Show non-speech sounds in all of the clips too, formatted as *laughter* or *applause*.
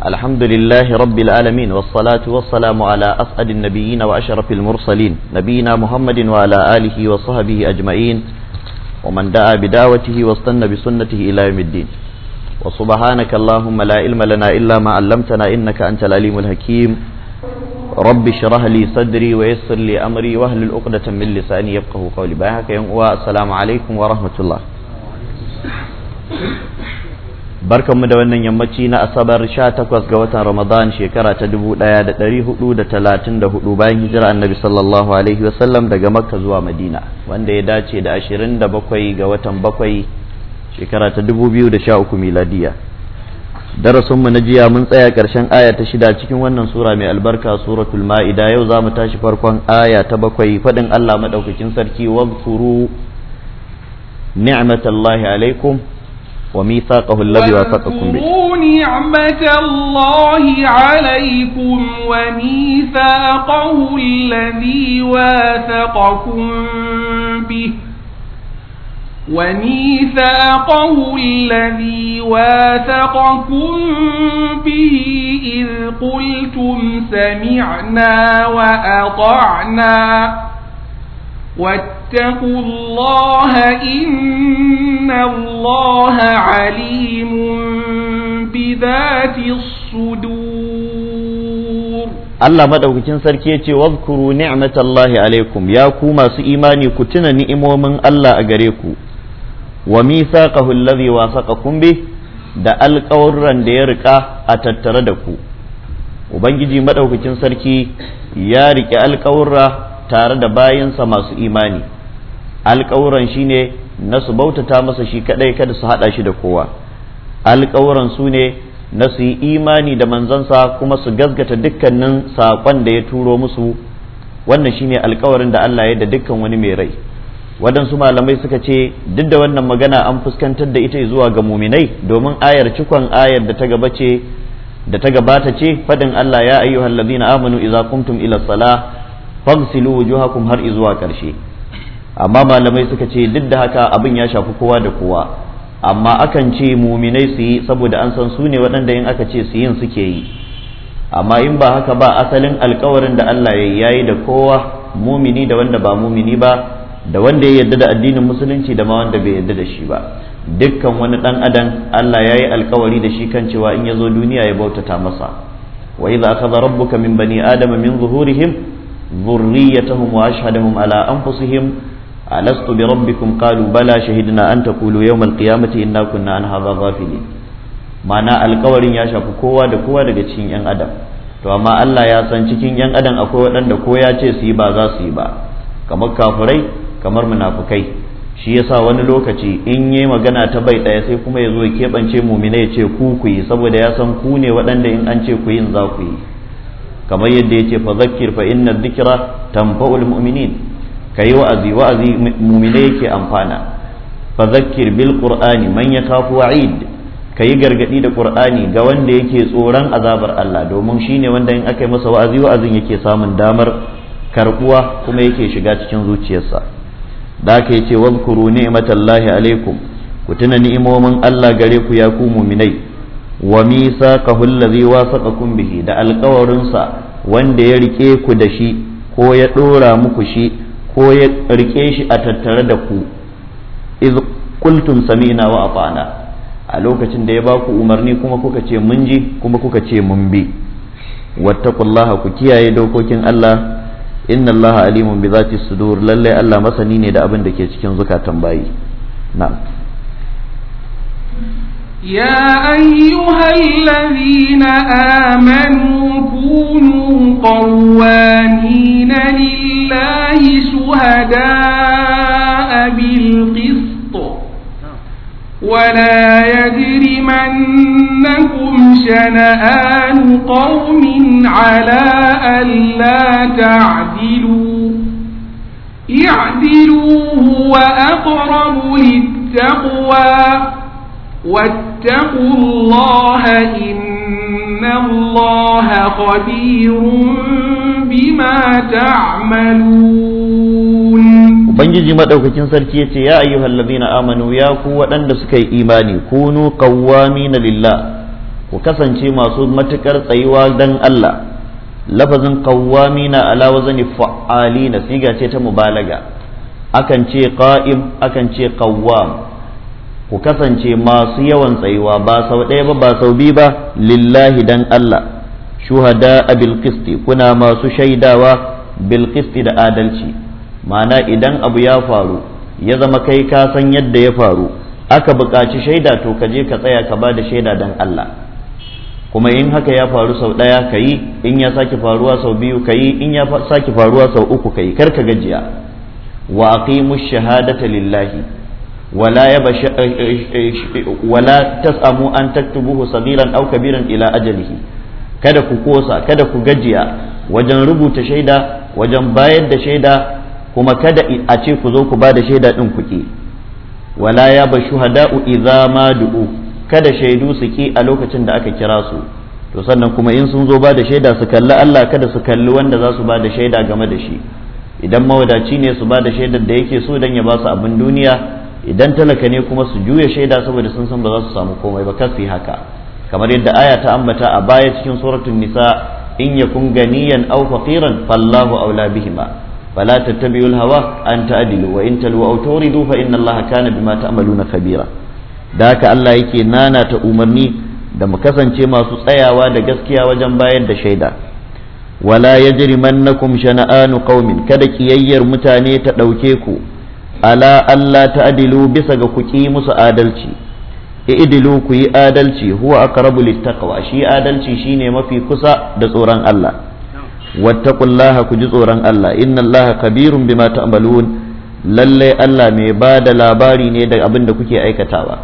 الحمد لله رب العالمين والصلاة والسلام على أسعد النبيين وأشرف المرسلين نبينا محمد وعلى آله وصحبه أجمعين ومن دعا بدعوته واستنى بسنته إلى يوم الدين وسبحانك اللهم لا علم لنا إلا ما علمتنا إنك أنت العليم الحكيم رب اشرح لي صدري ويسر لي أمري واهلل عقدة من لساني يفقه قولي باهك يوم السلام عليكم ورحمة الله mu da wannan yammaci na asabar sha 18 ga watan ramadan shekara ta 1434 bayan hijira annabi sallallahu alaihi wasallam daga makka zuwa madina wanda ya dace da 27 ga watan 7 shekara ta 2013 miladiya darasinmu na jiya mun tsaya ƙarshen aya ta shida cikin wannan sura mai albarka suratul ma'ida yau za mu tashi farkon aya ta bakwai faɗin allah maɗaukakin sarki wa ni'matallahi alaikum وميثاقه الذي وافقكم به نعمة الله عليكم وميثاقه الذي واثقكم به وميثاقه الذي واثقكم به إذ قلتم سمعنا وأطعنا واتقوا الله إن الله عليم بذات الصدور الله مدوكين سركي يتي واذكروا نعمة الله عليكم يا كوما سيماني كتنا نئمو من الله أغريكو وميثاقه الذي واثقكم به da alkawarran da ya rika a tattare da ku ubangiji madaukakin sarki ya rike alkawarra tare da bayansa masu imani alƙawuran shi ne na su bautata masa shi kaɗai kada su haɗa shi da kowa alƙawuran su ne na su yi imani da manzansa kuma su gazgata dukkanin saƙon da ya turo musu wannan shi ne alƙawarin da Allah ya da dukkan wani mai rai waɗansu malamai suka ce duk da wannan magana an fuskantar da ita zuwa ga muminai domin ayar cikon ayar da ta gaba ce da ta gabata ce faɗin Allah ya ayyuhal ladina amanu idza qumtum ila salah fagsilu wujuhakum har izuwa karshe amma malamai suka ce duk da haka abin ya shafi kowa da kowa amma akan ce muminai su yi saboda an san su ne waɗanda in aka ce su yin suke yi amma in ba haka ba asalin alkawarin da Allah ya yayi da kowa mumini da wanda ba mumini ba da wanda ya yarda da addinin musulunci da ma wanda bai yarda da shi ba dukkan wani dan adam Allah ya yi alkawari da shi kan cewa in ya zo duniya ya bautata masa wa idza akhadha rabbuka min bani adama min zuhurihim ذريتهم وأشهدهم على أنفسهم ألست بربكم قالوا بلى شهدنا أن تقولوا يوم القيامة إنا كنا عن هذا غافلين ya القول يا da كوا دكوا دكتشين ين أدم to amma Allah ya san cikin yan adam akwai waɗanda ko ya ce su yi ba za su yi ba kamar kafurai kamar munafukai shi yasa wani lokaci in yi magana ta bai ɗaya sai kuma ya zo ya keɓance mumina ya ce ku ku yi saboda ya san ku ne waɗanda in an ce ku yin za ku yi kamar yadda ce fa zakkir fa inna dhikra tanfa'ul mu'minin kai wa'azi wa'azi mu'mine yake amfana fa zakkir bil qur'ani man yakhafu wa'id kai gargadi da qur'ani ga wanda yake tsoron azabar Allah domin shine wanda in aka yi masa wa'azi wa'azin yake samun damar karbuwa kuma yake shiga cikin zuciyarsa da aka yace wadhkuru ni'matallahi alaikum ku tuna ni'imomin Allah gare ku ya ku mu'minai wa misa ka ka allazi wasaqakum bihi da alkawarinsa wanda ya rike ku da shi ko ya ɗora muku shi ko ya rike shi a tattare da ku iz qultum sami'na wa afana a lokacin da ya ba ku umarni kuma kuka ce mun ji kuma kuka ce mun bi wattaqullaha ku kiyaye dokokin Allah inna Allah alimun bi zati sudur lalle Allah masani ne da abin da ke cikin zukatan bayi na'am يا أيها الذين آمنوا كونوا قوانين لله شهداء بالقسط ولا يجرمنكم شنآن قوم على ألا تعدلوا اعدلوا هو أقرب للتقوى واتقوا الله إن الله خبير بما تعملون Ubangiji madaukakin sarki ya ce ya ayyuhal ladina amanu ya ku waɗanda suka yi imani kunu na lillah ku kasance masu matukar tsayuwa dan Allah lafazin qawwamina ala fa'ali fa'alina siga ce ta mubalaga akan ce qa'im akan ce qawwam ku kasance masu yawan tsayuwa ba sau ɗaya ba ba sau biyu ba lillahi dan Allah shuhada a bilkisti kuna masu shaidawa bilkisti da adalci ma'ana idan abu ya faru ya zama kai ka san yadda ya faru aka buƙaci shaida to ka je ka tsaya ka ba da shaida dan Allah kuma in haka ya faru sau ɗaya ka yi in ya sake faruwa sau biyu ka yi in ya sake faruwa sau uku ka yi kar ka gajiya wa aqimu shahadata lillahi wala ya wala tasamu an taktubuhu sagiran aw kabiran ila kada ku kosa kada ku gajiya wajen rubuta shaida wajen bayar da shaida kuma kada a ce ku zo ku ba da shaida din kuke wala ya bashu hada'u idza ma du'u kada shaidu su a lokacin da aka kira su to sannan kuma in sun zo ba da shaida su kalli Allah kada su kalli wanda za su ba da shaida game da shi idan mawadaci ne su ba da shaidar da yake so dan ya ba su abin duniya idan talaka ne kuma su juya shaida saboda sun san ba za su samu komai ba kasi haka kamar yadda aya ta ambata a baya cikin suratul nisa in yakun ganiyan aw faqiran fallahu aula bihima fala tattabi'u al-hawa an ta'dilu wa in talu aw turidu fa inna allaha kana bima ta'maluna khabira da haka Allah yake nana ta umarni da mu kasance masu tsayawa da gaskiya wajen bayar da shaida wala yajrimannakum shana'anu qaumin kada kiyayyar mutane ta dauke ku ala Allah ta'dilu bisa ga ku musu adalci i'dilu ku yi adalci huwa aqrabu littaqwa shi adalci shine mafi kusa da tsoron Allah wattaqullaha ku ji tsoron Allah inna kabirun bima ta'malun lalle Allah mai ba da labari ne da abin da kuke aikatawa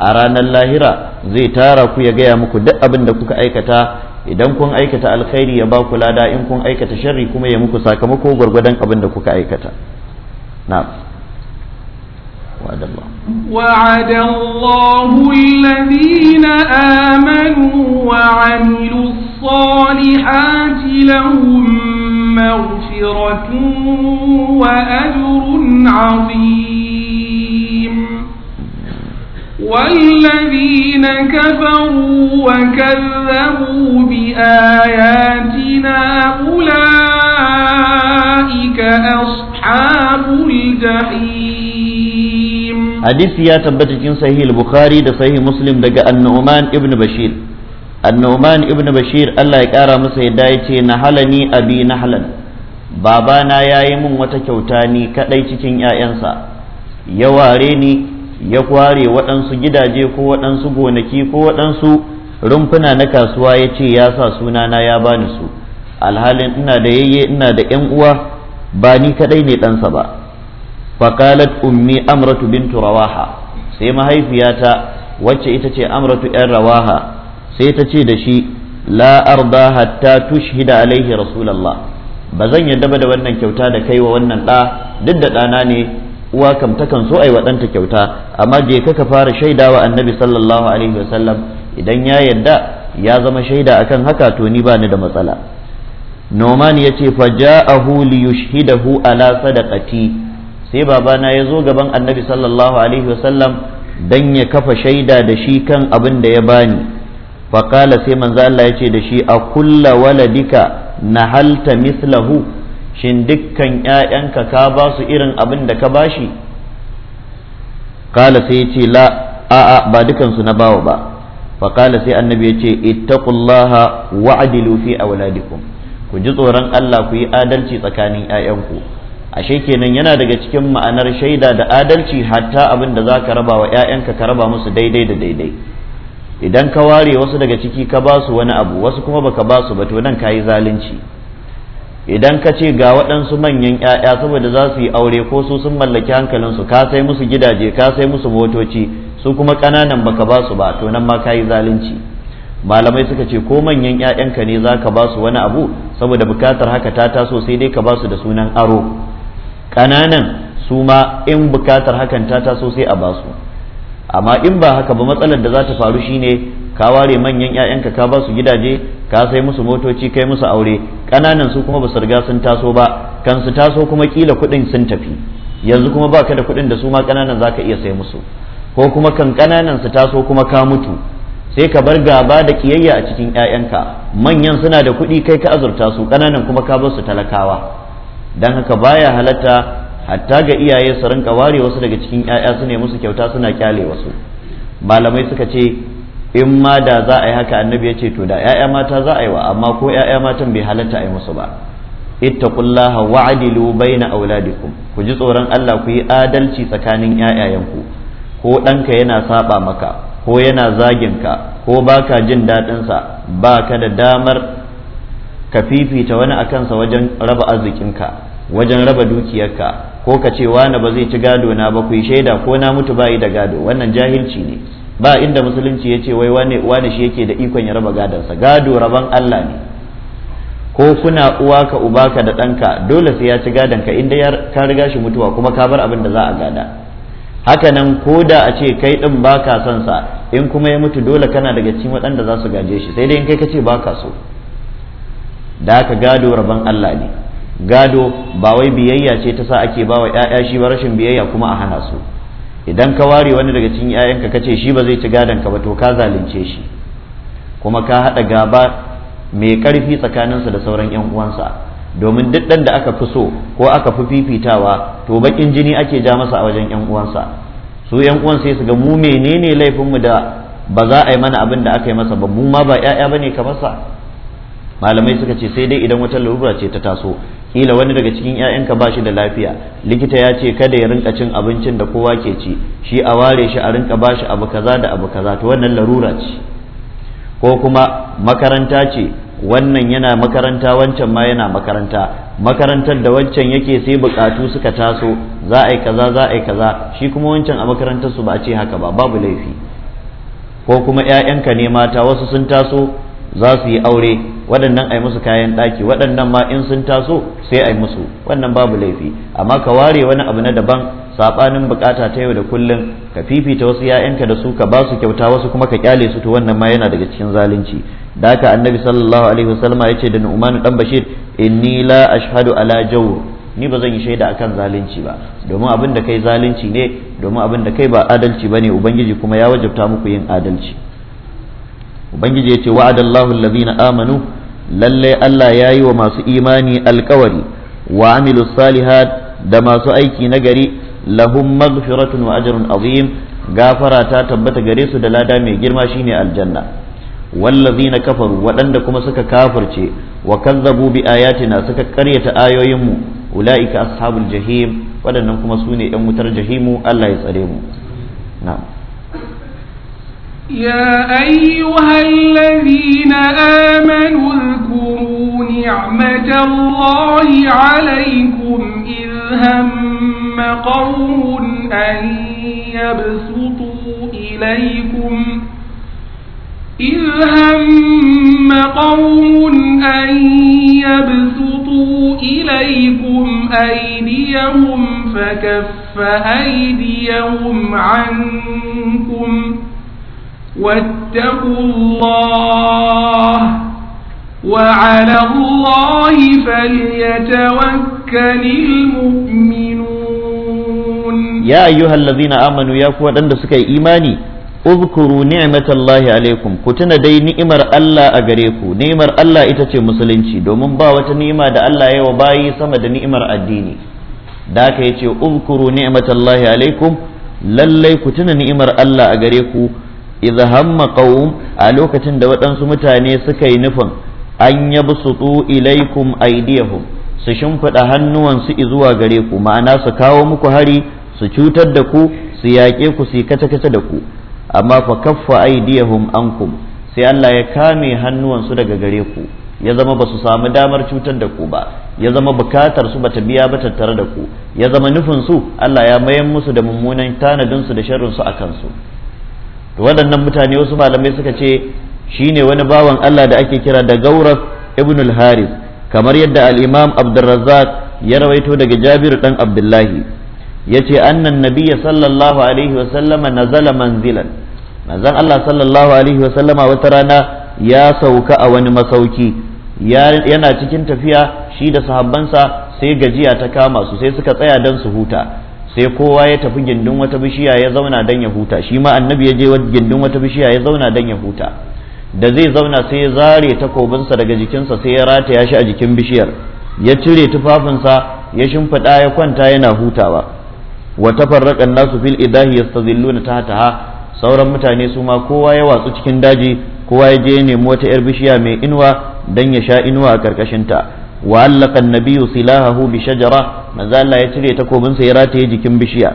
a ranar lahira zai tara ku ya gaya muku duk abin da kuka aikata idan kun aikata alkhairi ya ba ku lada in kun aikata sharri kuma ya muku sakamako gwargwadon abin da kuka aikata na'am وعد الله وعد الله الذين آمنوا وعملوا الصالحات لهم مغفرة وأجر عظيم والذين كفروا وكذبوا بآياتنا أولئك أصحاب الجحيم hadisi ya tabbata cikin sahih bukhari da sahih muslim daga annu'man ibn bashir annu'man ibn bashir Allah ya kara masa yadda ya ce nahalani abi nahlan babana ya yi min wata kyauta ni kadai cikin 'ya'yansa ya ware ni ya kware waɗansu gidaje ko waɗansu gonaki ko waɗansu rumfuna na kasuwa ya ce ya sa sunana ya bani su alhalin ina da yayye ina da 'yan uwa ba ni kadai ne ɗansa ba faqalat ummi amratu bintu rawaha sai mahaifiyata wacce ita ce amratu yan rawaha sai ta ce da shi la arda hatta tushhida alaihi rasulullah ba zan yarda ba da wannan kyauta da kai wa wannan ɗa duk da ɗana ne uwa kam takan so ai wa ɗanta kyauta amma je ka fara shaida wa annabi sallallahu idan ya yarda ya zama shaida akan haka to ni ba ni da matsala noman ya ce fa ja'ahu li yushhidahu ala sadaqati sai babana ya zo gaban annabi sallallahu alaihi wasallam dan ya kafa shaida da shi kan abin da ya bani faƙala sai manzo Allah ya ce da shi a kulla waladika halta mislahu shin dukkan ‘ya'yanka ka ba su irin abin da ka bashi kala sai ya ce la a ba dukansu na bawa ba faƙala sai annabi ya ce ittaqullaha wa'dilu fi awladikum ku ji tsoron Allah ku yi adalci tsakanin ƴaƴanku ashe kenan yana daga cikin ma'anar shaida da adalci hatta abin da za ka raba wa 'ya'yanka ka raba musu daidai da daidai idan ka ware wasu daga ciki ka ba su wani abu wasu kuma baka ba su ba to nan ka yi zalunci idan ka ce ga waɗansu manyan 'ya'ya saboda za su yi aure ko su sun mallaki hankalinsu ka sai musu gidaje ka sai musu motoci su kuma ƙananan baka ba su ba to nan ma ka yi zalunci malamai suka ce ko manyan 'ya'yanka ne za ka ba su wani abu saboda bukatar haka ta taso sai dai ka ba su da sunan aro ƙananan su ma in bukatar hakan ta taso sai a basu amma in ba haka ba matsalar da za ta faru shine ka ware manyan 'ya'yanka ka ba su gidaje ka sai musu motoci kai musu aure ƙananan su kuma ba su riga sun taso ba kan su taso kuma kila kuɗin sun tafi yanzu kuma ba ka da kuɗin da su ma ƙananan za ka iya sai musu ko kuma kan kananan su taso kuma ka mutu sai ka bar gaba da ƙiyayya a cikin 'ya'yanka manyan suna da kuɗi kai ka azurta su ƙananan kuma ka basu su talakawa dan haka baya halatta hatta ga iyaye su rinka ware wasu daga cikin 'ya'ya su ne musu kyauta suna kyale wasu malamai suka ce in ma da za a yi haka annabi ya ce to da 'ya'ya mata za a yi wa amma ko 'ya'ya matan bai halatta a yi musu ba ittaqullaha wa'dilu baina auladikum ku ji tsoron Allah ku yi adalci tsakanin 'ya'yayanku ko ɗanka yana saba maka ko yana zaginka ko baka jin daɗinsa baka da damar ka fifita wani a kansa wajen raba arzikinka wajen raba dukiyarka ko ka ce wani ba zai ci gado na ba ku shaida ko na mutu bayi da gado wannan jahilci ne ba inda musulunci ya ce wai wani shi yake da ikon ya raba gadonsa gado raban Allah ne ko kuna uwa ka uba ka da ɗanka dole sai ya ci gadon ka inda ka riga shi mutuwa kuma ka bar abin da za a gada haka nan ko da a ce kai ɗin ba ka son sa in kuma ya mutu dole kana daga cikin waɗanda za su gaje shi sai dai in kai ka ce ba ka so da haka gado rabon Allah ne gado ba wai biyayya ce ta sa ake ba wa 'ya'ya shi ba rashin biyayya kuma a hana su idan ka ware wani daga cikin 'ya'yanka ka ce shi ba zai ci gadon ka ba to ka zalunce shi kuma ka haɗa gaba mai ƙarfi tsakaninsa da sauran 'yan uwansa domin duk ɗan da aka fi so ko aka fi fifitawa to baƙin jini ake ja masa a wajen 'yan uwansa su 'yan uwan sai su ga mu menene laifinmu da ba za a yi mana abin da aka yi masa ba mu ma ba 'ya'ya bane kamar sa malamai suka ce sai dai idan wata larura ce ta taso kila wani daga cikin 'ya'yanka ba shi da lafiya likita ya ce kada ya rinka cin abincin da kowa ke ci shi a ware shi a rinka ba shi abu kaza da abu kaza to wannan larura ce ko kuma makaranta ce wannan yana makaranta wancan ma yana makaranta makarantar da wancan yake sai bukatu suka taso za a yi kaza za a yi kaza shi kuma wancan a makarantarsu ba a ce haka ba babu laifi ko kuma 'ya'yanka ne mata wasu sun taso za su yi aure waɗannan a yi musu kayan ɗaki waɗannan ma in sun taso sai a yi musu wannan babu laifi amma ka ware wani abu na daban saɓanin bukata ta yau da kullum ka fifita wasu ‘ya'yanka da su ka ba su kyauta wasu kuma ka kyale su to wannan ma yana daga cikin zalunci da haka annabi sallallahu alaihi wasallam ya ce da nu'manu dan bashir inni la ashhadu ala jawr ni ba zan yi shaida akan zalunci ba domin abin da kai zalunci ne domin abin da kai ba adalci bane ubangiji kuma ya wajabta muku yin adalci ubangiji ya ce wa'adallahu allazina amanu lalle Allah ya yi wa masu imani alkawari wa amilu salihat da masu aiki na gari lahum maghfiratun wa ajrun azim gafara ta tabbata gare su da lada mai girma shine aljanna wallazina kafaru waɗanda kuma suka kafirce wa kazzabu bi ayatina suka karyata ayoyinmu ulaika ashabul jahim waɗannan kuma su ne 'yan wutar jahimu Allah ya tsare mu na'am يا أيها الذين آمنوا اذكروا نعمة الله عليكم إذ هم قوم أن يبسطوا إليكم إذ هم قوم أن يبسطوا إليكم أيديهم فكف أيديهم عنكم واتقوا الله وعلى الله فليتوكل المؤمنون يا أيها الذين آمنوا يا قوة أن سكي إيماني اذكروا نعمة الله عليكم كتنا دي نعمر الله أغريكو نعمر الله إتتي مسلنشي دومن باوة نعمة دا الله يوباي سمد نعمر الديني داك يتي اذكروا نعمة الله عليكم lallai ku tuna ni'imar Allah a gare ku idh hamma qaum a lokacin da waɗansu mutane suka yi nufin an yabsutu ilaikum aydiyahum su shimfiɗa hannuwansu zuwa gare ku ma'ana su kawo muku hari su cutar da ku su yaƙe ku su kace kace da ku amma fa kaffa aydiyahum ankum sai Allah ya kame hannuwansu daga gare ku ya zama ba su samu damar cutar da ku ba ya zama bukatar su bata biya ba tattare da ku ya zama nufin su Allah ya mayan musu da mummunan tanadin su da sharrin su akan su to waɗannan mutane wasu malamai suka ce shine wani bawan Allah da ake kira da Gauras ibn al-Haris kamar yadda al-Imam Abdurrazzaq ya rawaito daga Jabir dan Abdullahi yace annan nabiy sallallahu alaihi wa sallama nazala manzilan manzon Allah sallallahu alaihi wa sallama wata rana ya sauka a wani masauki yana cikin tafiya shi da sahabbansa sai gajiya ta kama su sai suka tsaya dan su huta sai kowa ya tafi gindin wata bishiya ya zauna don ya huta shi ma annabi ya je gindin wata bishiya ya zauna don ya huta da zai zauna sai ya zare takobinsa daga jikinsa sai ya rata ya shi a jikin bishiyar ya cire tufafinsa ya shimfiɗa ya kwanta yana hutawa wa tafarraqan nasu fil idahi yastazilluna tahtaha sauran mutane su ma kowa ya watsu cikin daji kowa ya je ya nemi wata yar bishiya mai inuwa don ya sha inuwa a karkashin wa allaka an-nabiyyu bi shajara mazalla ya cire takobin sa ya rataye jikin bishiya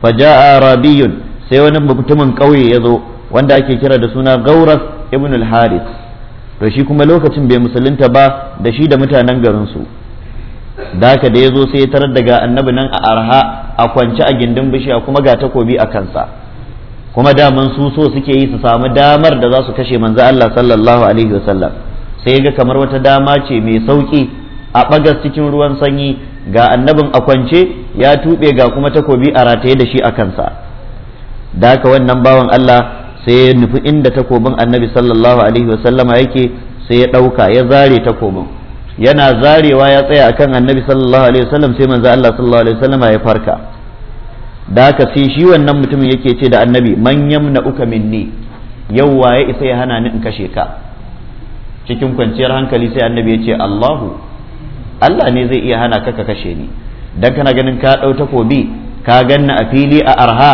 fa jaa arabiyun sai wani mutumin kauye ya zo wanda ake kira da suna Gauras ibn al-Harith to shi kuma lokacin bai musulunta ba da shi da mutanen garin su da haka da ya zo sai ya tarar daga annabi nan a arha a kwance a gindin bishiya kuma ga takobi a kansa kuma daman su so suke yi su samu damar da za su kashe manzo Allah sallallahu alaihi wasallam sai ga kamar wata dama ce mai sauki a ɓagas cikin ruwan sanyi ga annabin a kwance ya tuɓe ga kuma takobi a rataye da shi a kansa da haka wannan bawan Allah sai ya nufi inda takobin annabi sallallahu alaihi wasallama yake sai ya ɗauka ya zare takobin yana zarewa ya tsaya akan annabi sallallahu alaihi wasallam sai manzo Allah sallallahu alaihi wasallama ya farka da haka sai shi wannan mutumin yake ce da annabi manyan na uka minni yau waye isa ya hana ni in kashe ka cikin kwanciyar hankali sai annabi ya ce Allahu Allah ne zai iya hana ka ka kashe ni dan kana ganin ka ɗau takobi ka ganna a fili a arha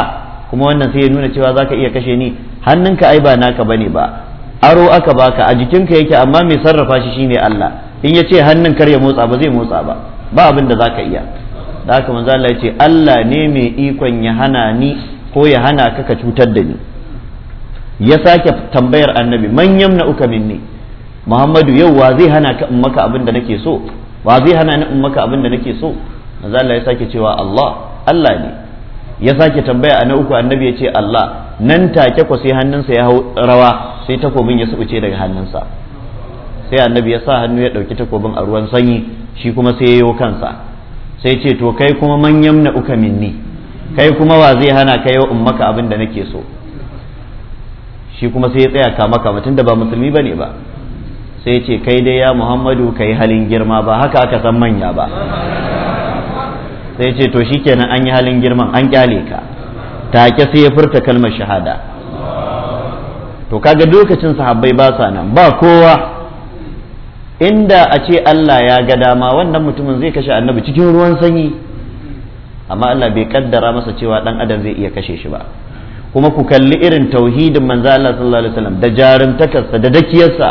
kuma wannan sai ya nuna cewa zaka iya kashe ni hannunka ai ba naka bane ba aro aka baka a jikinka yake amma mai sarrafa shi shine Allah in ya ce hannun kar ya motsa ba zai motsa ba ba abin da zaka iya da haka manzo Allah ya ce Allah ne mai ikon ya hana ni ko ya hana ka ka cutar da ni ya sake tambayar annabi manyan yamna uka minni Muhammadu yau wa zai hana ka in maka abin da nake so wa zai hana ni ummaka abin da nake so manzo Allah ya sake cewa Allah Allah ne ya sake tambaya a na uku annabi ya ce Allah nan take ko sai hannunsa ya rawa sai takobin ya subuce daga hannunsa sai annabi ya sa hannu ya dauki takobin a ruwan sanyi shi kuma sai yayo kansa sai ce to kai kuma manyan na uka minni kai kuma wa zai hana ka yau ummaka abin da nake so shi kuma sai ya tsaya kama kama tunda ba musulmi bane ba sai ce kai dai ya muhammadu ka yi halin girma ba haka aka san manya ba sai ce to shikenan an yi halin girman an kyale ka take sai ya furta kalmar shahada to kaga lokacin sahabbai ba sa nan ba kowa inda a ce Allah ya ga dama wannan mutumin zai kashe annabi cikin ruwan sanyi amma Allah bai kaddara masa cewa dan adam zai iya kashe shi ba kuma ku kalli irin tauhidin manzo Allah sallallahu alaihi wasallam da jarumtakarsa da dakiyarsa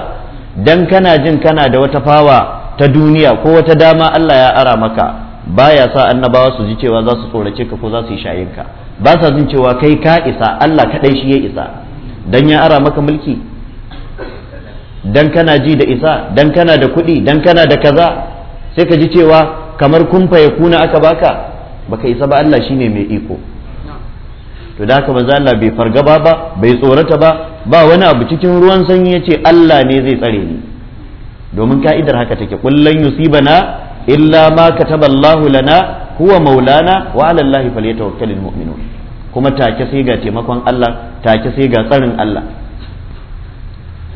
dan kana jin kana da wata fawa ta duniya ko wata dama Allah ya ara maka baya sa annabawa su ji cewa za su tsorace ka ko za su yi shayin ka ba sa jin cewa kai ka isa Allah kaɗai shi ya isa dan ya ara maka mulki dan kana ji da isa dan kana da kuɗi dan kana da kaza sai ka ji cewa kamar kumfa ya kuna aka baka baka isa ba Allah shine mai iko to da haka manzo Allah bai fargaba ba bai tsorata ba ba wani abu cikin ruwan sanyi ya ce Allah ne zai tsare ni domin ka'idar haka take kullun yusibana illa ma Allah lana huwa maulana wa ala allahi falyatawakkalul mu'minun kuma take sai ga taimakon Allah take sai ga tsarin Allah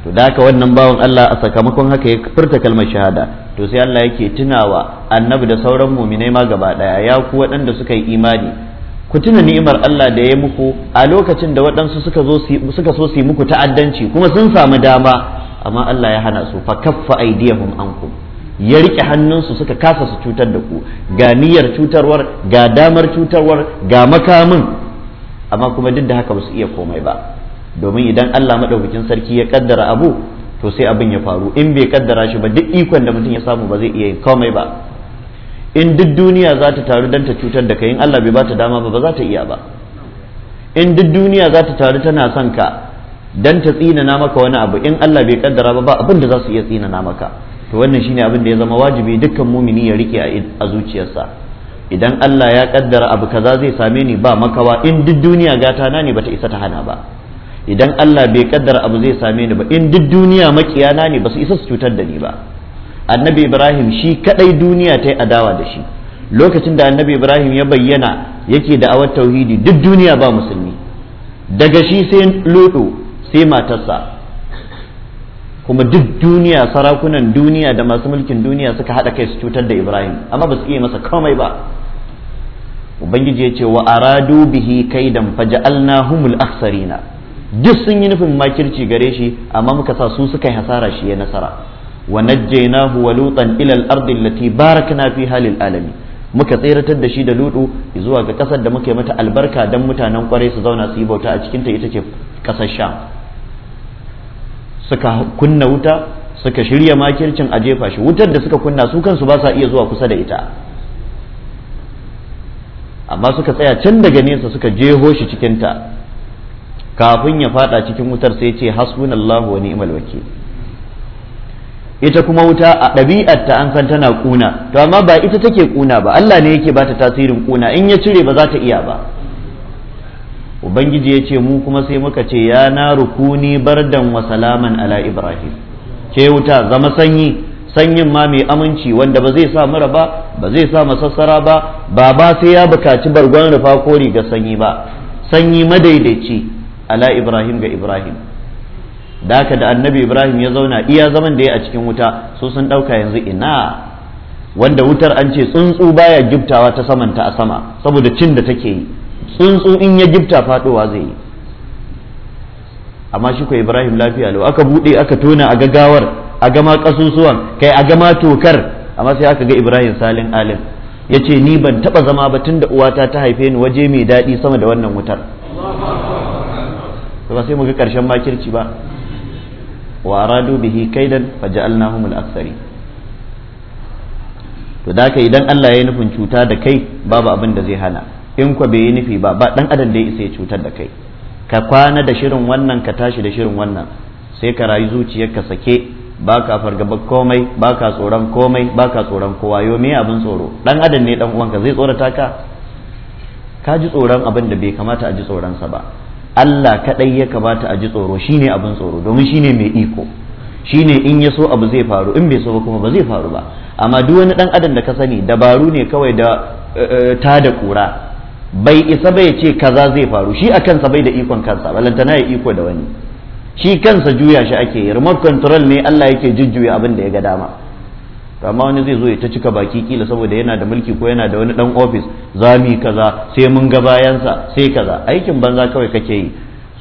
to da haka wannan bawan Allah a sakamakon haka ya furta kalmar shahada to sai Allah yake tunawa annabi da sauran muminai ma gaba daya ya ku waɗanda suka yi imani ku tuna ni'imar Allah da ya muku a lokacin da waɗansu suka zo so su yi muku ta'addanci kuma sun samu dama amma Allah ya hana su fa kaffa aydiyahum ankum ya rike hannunsu suka kasa su cutar da ku ga niyyar cutarwar ga damar cutarwar ga makamin amma kuma duk da haka ba su iya komai ba domin idan Allah madaukakin sarki ya kaddara abu to sai abin ya faru in bai kaddara shi ba duk ikon da mutum ya samu ba zai iya yin komai ba in duk duniya za ta taru don ta cutar da kai in Allah bai ba ta dama ba ba za ta iya ba in duk duniya za ta taru tana son ka don ta tsinana maka wani abu in Allah bai kaddara ba ba abin da za su iya tsinana maka to wannan shine abin da ya zama wajibi dukkan mumini ya rike a zuciyarsa idan Allah ya kaddara abu kaza zai same ni ba makawa in duk duniya gata na ne bata isa ta hana ba idan Allah bai kaddara abu zai same ni ba in duk duniya makiyana ne ba su isa su cutar da ni ba annabi ibrahim shi kadai duniya ta yi adawa da shi lokacin da annabi ibrahim ya bayyana yake da da'awar tauhidi duk duniya ba musulmi daga shi sai lodo sai matarsa kuma duk duniya sarakunan duniya da masu mulkin duniya suka haɗa kai su cutar da ibrahim amma ba su iya masa komai ba ubangiji ya ce wa aradu bihi kaidan humul akhsarina duk sun yi nufin makirci gare shi amma muka sa su suka yi hasara shi ya nasara ونجيناه ولوطا إلى الأرض التي باركنا فيها للعالمين muka tseratar da shi da ludu zuwa ga kasar da muka yi mata albarka don mutanen kwarai su zauna su yi bauta a cikinta ita ce kasar sham suka kunna wuta suka shirya makircin a jefa shi wutar da suka kunna su kansu ba sa iya zuwa kusa da ita amma suka tsaya can daga nesa suka jeho shi cikinta kafin ya fada cikin wutar sai ce hasbunallahu wa ni'mal wakil ita kuma wuta a ɗabi'ar ta an san tana kuna to amma ba ita take kuna ba Allah ne yake bata tasirin kuna in ya cire ba za ta iya ba ubangiji ya ce mu kuma sai muka ce ya na rukuni bardan wa salaman ala ibrahim ke wuta zama sanyi sanyin ma mai aminci wanda ba zai sa mura ba ba zai sa masassara ba ba ba sai ya bukaci bargon rufa kori ga sanyi ba sanyi madaidaici ala ibrahim ga ibrahim da haka da annabi ibrahim ya zauna iya zaman da ya a cikin wuta su sun ɗauka yanzu ina wanda wutar an ce tsuntsu baya giftawa ta samanta a sama saboda cin da take yi tsuntsu in ya gifta faɗowa zai yi amma shi ko ibrahim lafiya lau aka buɗe aka tona a gagawar a gama kasusuwan kai a gama tokar amma sai aka ga ibrahim salin alim ya ce ni ban taɓa zama ba tunda da uwata ta haife ni waje mai daɗi sama da wannan wutar ba sai mu ga ƙarshen makirci ba وأرادوا به كيدا فجعلناهم الأكثرين to da ka idan Allah ya nufin cuta da kai babu abin da zai hana in kwa bai yi nufi ba ba dan adam da ya isa ya cutar da kai ka kwana da shirin wannan ka tashi da shirin wannan sai ka rayu zuciyarka sake ba ka fargaba komai ba ka tsoron komai ba tsoron kowa yo me abin tsoro dan adam ne dan uwanka zai tsorata ka ka ji tsoron abin da bai kamata a ji tsoron sa ba Allah kaɗai ya kamata a ji tsoro shi ne abin tsoro domin shi ne mai iko shi ne in ya so abu zai faru in bai so ba kuma ba zai faru ba amma duk wani ɗan adam da ka sani dabaru ne kawai da eh, eh, ta da kura bai isa bai ce kaza zai faru shi a kansa bai da ikon kansa balantana ya iko da wani shi kansa juya shi ake yi remote control ne Allah yake jujjuya abin da ya ga dama amma wani zai zo ya ta cika baki kila saboda yana da mulki ko yana da wani dan ofis zami kaza sai mun ga bayansa sai kaza aikin banza kawai kake yi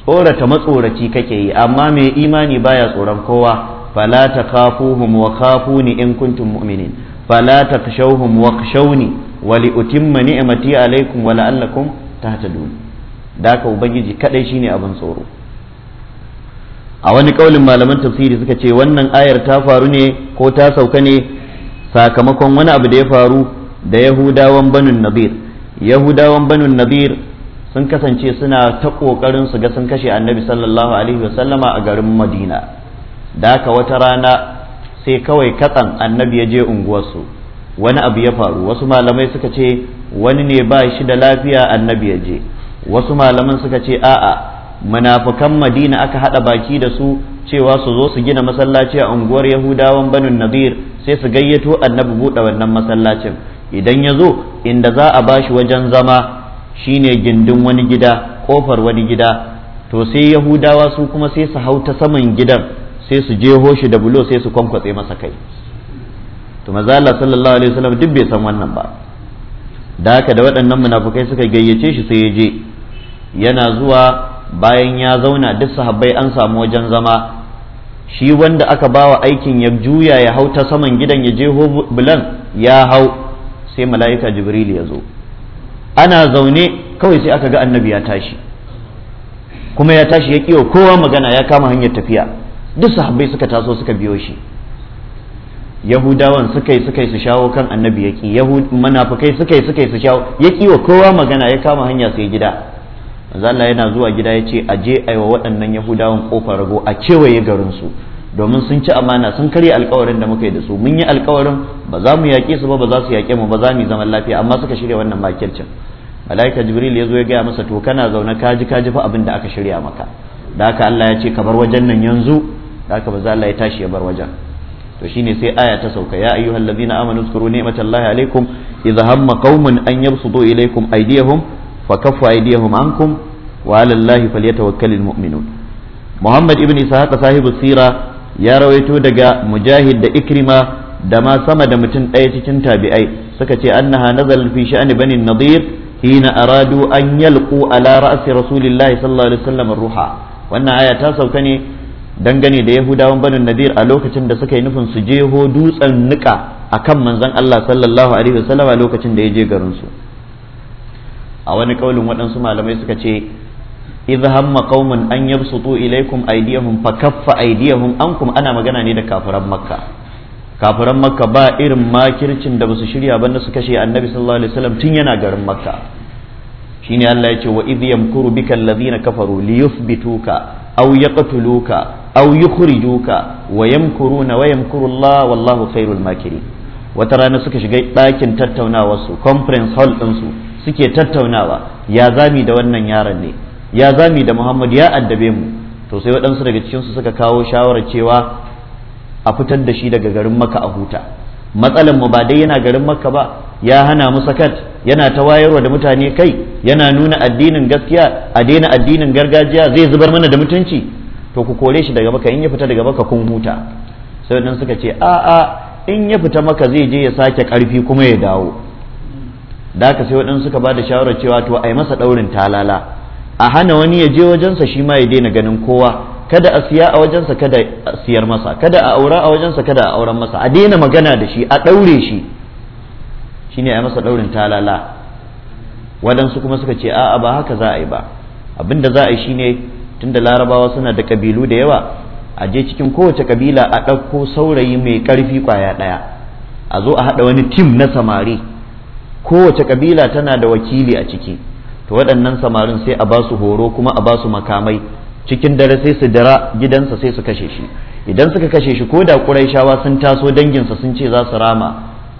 tsorata matsoraci kake yi amma mai imani baya tsoron kowa fala takhafuhum wa kafuni in kuntum mu'minin fala takshawhum wa khshawni wa li utimma ni'mati alaykum wa la'allakum tahtadun ka ubangiji kadai shine abin tsoro a wani kaulin malaman tafsiri suka ce wannan ayar ta faru ne ko ta sauka ne sakamakon wani abu da ya faru da yahudawan banin nadir yahudawan banin nadir sun kasance suna ta ƙoƙarin su ga sun kashe annabi sallallahu alaihi wasallama a garin madina da ka wata rana sai kawai katsan annabi ya je unguwarsu wani abu ya faru wasu malamai suka ce wani ne ba shi da lafiya annabi ya je wasu malaman suka ce a'a munafukan madina aka haɗa baki da su cewa su zo su gina masallaci a unguwar yahudawan banin nadir sai su gayyato annabi buɗe wannan masallacin idan ya zo inda za a bashi wajen zama shine gindin wani gida kofar wani gida to sai yahudawa su kuma sai su hau ta saman gidan sai su jeho shi da bulo sai su kwankwatse masa kai to maza Allah sallallahu alaihi wasallam duk bai san wannan ba da haka da waɗannan munafukai suka gayyace shi sai ya je yana zuwa bayan ya zauna duk sahabbai an samu wajen zama shi wanda aka bawa aikin ya juya ya hau ta saman gidan ya je bulan ya hau sai mala'ika jibril ya zo ana zaune kawai sai aka ga annabi ya tashi kuma ya tashi ya kiwo kowa magana ya kama hanyar tafiya duk sahabbai suka taso suka biyo shi yahudawan suka yi suka yi su shawo kan annabi ya ki manafikai suka yi suka yi su shawo ya kiwo kowa magana ya kama hanya sai gida manzala yana zuwa gida ya ce a je aiwa waɗannan yahudawan kofar rago a kewaye garin su domin sun ci amana sun karya alkawarin da muka yi da su mun yi alkawarin ba za mu yaƙe su ba ba za su yaƙe mu ba za mu yi zaman lafiya amma suka shirya wannan makircin malaika jibril ya zo ya gaya masa to kana zaune ka ji fa abin da aka shirya maka da haka Allah ya ce ka bar wajen nan yanzu da haka ba za Allah ya tashi ya bar wajen to shine sai aya ta sauka ya ayyuhal ladina amanu zkuru ni'matallahi alaikum idha hamma qauman an yabsutu ilaikum aydiyahum fa kaffa aydiyahum ankum wa 'ala Allahi falyatawakkalul mu'minun Muhammad ibn Ishaq sahibu sira ya rawaito daga Mujahid da Ikrima da ma sama da mutum ɗaya cikin tabi'ai suka ce an nazal fi sha'ni bani nadir hina aradu an yalqu ala ra'si rasulillahi sallallahu alaihi wasallam ruha wannan aya ta sauka ne dangane da yahudawan banin nadir a lokacin da suka yi nufin su je ho dutsen nika kan manzon Allah sallallahu alaihi wasallam lokacin da ya je garinsu. a wani kaulin waɗansu malamai suka ce idan hamma kaumin an yabsutu ilaykum aydiyahum fa kaffa an kuma ana magana ne da kafiran makka kafiran makka ba irin makircin da basu shirya ba na su kashe annabi sallallahu alaihi wasallam tun yana garin makka shine Allah ya ce wa idh yamkuru bika alladhina kafaru liyuthbituka aw yaqtuluka aw yukhrijuka wa yamkuruna wa yamkuru Allah wallahu khairul makirin wata rana suka shiga ɗakin tattaunawarsu su conference hall ɗinsu su suke tattaunawa ya zami da wannan yaron ne ya zami da muhammad ya addabe mu to sai waɗansu daga cikinsu suka kawo shawarar cewa a fitar da shi daga garin maka a huta matsalan mu ba dai yana garin maka ba ya hana mu sakat yana ta wayarwa da mutane kai yana nuna addinin gaskiya a daina addinin gargajiya zai zubar mana da mutunci to ku kore shi daga maka in ya fita daga maka kun huta sai waɗansu suka ce a'a in ya fita maka zai je ya sake ƙarfi kuma ya dawo da aka sai waɗansu suka ba da shawarar cewa to a yi masa ɗaurin talala a hana wani ya je wajensa shi ma ya daina ganin kowa kada a siya a wajensa kada a siyar masa kada a aura a wajensa kada a auren masa a daina magana da shi a ɗaure shi shine a yi masa ɗaurin talala waɗansu kuma suka ce a'a ba haka za a yi ba abin da za a yi shine tunda larabawa suna da ƙabilu da yawa a je cikin kowace ƙabila a ɗauko saurayi mai ƙarfi kwaya ɗaya a zo a haɗa wani tim na samari kowace kabila tana da wakili a ciki to waɗannan samarin sai a ba su horo kuma a ba su makamai cikin dare sai su dara, gidansa sai su kashe shi idan suka kashe shi ko da ƙuraishawa sun taso danginsa sun ce za su rama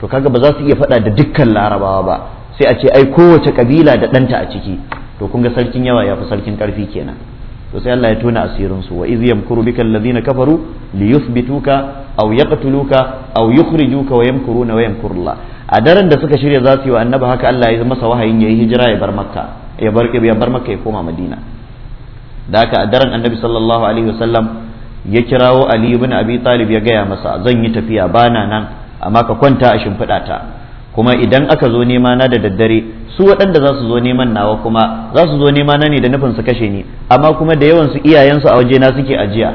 to kaga ba za su iya faɗa da dukkan larabawa ba sai a ce ai kowace kabila da ɗanta a ciki to kun ga sarkin yawa ya fi sarkin ƙarfi kenan to sai Allah ya tona asirin su wa iz yamkuru bika allazina kafaru li yuthbituka aw yaqtuluka aw yukhrijuka wa yamkuruna wa yamkurullah a daren da suka shirya za su yi wa annabi haka Allah ya masa wahayin ya yi hijira ya bar makka ya bar ya bar makka ya koma madina da haka a daren annabi sallallahu alaihi wasallam ya kirawo ali ibn abi talib ya gaya masa zan yi tafiya bana nan amma ka kwanta a shimfiɗata kuma idan aka zo nema na da daddare su waɗanda za su zo neman nawa kuma za su zo nema na ne da nufin su kashe ni amma kuma da yawan su iyayensu a waje na suke ajiya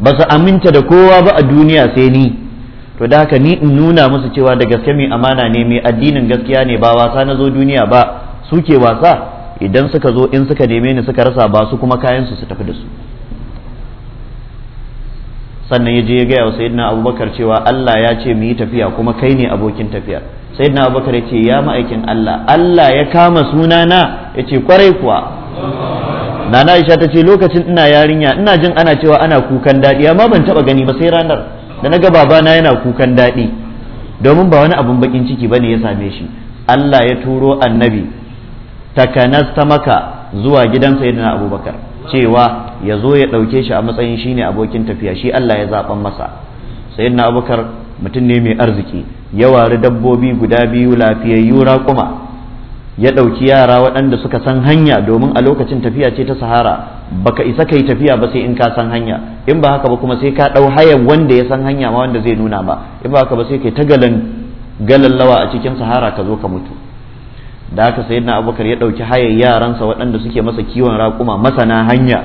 ba su aminta da kowa ba a duniya sai ni to da haka ni in nuna musu cewa da gaske mai amana ne mai addinin gaskiya ne ba wasa na zo duniya ba suke wasa idan suka zo in suka neme ni suka rasa ba su kuma kayan su su tafi da su sannan ya je ya gaya wa sayyidina abubakar cewa Allah ya ce mu yi tafiya kuma kai ne abokin tafiya sayyidina abubakar ya ce ya ma'aikin Allah Allah ya kama sunana ya ce kwarai kuwa nana aisha ta ce lokacin ina yarinya ina jin ana cewa ana kukan daɗi amma ban taɓa gani ba sai ranar da naga babana yana kukan daɗi domin ba wani abun bakin ciki ne ya same shi Allah ya turo annabi takanas ta maka zuwa gidan sayyidina abubakar cewa ya zo ya ɗauke shi a matsayin shine abokin tafiya shi Allah ya zaɓan masa sayyidina abubakar mutum ne mai arziki ya wari dabbobi guda biyu lafiyayyu raƙuma ya ɗauki yara waɗanda suka san hanya domin a lokacin tafiya ce ta sahara baka isa kai tafiya ba sai in ka san hanya in ba haka ba kuma sai ka ɗau hayan wanda ya san hanya ma wanda zai nuna ba in ba haka ba sai kai ta galan lawa a cikin sahara ka zo ka mutu da haka na abubakar ya ɗauki hayan yaransa waɗanda suke masa kiwon raƙuma masana hanya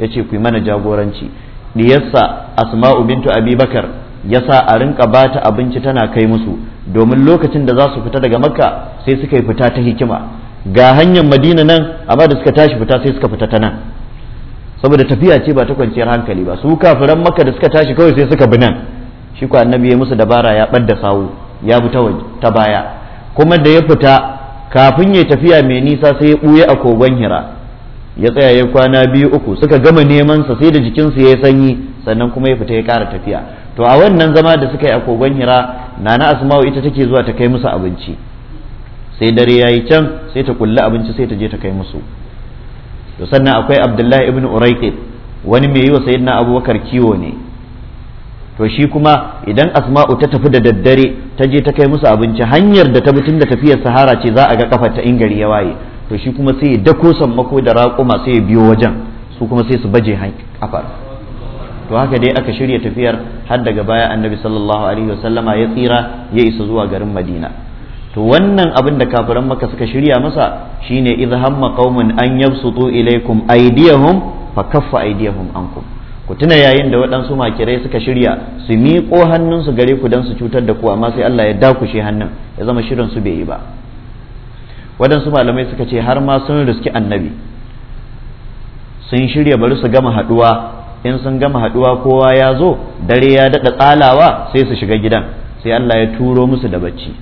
ya ce ku mana jagoranci diyarsa asma'u bintu abubakar ya sa a rinka bata abinci tana kai musu domin lokacin da za su fita daga makka sai suka yi fita ta hikima ga hanyar madina nan amma da suka tashi fita sai suka fita ta nan saboda tafiya ce ba ta kwanciyar hankali ba su kafiran makka da suka tashi kawai sai suka bi nan shi ko annabi ya musu dabara ya ɓadda sawu ya bi ta baya kuma da ya fita kafin ya tafiya mai nisa sai ya ɓuya a kogon hira ya tsaya ya kwana biyu uku suka gama neman sa sai da jikinsu ya yi sanyi sannan kuma ya fita ya ƙara tafiya to a wannan zama da suka yi a kogon hira na asma'u ita take zuwa ta kai musu abinci sai dare yayi can sai ta kulla abinci sai ta je ta kai musu to sannan akwai abdullahi ibn uraiqib wani mai yi wa sayyidina abubakar kiwo ne to shi kuma idan asma'u ta tafi da daddare ta je ta kai musu abinci hanyar da ta bi da tafiyar sahara ce za a ga kafar ta ingari ya waye to shi kuma sai ya dako sammako da raƙuma sai ya biyo wajen su kuma sai su baje kafar to haka dai aka shirya tafiyar har daga baya annabi sallallahu alaihi wasallama ya tsira ya isa zuwa garin madina to wannan abin da kafiran maka suka shirya masa shine idh hamma qaumun an yabsutu ilaykum aydiyahum fa kaffa aydiyahum ankum ku tuna yayin da waɗansu makirai suka shirya su miƙo hannunsu gare ku dan su cutar da ku amma sai Allah ya dakushe hannun ya zama shirin su bai yi ba waɗansu malamai suka ce har ma sun riski annabi sun shirya bari su gama haɗuwa in sun gama haduwa kowa ya zo dare ya daɗa tsalawa sai su shiga gidan sai Allah ya turo musu da bacci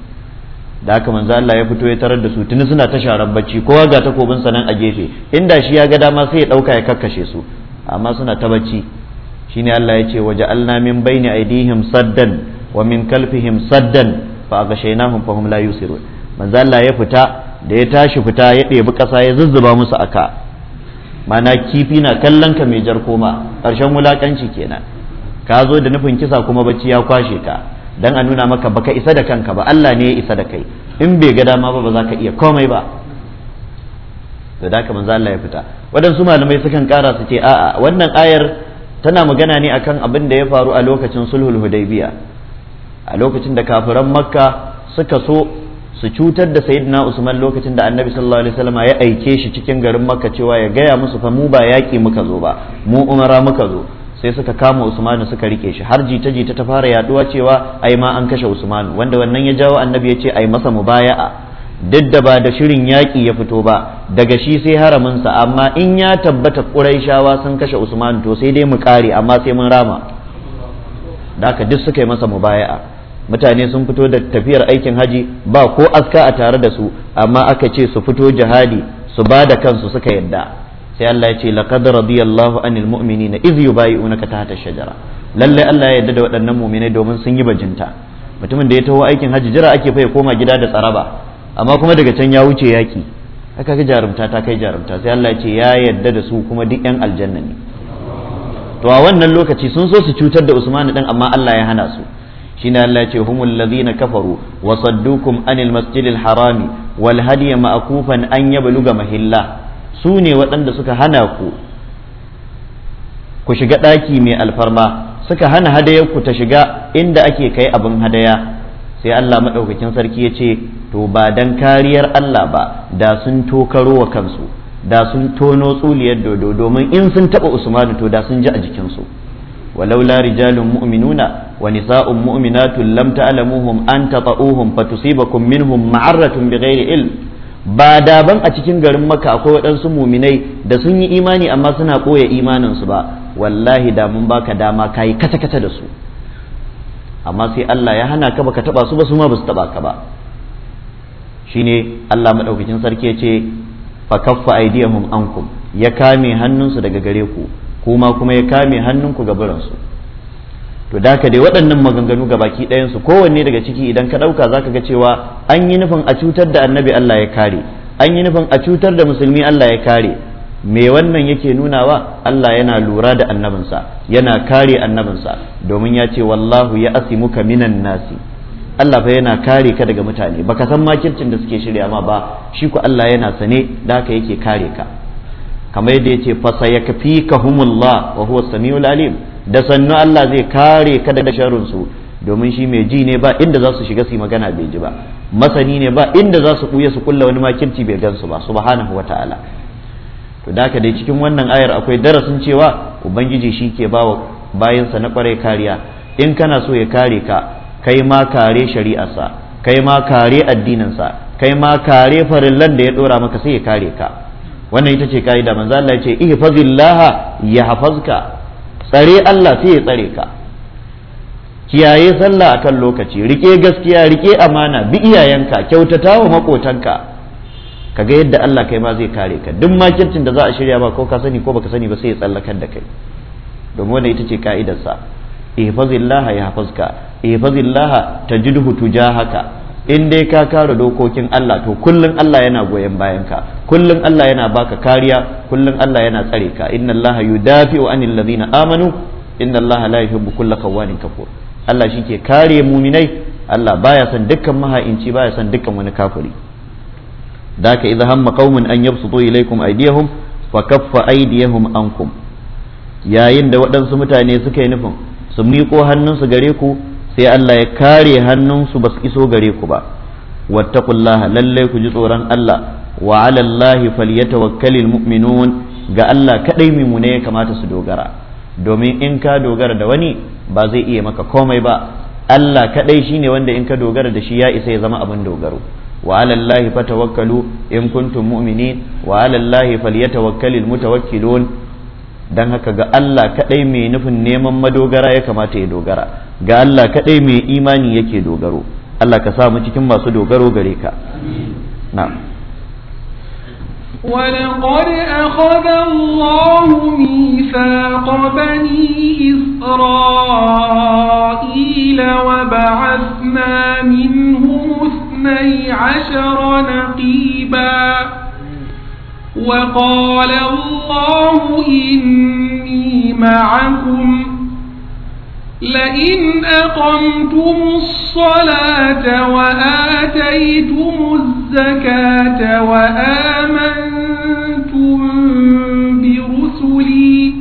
da haka manzo Allah ya fito ya tarar da su tuni suna ta sharar bacci kowa ga takobin sa nan a gefe inda shi ya ga dama sai ya dauka ya kakkashe su amma suna ta bacci shine Allah ya ce waja'alna min baini aidihim saddan wa min kalfihim saddan fa aghshaynahum fahum la yusirun manzo Allah ya fita da ya tashi fita ya ɗebi ƙasa ya zuzzuba musu aka mana kifi na kallon ka mai jar koma ƙarshen wulakanci kenan ka zo da nufin kisa kuma bacci ya kwashe ka dan a nuna maka baka isa da kanka ba Allah ne ya isa da kai in bai ga dama ba ba za ka iya komai ba da haka manzo Allah ya fita waɗansu malamai sukan ƙara su ce a'a wannan ayar tana magana ne akan abin da ya faru a lokacin sulhul hudaybiya a lokacin da kafiran makka suka so su cutar da sayyidina usman lokacin da annabi sallallahu alaihi wasallam ya aike shi cikin garin makka cewa ya gaya musu fa mu ba yaƙi muka zo ba mu umara muka zo sai suka kama usman suka rike shi har jita jita ta fara yaduwa cewa ai ma an kashe Usman wanda wannan ya jawo annabi ya ce ai masa mubaya'a duk da ba da shirin yaƙi ya fito ba daga shi sai haraminsa amma in ya tabbata ƙuraishawa sun kashe Usman to sai dai mu kare amma sai mun rama da haka duk suka yi masa mubaya'a mutane sun fito da tafiyar aikin haji ba ko aska a tare da su amma aka ce su fito jihadi su ba da kansu suka yadda sai Allah ya ce laqad radiyallahu anil mu'minina iz yubayi'unaka tahta shajara lalle Allah ya yadda da waɗannan mu'minai domin sun yi bajinta mutumin da ya taho aikin haji jira ake fa ya koma gida da tsaraba amma kuma daga can ya wuce yaki aka ga jarumta ta kai jarumta sai Allah ya ce ya yadda da su kuma duk yan aljanna ne to a wannan lokaci sun so su cutar da Usman din amma Allah ya hana su shine Allah ce humul ladhina kafaru wa saddukum anil masjidil harami wal hadiya ma'kufan an yabluga mahilla su ne waɗanda suka hana ku ku shiga ɗaki mai alfarma suka hana hadayar ku ta shiga inda ake kai abin hadaya sai Allah maɗaukakin sarki ya ce to ba dan kariyar Allah ba da sun tokaro wa kansu da sun tono tsuliyar dodo domin in sun taɓa usmanu to da sun ji a jikinsu walaula rijalun mu'minuna ونساء مؤمنات لم تعلموهم أن تطؤوهم فتصيبكم منهم معرة بغير علم ba daban a cikin garin maka akwai waɗansu muminai da sun yi imani amma suna koya imaninsu ba wallahi da mun baka dama ka yi kata-kata da su amma sai Allah ya hana ka baka taɓa su ba su ma ba su taɓa ka ba shine Allah maɗaukacin sarki ya ce fa kaffa aydiyahum ankum ya kame hannunsu daga gare ku kuma kuma ya kame hannunku ga buransu to da ka dai waɗannan maganganu ga baki ɗayansu kowanne daga ciki idan ka ɗauka za ka ga cewa an yi nufin a cutar da annabi Allah ya kare an yi nufin a cutar da musulmi Allah ya kare me wannan yake nunawa Allah yana lura da annabinsa yana kare annabinsa domin ya ce wallahu ya asimuka minan nasi Allah fa yana kare ka daga mutane baka san makircin da suke shirya ma ba shi ku Allah yana sane da haka yake kare ka kamar yadda yace fa humullah wa huwa samiul alim da sannu Allah zai kare ka daga sharrinsu domin shi mai ji ne ba inda za su shiga su yi magana bai ji ba masani ne ba inda za su kuya su kulla wani makirci bai gansu ba subhanahu wa ta'ala to da dai cikin wannan ayar akwai darasin cewa ubangiji shi ke bawa bayansa na kwarai kariya in kana so ya kare ka kai ma kare shari'arsa kai ma kare addininsa kai ma kare farillan da ya dora maka sai ya kare ka wannan ita ce ka'ida manzo Allah ya ce ihfazillaha yahfazka tsare Allah sai ya tsare ka kiyaye sallah akan lokaci rike gaskiya rike amana bi iyayenka kyautata wa makotanka kaga yadda Allah kai ma zai kare ka duk makircin da za a shirya ba ko ka sani ko baka sani ba sai ya tsallakar da kai domin wannan ita ce ka'idarsa ihfazillaha yahfazka ihfazillaha tajidhu tujahaka in dai ka kare dokokin Allah to kullun Allah yana goyon ka kullun Allah yana baka kariya kullun Allah yana tsare ka inna Allah yudafi'u anil ladina amanu inna Allah la yuhibbu kulla kawanin kafur Allah shike kare muminai Allah baya son dukkan maha'inci baya son dukkan wani kafiri daka idza hamma qaumun an yabsutu ilaykum aydiyahum fa kaffa aydiyahum ankum yayin da waɗansu mutane suka yi nufin su miƙo hannunsu gare ku sai Allah ya kare hannunsu ba su iso gare ku ba wattaqullaha lallai ku ji tsoron Allah wa 'ala Allahi falyatawakkalul mu'minun ga Allah kadai mimune ya kamata su dogara domin in ka dogara da wani ba zai iya maka komai ba Allah kadai shine wanda in ka dogara da shi ya isa ya zama abin dogaro wa 'ala Allahi fatawakkalu in kuntum mu'minin wa 'ala Allahi falyatawakkalul mutawakkilun don haka ga Allah kaɗai mai nufin neman madogara ya kamata ya dogara ga Allah kaɗai mai imani yake dogaro Allah ka samu cikin masu dogaro gare ka na'am ولقد أخذ الله ميثاق بني إسرائيل وبعثنا منهم اثني عشر نقيباً وقال الله إني معكم لئن أقمتم الصلاة وآتيتم الزكاة وآمنتم برسلي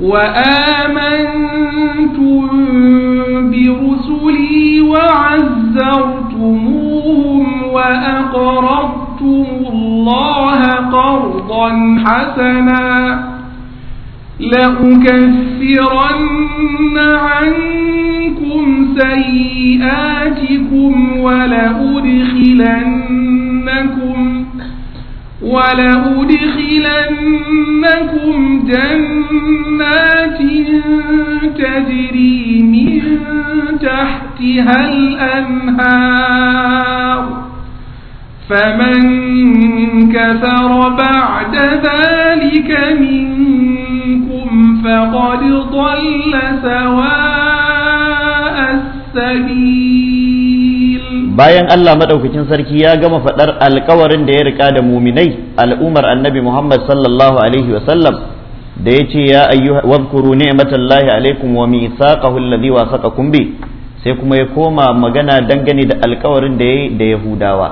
وآمنتم برسلي وعزرتموهم وأقرضتم أقرضتم الله قرضا حسنا لأكفرن عنكم سيئاتكم ولأدخلنكم ولأدخلنكم جنات تجري من تحتها الأنهار فمن كفر بعد ذلك منكم فقد ضل سواء السبيل bayan Allah madaukakin sarki ya gama fadar alkawarin da ya rika da muminai al'umar annabi Muhammad sallallahu alaihi wa sallam da yace ya ayyuha wadhkuru ni'matallahi alaikum wa mithaqahu alladhi wasaqakum bi sai kuma ya koma magana dangane da alkawarin da ya da Yahudawa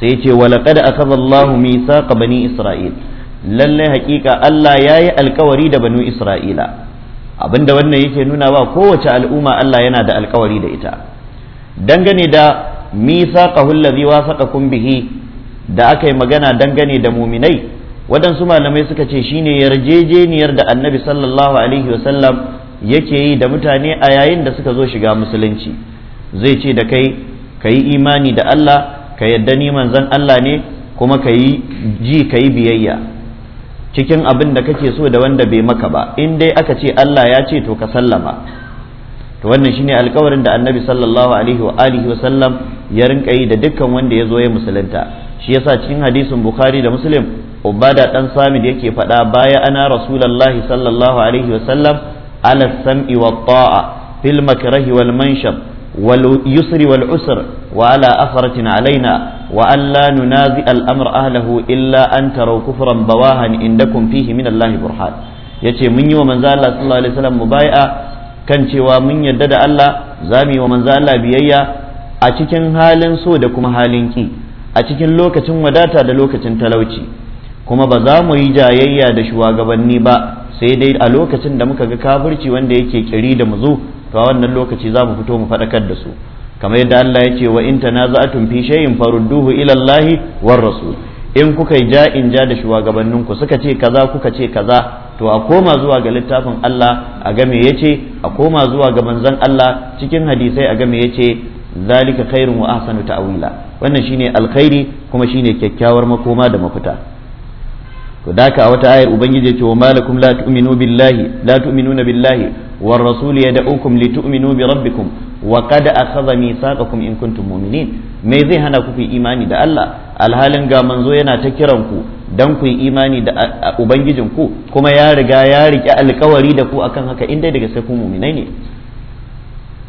sai ce walaqad akhadha Allahu mithaqa bani Isra'il lalle hakika Allah yayi alkawari da banu Isra'ila abinda wannan yake nuna wa kowace al'umma Allah yana da alkawari da ita dangane da mithaqahu allazi wasaqakum bihi da aka yi magana dangane da muminai waɗansu malamai suka ce shine yarjejeniyar da annabi sallallahu alaihi wasallam yake yi da mutane a yayin da suka zo shiga musulunci zai ce da kai ka yi imani da Allah ka yadda ni manzan Allah ne kuma ka yi ji ka yi biyayya cikin abin da kake so da wanda bai maka ba in dai aka ce Allah ya ce to ka sallama to wannan shine alkawarin da annabi sallallahu alaihi wa alihi wa sallam ya rinka yi da dukkan wanda ya zo ya musulunta shi yasa cikin hadisin bukhari da muslim ubada dan samid yake faɗa baya ana rasulullahi sallallahu alaihi wa sallam ala sam'i wa ta'a fil makrahi wal manshab واليسر والعسر وعلى أثرة علينا وأن لا ننازع الأمر أهله إلا أن تروا كفرا بواها عندكم فيه من الله برهان yace mun yi wa manzo Allah sallallahu alaihi wasallam mubai'a kan cewa mun yarda da Allah zamu yi wa manzo Allah biyayya a cikin halin so da kuma halin ki a cikin lokacin wadata da lokacin talauci kuma ba za mu yi jayayya da shugabanni ba sai dai a lokacin da muka ga kafirci wanda yake kiri da mu zo to a wannan lokaci za mu fito mu faɗakar da su kamar yadda Allah ya ce wa in tanaza'atum fi shay'in farudduhu ila Allah war rasul in kuka ja in ja da shugabannin ku suka ce kaza kuka ce kaza to a koma zuwa ga littafin Allah a ga me yace a koma zuwa ga manzon Allah cikin hadisai a ga me yace zalika khairun wa ahsanu ta'wila wannan shine alkhairi kuma shine kyakkyawar makoma da mafita to da ka a wata ayar ubangiji ce wa malakum la tu'minu billahi la tu'minuna billahi war rasul yad'ukum li tu'minu bi rabbikum wa qad akhadha mithaqakum in kuntum mu'minin me zai hana ku imani da Allah alhalin ga manzo yana ta kiran ku dan ku imani da ubangijin ku kuma ya riga ya rike alkawari da ku akan haka inda daga sai ku mu'minai ne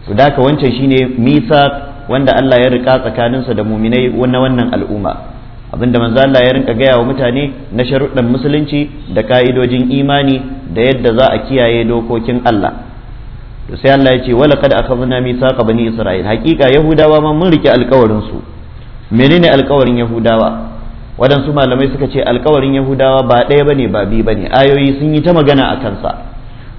to da ka wancan shine mithaq wanda Allah ya rika tsakaninsa da mu'minai na wannan al'umma abinda manzo Allah ya rinka gaya wa mutane na sharuɗan musulunci da ka'idojin imani da yadda za a kiyaye dokokin Allah to sai Allah ya ce wala kad akhadna mithaqa bani isra'il haƙiƙa yahudawa ma mun rike alƙawarin su menene alƙawarin yahudawa waɗansu malamai suka ce alkawarin yahudawa ba ɗaya bane ba biyu bane ayoyi sun yi ta magana a kansa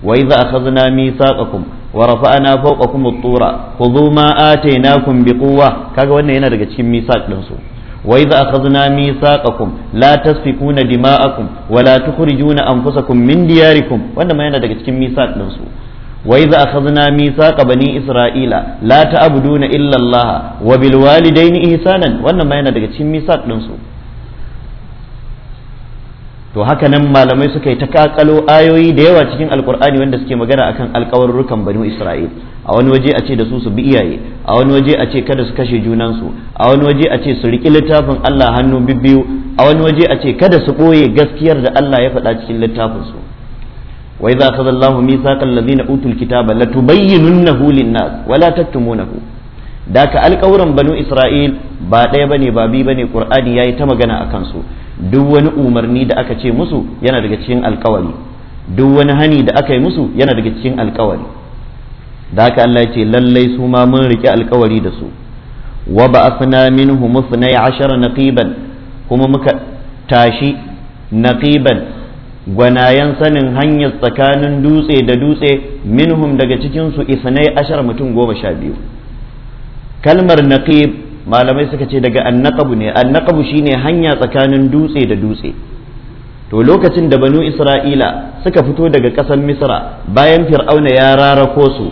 wa idza akhadna mithaqakum wa rafa'na fawqakum at-tura khudhu ma atainakum biquwwa kaga wannan yana daga cikin misaq din su وإذا أخذنا ميثاقكم لا تسفكون دماءكم ولا تخرجون أنفسكم من دياركم وأنا ما ينادك تكن ميثاق نفسه وإذا أخذنا ميثاق بني إسرائيل لا تعبدون إلا الله وبالوالدين إحسانا وأنا ما ينادك تكن ميثاق نفسه to haka nan malamai suka yi ta kakalo ayoyi da yawa cikin alkur'ani wanda suke magana akan alkawarrukan banu isra'il a wani waje a ce da su su bi iyaye a wani waje a ce kada su kashe junansu a wani waje a ce su riƙi littafin allah hannu bibbiyu a wani waje a ce kada su ɓoye gaskiyar da allah ya faɗa cikin littafinsu wa idza akhadha allahu mithaqa alladhina utul kitaba latubayyinunnahu lin-nas wa la da ka alƙawuran banu isra'il ba ɗaya bane ba biyu bane ya yi ta magana a kansu duk wani umarni da aka ce musu yana daga cikin alƙawari duk wani hani da aka yi musu yana daga cikin alƙawari da aka Allah ce lallai su ma mun riƙe alƙawari da su wa suna min ya ashara na ƙiban kuma muka tashi na ƙiban gwanayen sanin hanyar tsakanin dutse da dutse minhum daga cikinsu isnai ashar mutum goma sha biyu kalmar naqib malamai suka ce daga annaqabu ne annaqabu shine hanya tsakanin dutse da dutse to lokacin da banu isra'ila suka fito daga ƙasar misra bayan fir'auna ya rarako su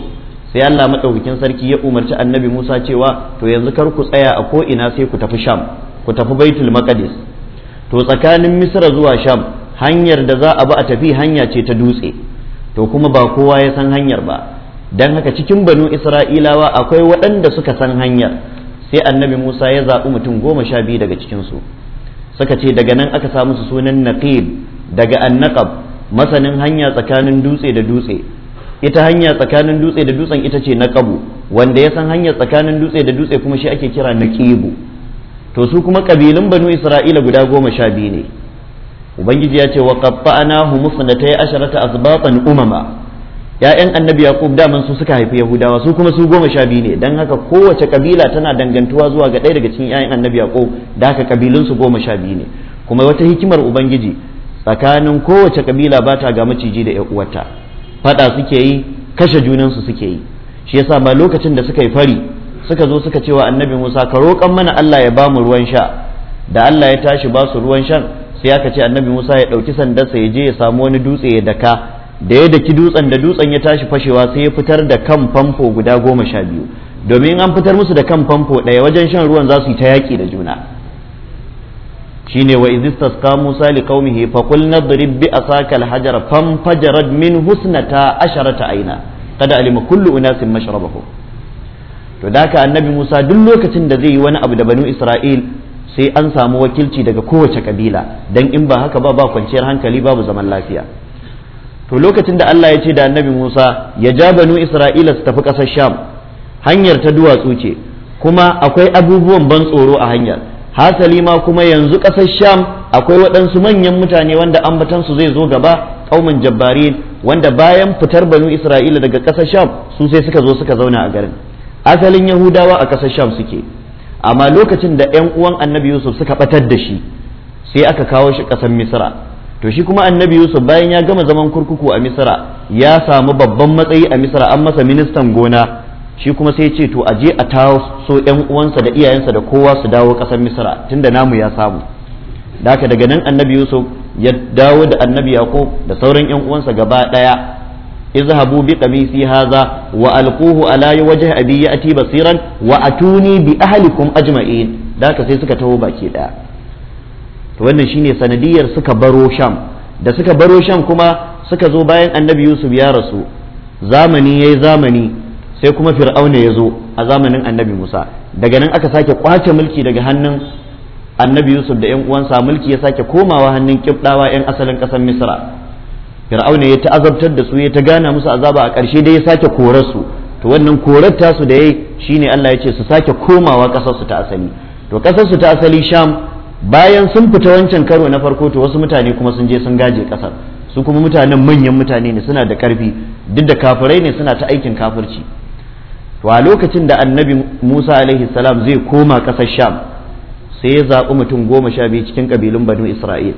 sai Allah madaukakin sarki ya umarci annabi Musa cewa to yanzu kar ku tsaya a ko ina sai ku tafi sham ku tafi baitul maqdis to tsakanin misra zuwa sham hanyar da za a bi a tafi hanya ce ta dutse to kuma ba kowa ya san hanyar ba dan haka cikin banu isra'ilawa akwai waɗanda suka san hanyar sai annabi musa ya zaɓi mutum goma sha biyu daga cikinsu suka ce daga nan aka samu su sunan naqib daga annaqab masanin hanya tsakanin dutse da dutse ita hanya tsakanin dutse da dutsen ita ce naqabu wanda ya san hanya tsakanin dutse da dutse kuma shi ake kira naqibu to su kuma kabilun banu isra'ila guda goma sha biyu ne ubangiji ya ce wa qatta'nahu musnatai asharata asbatan umama ya'yan annabi yaqub daman su suka haifi yahudawa su kuma su goma sha biyu ne dan haka kowace kabila tana dangantuwa zuwa ga ɗaya daga cikin ya'yan annabi yaqub da haka kabilun su goma sha biyu ne kuma wata hikimar ubangiji tsakanin kowace kabila ba ta ga maciji da ƴan uwarta fada suke yi kashe junansu suke yi shi yasa ma lokacin da suka yi fari suka zo suka cewa annabi Musa ka roƙan mana Allah ya bamu ruwan sha da Allah ya tashi ba su ruwan shan sai aka ce annabi Musa ya ɗauki sandarsa ya je ya samu wani dutse ya daka da ya daki dutsen da dutsen ya tashi fashewa sai ya fitar da kan famfo guda goma sha biyu domin an fitar musu da kan famfo ɗaya wajen shan ruwan za su yi ta yaƙi da juna shine wa idh istasqa Musa liqaumihi fa qulna idrib bi asaka al-hajar fanfajarat min husnata asharata aina kada alima kullu unasin mashrabahum to daka annabi Musa duk lokacin da zai yi wani abu da banu Isra'il sai an samu wakilci daga kowace kabila dan in ba haka ba ba kwanciyar hankali babu zaman lafiya to lokacin da Allah ya ce da annabi Musa ya ja banu Isra'ila su tafi ƙasar Sham hanyar ta duwatsu ce kuma akwai abubuwan ban tsoro a hanyar hasali ma kuma yanzu ƙasar Sham akwai waɗansu manyan mutane wanda su zai zo gaba ƙaumin jabbarin wanda bayan fitar banu Isra'ila daga ƙasar Sham su sai suka zo suka zauna a garin asalin Yahudawa a ƙasar Sham suke amma lokacin da ƴan uwan annabi Yusuf suka ɓatar da shi sai aka kawo shi ƙasar Misra to shi kuma annabi yusuf bayan ya gama zaman kurkuku a misra ya samu babban matsayi a misra an masa ministan gona shi kuma sai ce to aje a taso yan uwansa da iyayensa da kowa su dawo ƙasar misra tunda namu ya samu daka daga nan annabi yusuf ya dawo da annabi yaqub da sauran yan uwansa gaba ɗaya izhabu bi qamisi hadha wa alquhu ala wajhi abi ya'ti basiran wa atuni bi ahlikum ajma'in da sai suka taho baki ɗaya to wannan shine sanadiyar suka baro sham da suka baro sham kuma suka zo bayan annabi yusuf ya rasu zamani yayi zamani sai kuma fir'auna ya zo a zamanin annabi musa daga nan aka sake kwace mulki daga hannun annabi yusuf da 'yan uwansa mulki ya sake komawa hannun kibdawa 'yan asalin ƙasar misra fir'auna ya ta'azabtar da su ya ta gana musu azaba a ƙarshe dai ya sake korar su to wannan korar tasu da yayi shine Allah ya ce su sake komawa ƙasar su ta asali to ƙasar su ta asali sham bayan sun fita wancan karo na farko to wasu mutane kuma sun je sun gaje kasar su kuma mutanen manyan mutane ne suna da karfi duk da kafirai ne suna ta aikin kafirci to a lokacin da annabi Musa alaihi salam zai koma kasar Sham sai ya zaɓi mutum goma sha biyu cikin kabilun Banu Isra'il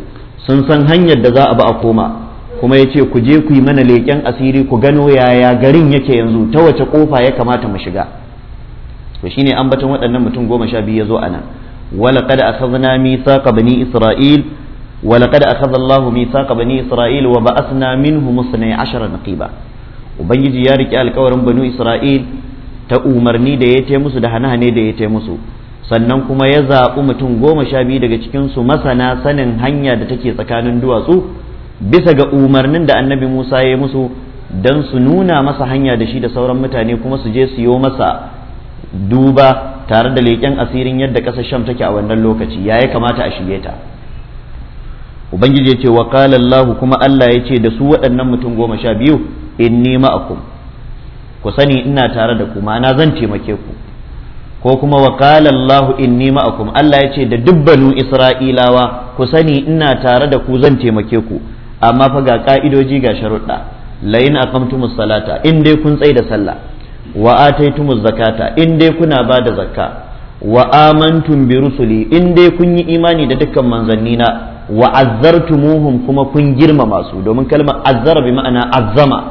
sun san hanyar da za a ba a koma kuma ya ce ku je ku yi mana leƙen asiri ku gano yaya garin yake yanzu ta wace kofa ya kamata mu shiga to shine ambaton waɗannan mutum goma sha biyu ya zo a nan ولقد أخذنا ميثاق بني إسرائيل ولقد أخذ الله ميثاق بني إسرائيل وبعثنا منهم اثني عشر نقيبا وبنجي يارك آل كورم بنو إسرائيل تأمرني دي يتيمس دهنها ديتي يتيمس sannan kuma ya zaɓi mutum goma sha biyu daga cikinsu masana sanin hanya da take tsakanin duwatsu bisa ga umarnin da annabi musa ya yi musu don su nuna masa hanya da shi da sauran mutane kuma su je su yi masa duba tare da leƙen asirin yadda ƙasar sham take a wannan lokaci ya kamata a shige ta ubangiji ya ce wa Allahu kuma Allah ya ce da su waɗannan mutum goma sha biyu in a kum ku sani ina tare da ku ma'ana zan taimake ku ko kuma wa Allahu a kum Allah ya ce da dubbanu isra'ilawa ku sani ina tare da ku zan taimake ku amma fa ga ka'idoji ga sharuɗa layin aqamtumus salata in dai kun tsaye da sallah wa ataitumu zakata in dai kuna ba da zakka wa amantum bi rusuli in dai kun yi imani da dukkan manzanni na wa azzartumuhum kuma kun girmama su domin kalmar azzara bi ma'ana azzama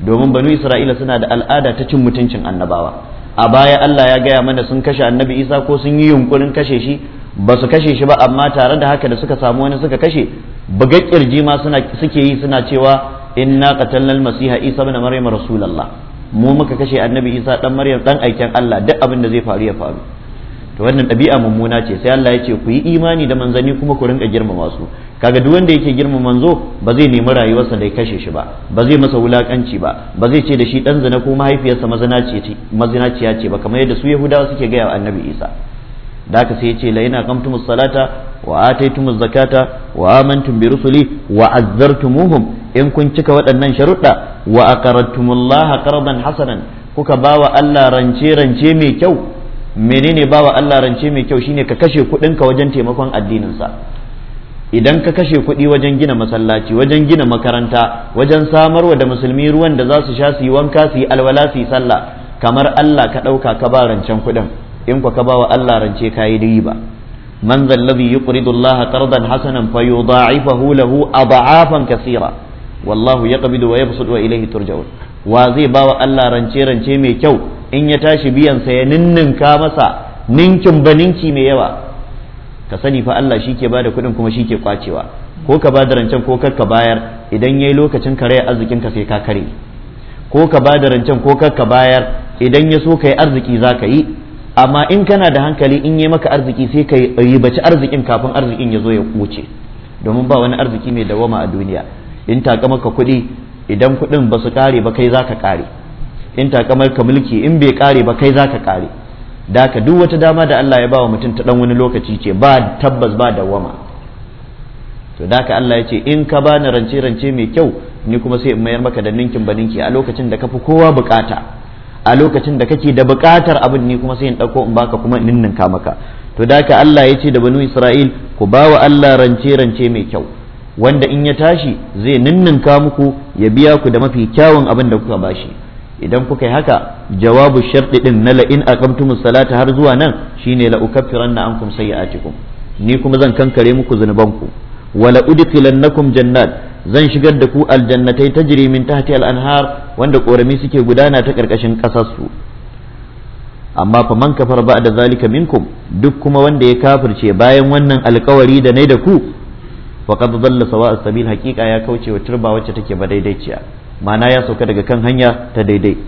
domin banu isra'ila suna da al'ada ta cin mutuncin annabawa a baya Allah ya gaya mana sun kashe annabi Isa ko sun yi yunkurin kashe shi ba su kashe shi ba amma tare da haka da suka samu wani suka kashe buga kirji ma suna suke yi suna cewa inna qatalnal masiha Isa ibn Maryam rasulullah mu muka kashe annabi isa dan maryam dan aiken allah duk abin da zai faru ya faru to wannan ɗabi'a mummuna ce sai Allah ya ce ku yi imani da manzani kuma ku rinka girmama su kaga duk wanda yake girmama manzo ba zai nemi rayuwarsa da ya kashe shi ba ba zai masa wulakanci ba ba zai ce da shi dan zina ko mahaifiyarsa mazinaciya ce ba kamar yadda su yahudawa suke gaya wa annabi isa da haka sai ya ce la yana qamtumus salata wa ataytumuz zakata wa amantum bi rusuli wa azzartumuhum in kun cika waɗannan sharuɗa wa aqaratumullaha qardan hasanan kuka bawa Allah rance rance mai kyau menene bawa Allah rance mai kyau shine ka kashe kuɗinka wajen taimakon addinin sa idan ka kashe kuɗi wajen gina masallaci wajen gina makaranta wajen samarwa da musulmi ruwan da za su sha su yi wanka su yi alwala su yi sallah kamar Allah ka ɗauka ka ba rancen kuɗin in ka bawa Allah rance ka yi riba man zallazi yuqridu Allah qardan hasanan fa yudha'ifahu lahu ad'afan kasira. wallahu ya yaqbidu wa yabsutu wa ilayhi turja'un wa zai bawa Allah rance rance mai kyau in ya tashi biyan sa ya ninninka masa ninkin baninki mai yawa ka sani fa Allah shike bada kuɗin kuma shike kwacewa ko ka bada rancen ko kar ka bayar idan yayi lokacin kare arzikin ka sai ka kare ko ka bada rancen ko kar bayar idan ya so kai arziki za ka yi amma in kana da hankali in yi maka arziki sai ka yi bace arzikin kafin arzikin ya zo ya wuce domin ba wani arziki mai dawama a duniya in taƙa maka kuɗi idan kuɗin ba su ƙare ba kai za ka ƙare in taƙa maka mulki in bai ƙare ba kai za ka ƙare da ka duk wata dama da Allah ya ba wa mutum ta ɗan wani lokaci ce ba tabbas ba dawwama to da ka Allah ya ce in ka bani rance rance mai kyau ni kuma sai in mayar maka da ninkin ba ninki a lokacin da ka fi kowa bukata a lokacin da kake da buƙatar abin ni kuma sai in ɗauko in baka kuma in ninninka maka to da ka Allah ya ce da banu Isra'il ku ba wa Allah rance rance mai kyau wanda in ya tashi zai ninninka muku ya biya ku da mafi kyawun abin da kuka bashi idan kuka yi haka jawabu sharɗi din na la'in aqamtumus salata har zuwa nan shine la ukaffiranna ankum sayyi'atikum ni kuma zan kankare muku zunubanku wala udkhilannakum jannat zan shigar da ku aljannatai tajri min tahti al-anhar wanda korami suke gudana ta karkashin kasar amma fa man kafara ba'da zalika minkum duk kuma wanda ya kafirce bayan wannan alkawari da nai da ku wa qad dhalla sawa'a sabil haqiqa ya kauce wa turba wacce take ba daidaiciya ma'ana ya sauka daga kan hanya ta daidai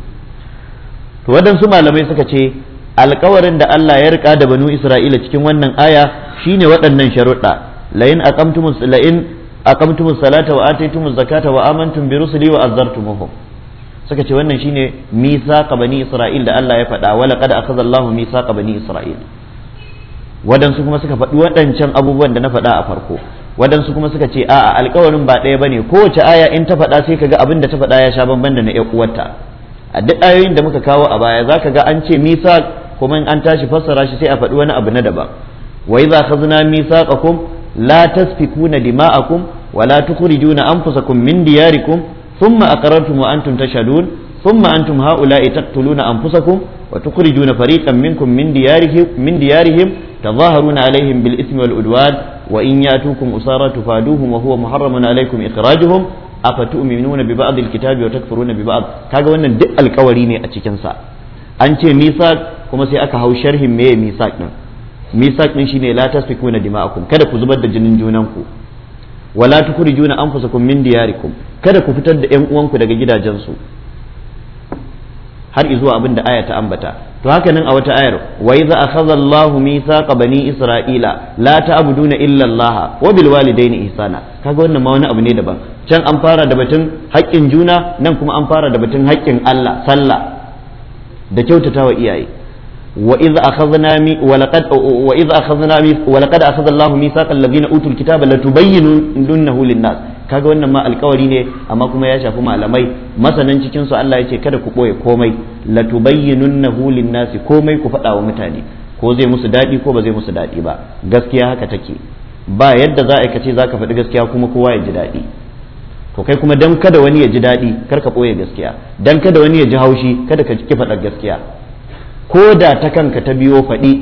to waɗansu malamai suka ce alkawarin da Allah ya rika da banu Isra'ila cikin wannan aya shine waɗannan sharuɗa la'in aqamtumus la'in aqamtumus salata wa ataytumuz zakata wa amantum bi rusuli wa azartumuhum suka ce wannan shine misaqa bani Isra'il da Allah ya faɗa wa laqad akhadha Allahu misaqa bani Isra'il waɗansu kuma suka faɗi waɗancan abubuwan da na faɗa a farko wadansu kuma suka ce a'a alkawarin ba ɗaya bane kowace aya in ta faɗa sai kaga abin da ta faɗa ya sha bamban da na ƴan uwarta a duk ayoyin da muka kawo a baya zaka ga an ce misal kuma in an tashi fassara shi sai a faɗi wani abu na daban wa idza khazna misaqakum la tasfikuna dima'akum wa la tukhrijuna anfusakum min diyarikum thumma aqrartum wa antum tashhadun ثم أنتم هؤلاء تقتلون أنفسكم وتخرجون فريقا منكم من ديارهم من ديارهم تظاهرون عليهم بالإثم والعدوان wa in yatukum usara tufaduhum wa huwa muharramun alaikum ikhrajuhum afatu'minuna bi ba'd alkitabi wa takfuruna bi ba'd kaga wannan duk alkawari ne a cikin sa an ce misak kuma sai aka hau sharhin meye misak din misak din shine la tasfikuna dima'akum kada ku zubar da jinin junanku wala juna an fasa ku min ku kada ku fitar da yan uwanku daga gidajensu har izuwa abin da aya ta ambata to haka nan a wata ayar wa idza akhadha Allahu mithaqa bani isra'ila la ta'buduna illa Allah wa bil walidayni ihsana kaga wannan ma wani abu ne daban can an fara da batun haƙƙin juna nan kuma an fara da batun haƙƙin Allah sallah da kyautatawa iyaye وإذ أخذنا مي ولقد وإذ أخذنا مي ولقد أخذ الله ميثاق الذين أوتوا الكتاب لتبيننه nas. kaga wannan ma alkawari ne amma kuma ya shafi malamai masanan cikin su Allah ya ce kada ku boye komai latubayyinunnahu nasi komai ku faɗa wa mutane ko zai musu daɗi ko ba zai musu daɗi ba gaskiya haka take ba yadda za a kace zaka ka faɗi gaskiya kuma kowa ya ji daɗi to kai kuma dan kada wani ya ji daɗi kar ka boye gaskiya dan kada wani ya ji haushi kada ka ki faɗa gaskiya ko da ta kanka ta biyo faɗi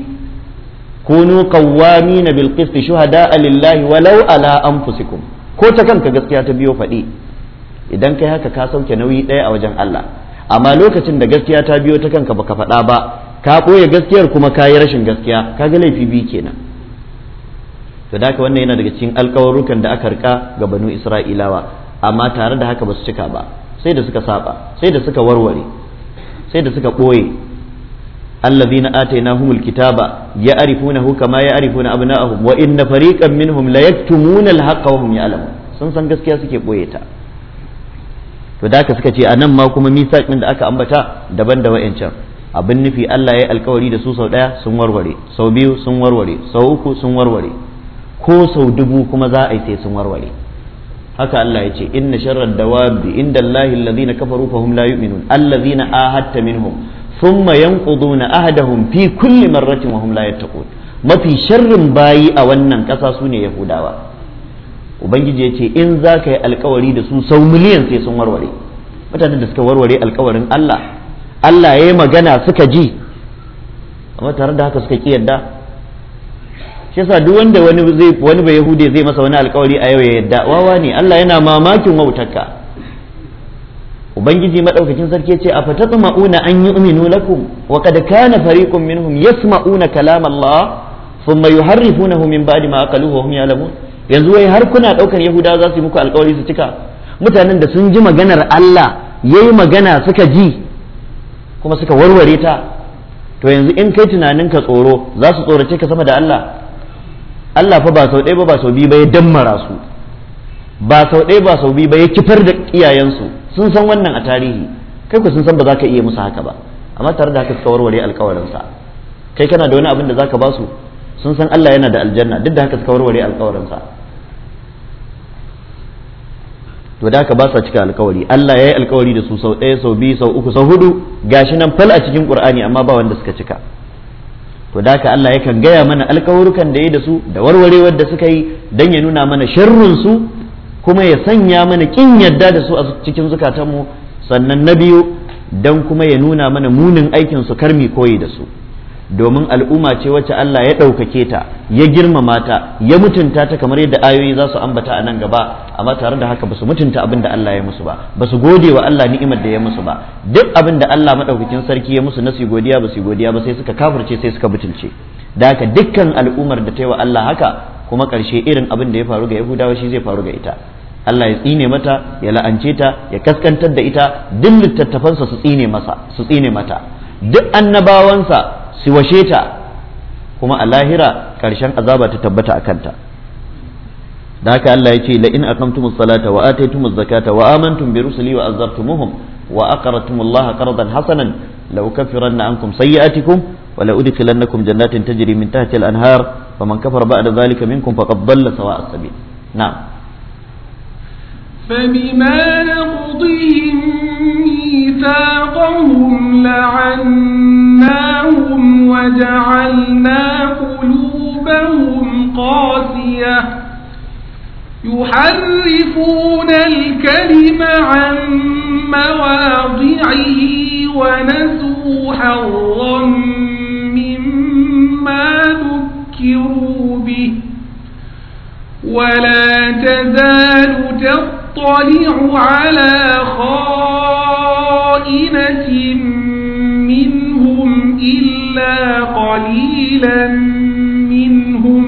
kunu qawwamina bil qist shuhada lillahi walau ala anfusikum ko ta kanka gaskiya ta biyo faɗi idan kai haka ka sauke nauyi ɗaya a wajen Allah amma lokacin da gaskiya ta biyo ta kanka baka faɗa ba ka ɓoye gaskiyar kuma ka yi rashin gaskiya ka ga laifi biyu kenan to da wannan yana daga cikin alkawarukan da aka rika ga banu isra'ilawa amma tare da haka ba su cika ba sai da suka saba sai da suka warware sai da suka ɓoye allazina atainahumul kitaba ya kama ya'rifuna abna'ahum wa inna fariqan minhum la yaktumuna al wa sun san gaskiya suke ɓoye ta to da suka ce nan ma kuma misaqin da aka ambata daban da wayancan abin nufi Allah ya alkawari da su sau daya sun warware sau biyu sun warware sau uku sun warware ko sau dubu kuma za a yi sai sun warware haka Allah ya ce inna sharrad dawabi inda Allahi alladhina kafaru fahum la yu'minun alladhina ahadta minhum thumma yanquduna ahadahum fi kulli marratin wa hum la yattaqun mafi sharrin bayi a wannan kasa sune ne yahudawa ubangiji yace in za yi alkawari da su sau miliyan sai sun warware mutanen da suka warware alkawarin allah allah yayi magana suka ji amma tare da haka suka ki yadda shi yasa duk wanda wani wani bai yahude zai masa wani alkawari a yau ya yadda wawa ne allah yana mamakin wautarka ubangiji madaukakin sarki yace a ma'una an yi uminu lakum wa qad kana fariqun minhum yasma'una kalam Allah thumma yuharrifunahu min ba'di ma aqaluhu wa hum ya'lamun yanzu wai har kuna daukar yahuda za su yi muku alƙawari su cika mutanen da sun ji maganar Allah yayi magana suka ji kuma suka warware ta to yanzu in kai tunanin ka tsoro za su tsorace ka sama da Allah Allah fa ba sau ɗaya ba sau biyu ba ya dammara su ba sau ɗaya ba sau biyu ba ya kifar da iyayensu sun san wannan a tarihi kai ku sun san ba za ka iya musu haka ba amma tare da haka suka warware alkawarinsa kai kana da wani abin da za ka basu sun san Allah yana da aljanna duk da haka suka warware alkawarinsa to da haka ba sa cika alkawari Allah ya yi alkawari da su sau ɗaya sau biyu sau uku sau hudu gashi nan fal a cikin qur'ani amma ba wanda suka cika to da haka Allah yakan gaya mana alkawurukan da ya da su da warwarewar da suka yi dan ya nuna mana sharrun su kuma ya sanya mana kin yadda da su a cikin zukatanmu sannan na biyu don kuma ya nuna mana munin aikin su karmi koyi da su domin al'umma ce wacce Allah ya ɗaukake ta ya girmama ta ya mutunta ta kamar yadda ayoyi za su ambata a nan gaba amma tare da haka ba su mutunta abin da Allah ya musu ba ba su gode wa Allah ni'imar da ya musu ba duk abin da Allah maɗaukakin sarki ya musu na su godiya ba su godiya ba sai suka kafirce sai suka butulce da haka dukkan al'ummar da ta yi wa Allah haka kuma ƙarshe irin abin da ya faru ga yahudawa shi zai faru ga ita Allah ya tsine mata ya la'ance ta ya kaskantar da ita duk littattafansa su tsine masa su tsine mata duk annabawansa su washe ta kuma a lahira ƙarshen azaba ta tabbata a kanta da haka Allah ya ce lain in aqamtumus salata wa ataytumuz zakata wa amantum bi rusuli wa azzartumuhum wa aqradtumullaha qardan hasanan law kaffiranna ankum sayyi'atikum wa la udkhilannakum jannatin tajri min tahtiha al-anhar فمن كفر بعد ذلك منكم فقد ضل سواء السبيل نعم فبما نقضهم ميثاقهم لعناهم وجعلنا قلوبهم قاسية يحرفون الكلم عن مواضعه ونسوا حظا مما ذكر فذكروا به ولا تزال تطلع على خائنة منهم إلا قليلا منهم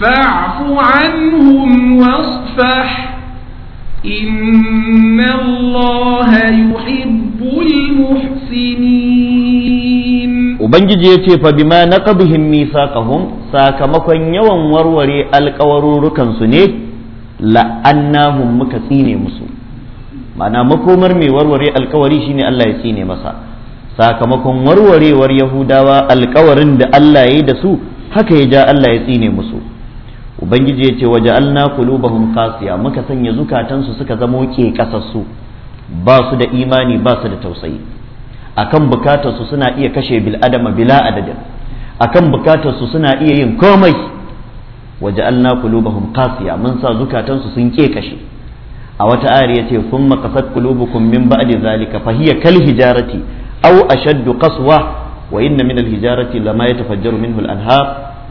فاعف عنهم واصفح إن الله يحب المحسنين حميم وبنجي يتي فبما نقضهم ميثاقهم ساكمكن يوم وروري القوروركن سني muka tsine musu ma'ana makomar mai warware alkawari shine Allah ya tsine masa sakamakon warwarewar yahudawa alkawarin da Allah ya yi da su haka ya ja Allah ya tsine musu ubangiji yace ce waje alna qulubahum qasiya muka sanya zukatansu suka zamo ke kasassu ba su da imani ba su da tausayi akan bukatarsu suna iya kashe bil'adama bila adadin akan bukatarsu suna iya yin komai waje alna kulubahum qasiya mun sa zukatansu sun ke kashe a wata ayar yace thumma qasat qulubukum min ba'di zalika fa kal hijarati aw ashaddu qaswa wa inna min al hijarati lama yatafajjaru minhu al anhar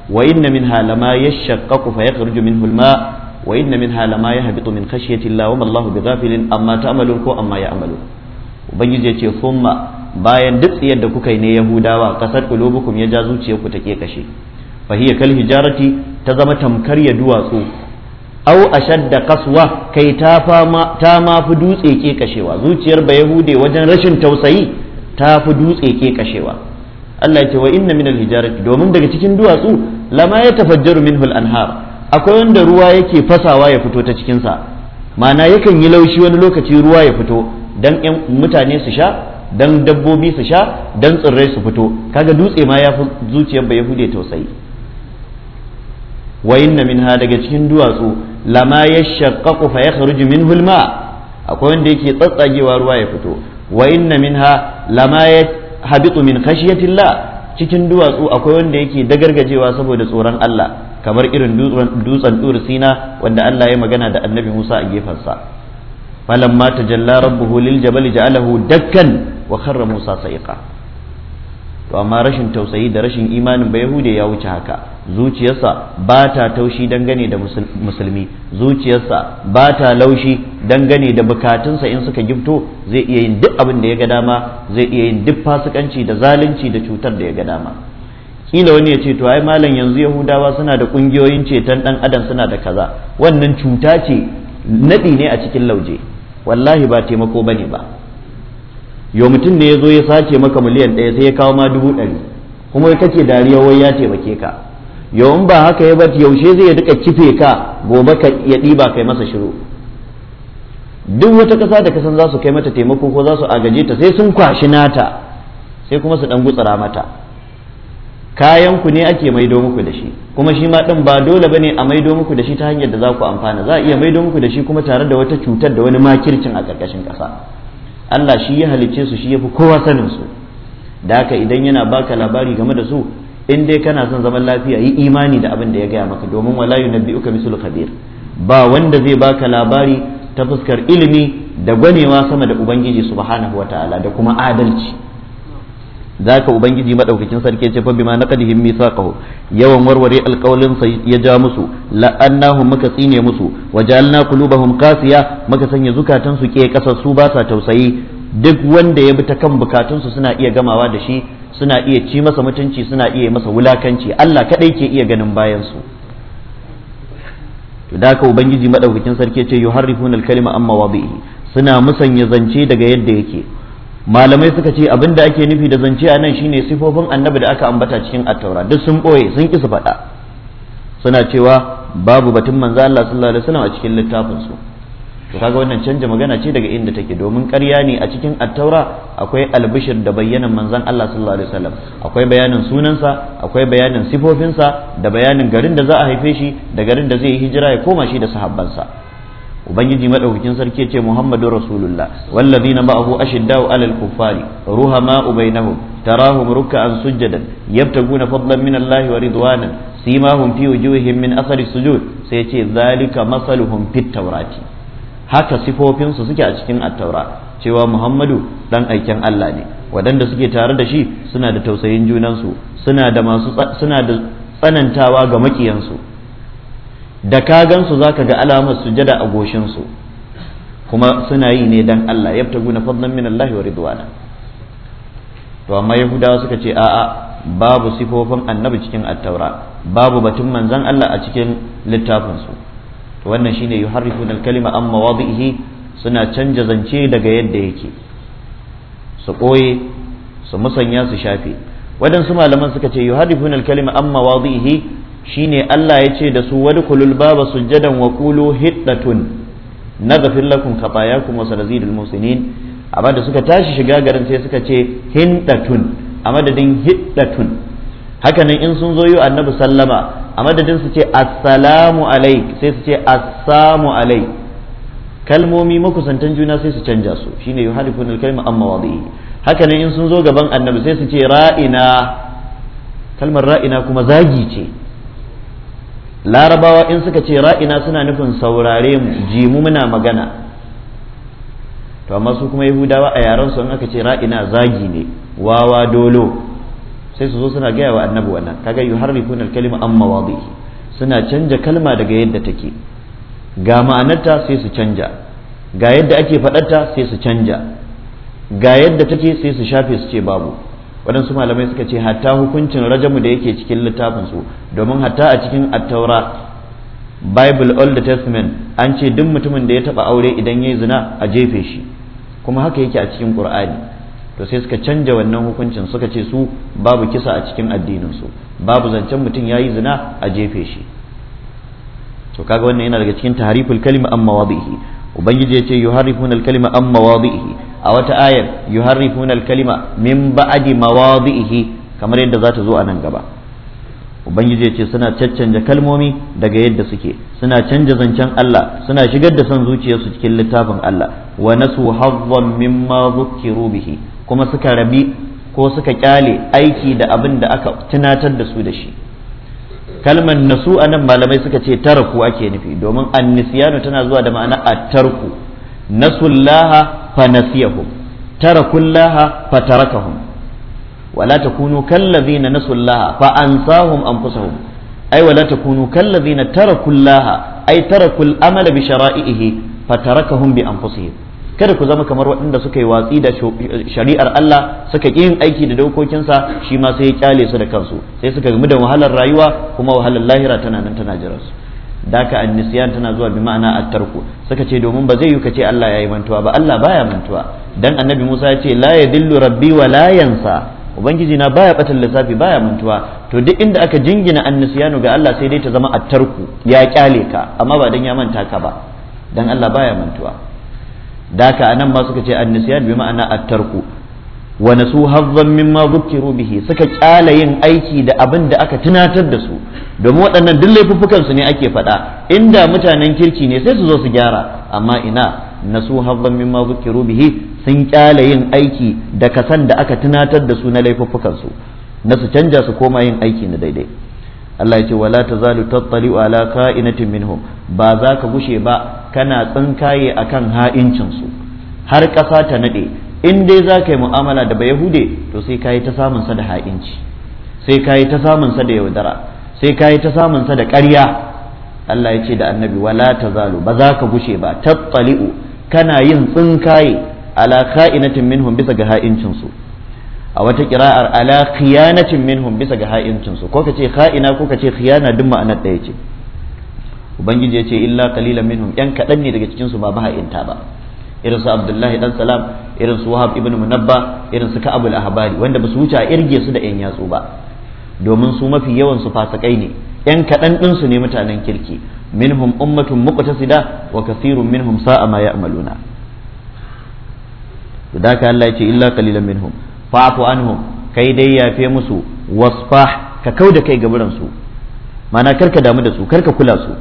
wa inna minha lama yashaqqaqu fa yakhruju minhu al ma' wa inna minha lama yahbitu min khashyati Allah wa ma Allahu bighafilin amma ta'malun ko amma ya'malun ubangiji yace thumma bayan duk tsiyar da kuka yi ne yahudawa kasar kulubukum ya ja zuciyarku ta ke kashe fahiya kal hijarati ta zama tamkar ya duwatsu au ashadda kaswa kai ta ma fi dutse ke kashewa zuciyar ba yahude wajen rashin tausayi ta fi dutse ke kashewa Allah ya ce wa inna minal hijarati domin daga cikin duwatsu lama ya tafajjaru minhul anhar akwai wanda ruwa yake fasawa ya fito ta cikin sa ma'ana yakan yi laushi wani lokaci ruwa ya fito dan mutane su sha dan dabbobi su sha dan tsirrai su fito kaga dutse ma ya fi zuciyar ba hude tausayi wa inna minha daga cikin duwatsu lama yashaqqaqu fa yakhruju minhu hulma akwai wanda yake tsatsagewa ruwa ya fito wa inna minha lama habitu min khashyatillah cikin duwatsu akwai wanda yake dagargajewa saboda tsoron Allah kamar irin dutsen dur sina wanda Allah ya magana da annabi Musa a gefensa falamma tajalla rabbuhu lil jabali ja'alahu dakkan wa karra musa sa'iqa to amma rashin tausayi da rashin imanin ba yahude ya wuce haka zuciyarsa ba ta taushi dangane da musulmi zuciyarsa ba ta laushi dangane da bukatunsa in suka gifto zai iya yin duk abin da ya ga dama zai iya yin duk fasikanci da zalunci da cutar da ya ga dama kila wani ya ce to ai malam yanzu yahudawa suna da kungiyoyin ceton dan adam suna da kaza wannan cuta ce nadi ne a cikin lauje wallahi ba taimako bane ba yo mutum ne ya zo ya sace maka miliyan ɗaya sai ya kawo ma dubu ɗari kuma ya kake dariya wai ya taimake ka yo in ba haka ya bar yaushe zai ya duka kife ka gobe ka ya ɗiba kai masa shiru duk wata ƙasa da kasan za su kai mata taimako ko za su agaje ta sai sun kwashi nata sai kuma su ɗan gutsara mata kayan ku ne ake maido muku da shi kuma shi ma ɗin ba dole bane a maido muku da shi ta hanyar da za ku amfana za a iya maido muku da shi kuma tare da wata cutar da wani makircin a ƙarƙashin ƙasa Allah shi ya halicce su shi ya fi kowa sanin su da haka idan yana baka labari game da su in dai kana son zaman lafiya yi imani da abin da ya gaya maka domin wala yunabbi'uka misul khabir ba wanda zai baka labari ta fuskar ilimi da gwanewa sama da ubangiji subhanahu wataala da kuma adalci za ka ubangiji madaukakin sarki ce fa bima naqadihim mithaqahu yawan warware alkawalin sa ya ja musu la'annahum muka tsine musu wajalna qulubahum qasiya muka sanya zukatan su ke kasar su ba sa tausayi duk wanda ya bi ta kan bukatun su suna iya gamawa da shi suna iya ci masa mutunci suna iya masa wulakanci Allah kadai ke iya ganin bayan su to da ka ubangiji madaukakin sarki ce yuharrifuna alkalima amma wabihi suna musanya zance daga yadda yake malamai suka ce abin da ake nufi da zance a nan shine sifofin annabi da aka ambata cikin attaura duk sun ɓoye sun ƙi su faɗa suna cewa babu batun manzo Allah sallallahu alaihi wasallam a cikin littafin su to kaga wannan canja magana ce daga inda take domin ƙarya ne a cikin attaura akwai albishir da bayanan manzon Allah sallallahu alaihi wasallam akwai bayanin sunansa akwai bayanin sifofinsa da bayanin garin da za a haife shi da garin da zai yi hijira ya koma shi da sahabbansa ubangiji madaukakin sarki ce muhammadu rasulullah na ma'ahu ashiddau alal kuffari ruhama bainahum tarahum ruk'an sujadan yabtaguna fadlan min Allah wa ridwanan simahum fi wujuhihim min athari sujud sai ce zalika masaluhum fit tawrati haka sifofin su suke a cikin attaura cewa muhammadu dan aikin Allah ne waɗanda suke tare da shi suna da tausayin junansu suna da masu suna da tsanantawa ga makiyansu da ka gansu zaka ga alamar sujada a goshinsu kuma suna yi ne dan Allah guna fadlan min Allah wa ridwana to amma yahudawa suka ce a'a babu sifofin annabi cikin attaura babu batun manzan Allah a cikin littafin su to wannan shine yuharrifuna al-kalima an mawadihi suna canja zance daga yadda yake su koye su musanya su shafe waɗansu malaman suka ce yuharrifuna al-kalima an mawadihi shine Allah ya ce da su wani wadkhulul baba sujjadan wa qulu hiddatun naghfir lakum khatayakum wa sanazidul muhsinin amma da suka tashi shiga garin sai suka ce hintatun a madadin hiddatun hakanan in sun zo yi annabi sallama a madadin su ce assalamu alaik sai su ce assamu alaik kalmomi makusantan juna sai su canja su shine yuhadifunul kalma amma wadihi hakanan in sun zo gaban annabi sai su ce ra'ina kalmar ra'ina kuma zagi ce larabawa in suka ce ra'ina suna nufin saurare mu ji mu muna magana to amma su kuma yahudawa a yaran su in aka ce ra'ina zagi ne wawa dolo sai su zo suna gaya wa annabi wannan kaga yuharrifuna al-kalima an mawadihi suna canja kalma daga yadda take ga ma'anarta sai su canja ga yadda ake faɗarta sai su canja ga yadda take sai su shafe su ce babu waɗansu malamai suka ce hatta hukuncin rajamu da yake cikin littafin su domin hatta a cikin attaura bible old testament an ce duk mutumin da ya taɓa aure idan ya yi zina a jefe shi kuma haka yake a cikin qur'ani to sai suka canja wannan hukuncin suka ce su babu kisa a cikin addinin su babu zancen mutum ya yi zina a jefe shi to kaga wannan yana daga cikin tahriful kalima amma wadihi ubangiji ya ce yuharifuna al kalima amma wadihi a wata ayar yuharrifuna al-kalima min ba'di mawadhihi kamar yadda za ta zo a nan gaba ubangiji ya ce suna caccanja kalmomi daga yadda suke suna canja zancen Allah suna shigar da son zuciyarsu cikin littafin Allah wa nasu hazzan mimma zukkiru bihi kuma suka rabi ko suka kyale aiki da abin da aka tunatar da su da shi kalmar nasu anan malamai suka ce taraku ake nufi domin annisiyanu tana zuwa da ma'ana a tarku nasullaha fa nasiyahum tarakullaha fa tarakahum wala takunu kallazina nasullaha fa ansahum anfusahum ay wala takunu kallazina tarakullaha ay tarakul amala bi fa tarakahum kada ku zama kamar waɗanda suka yi watsi da shari'ar Allah suka ƙi yin aiki da dokokinsa shi ma sai ya kyale su da kansu sai suka gamu da wahalar rayuwa kuma wahalar lahira tana nan tana jiransu daka annisiyan tana zuwa bi ma'ana attarku suka ce domin ba zai yi kace Allah ya yi mantuwa ba Allah baya mantuwa dan annabi Musa ya ce la ya dillu rabbi wa la yansa ubangiji na baya batan lissafi baya mantuwa to duk inda aka jingina annisiyanu ga Allah sai dai ta zama attarku ya kyale ka amma ba dan ya manta ka ba dan Allah baya mantuwa daka anan ma suka ce annisiyan bi ma'ana attarku wa nasu hazzan mimma zukkiru bihi suka kyala yin aiki da abin da aka tunatar da su domin waɗannan duk laifuffukan su ne ake faɗa inda mutanen kirki ne sai su zo su gyara amma ina nasu hazzan mimma zukkiru bihi sun kyala yin aiki da kasan da aka tunatar da su na laifuffukan su na su canja su koma yin aiki na daidai Allah ya ce wala tazalu tattali'u ala ka'inatin minhum ba za ka gushe ba kana tsinkaye akan ha'incin su har ƙasa ta nade in dai za ka yi mu'amala da bayahude to sai ka yi ta samun da ha'inci sai ka yi ta samun da yaudara sai ka yi ta samun da ƙarya Allah ya ce da annabi wala zalu ba za ka gushe ba tattali'u kana yin tsinkaye ala kha'inatin minhum bisa ga ha'incin a wata kira'ar ala khiyanatin minhum bisa ga ha'incin su ko ka ce kha'ina ko ka ce khiyana duk ma'anar ɗaya ce ubangiji ya ce illa qalilan minhum yan kaɗan ne daga cikin su ba ba ha'inta ba irin su abdullahi dan salam irin su wahab ibn munabba irin su ka'ab al-ahbari wanda ba su wuce a irge su da yan yatsu ba domin su mafi yawan su fasikai ne yan kaɗan ɗin su ne mutanen kirki minhum ummatun muqtasida wa kathirun minhum sa'a ma ya'maluna da Allah ya ce illa qalilan minhum fa'fu anhum kai dai yafe musu wasfah ka kauda kai gaburan su mana karka damu da su karka kula su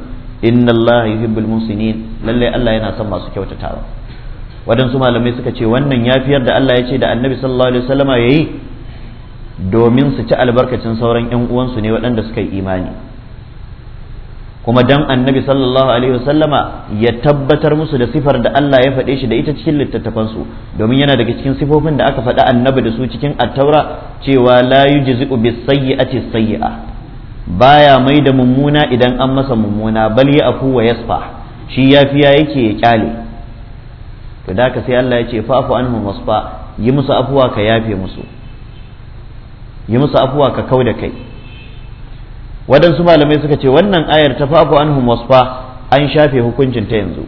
inna Allah yuhibbul muhsinin lalle Allah yana son masu kyautatawa waɗansu malamai suka ce wannan yafiyar da Allah ya ce da annabi sallallahu alaihi wasallama ya yi domin su ci albarkacin sauran 'yan uwansu ne waɗanda suka yi imani kuma dan annabi sallallahu alaihi wasallama ya tabbatar musu da sifar da Allah ya faɗe shi da ita cikin littattafansu domin yana daga cikin sifofin da aka faɗa annabi da su cikin attaura cewa la yujzi'u bis sayyi'ati sayyi'a baya mai da mummuna idan an masa mummuna bal ya afu wa yasfa shi yafiya yake ya kyale to da sai Allah ya ce fa'fu an wasfa yi musu afuwa ka yafe musu yi musu afuwa ka kau da kai waɗansu malamai suka ce wannan ayar ta fa'fu an wasfa an shafe hukuncin ta yanzu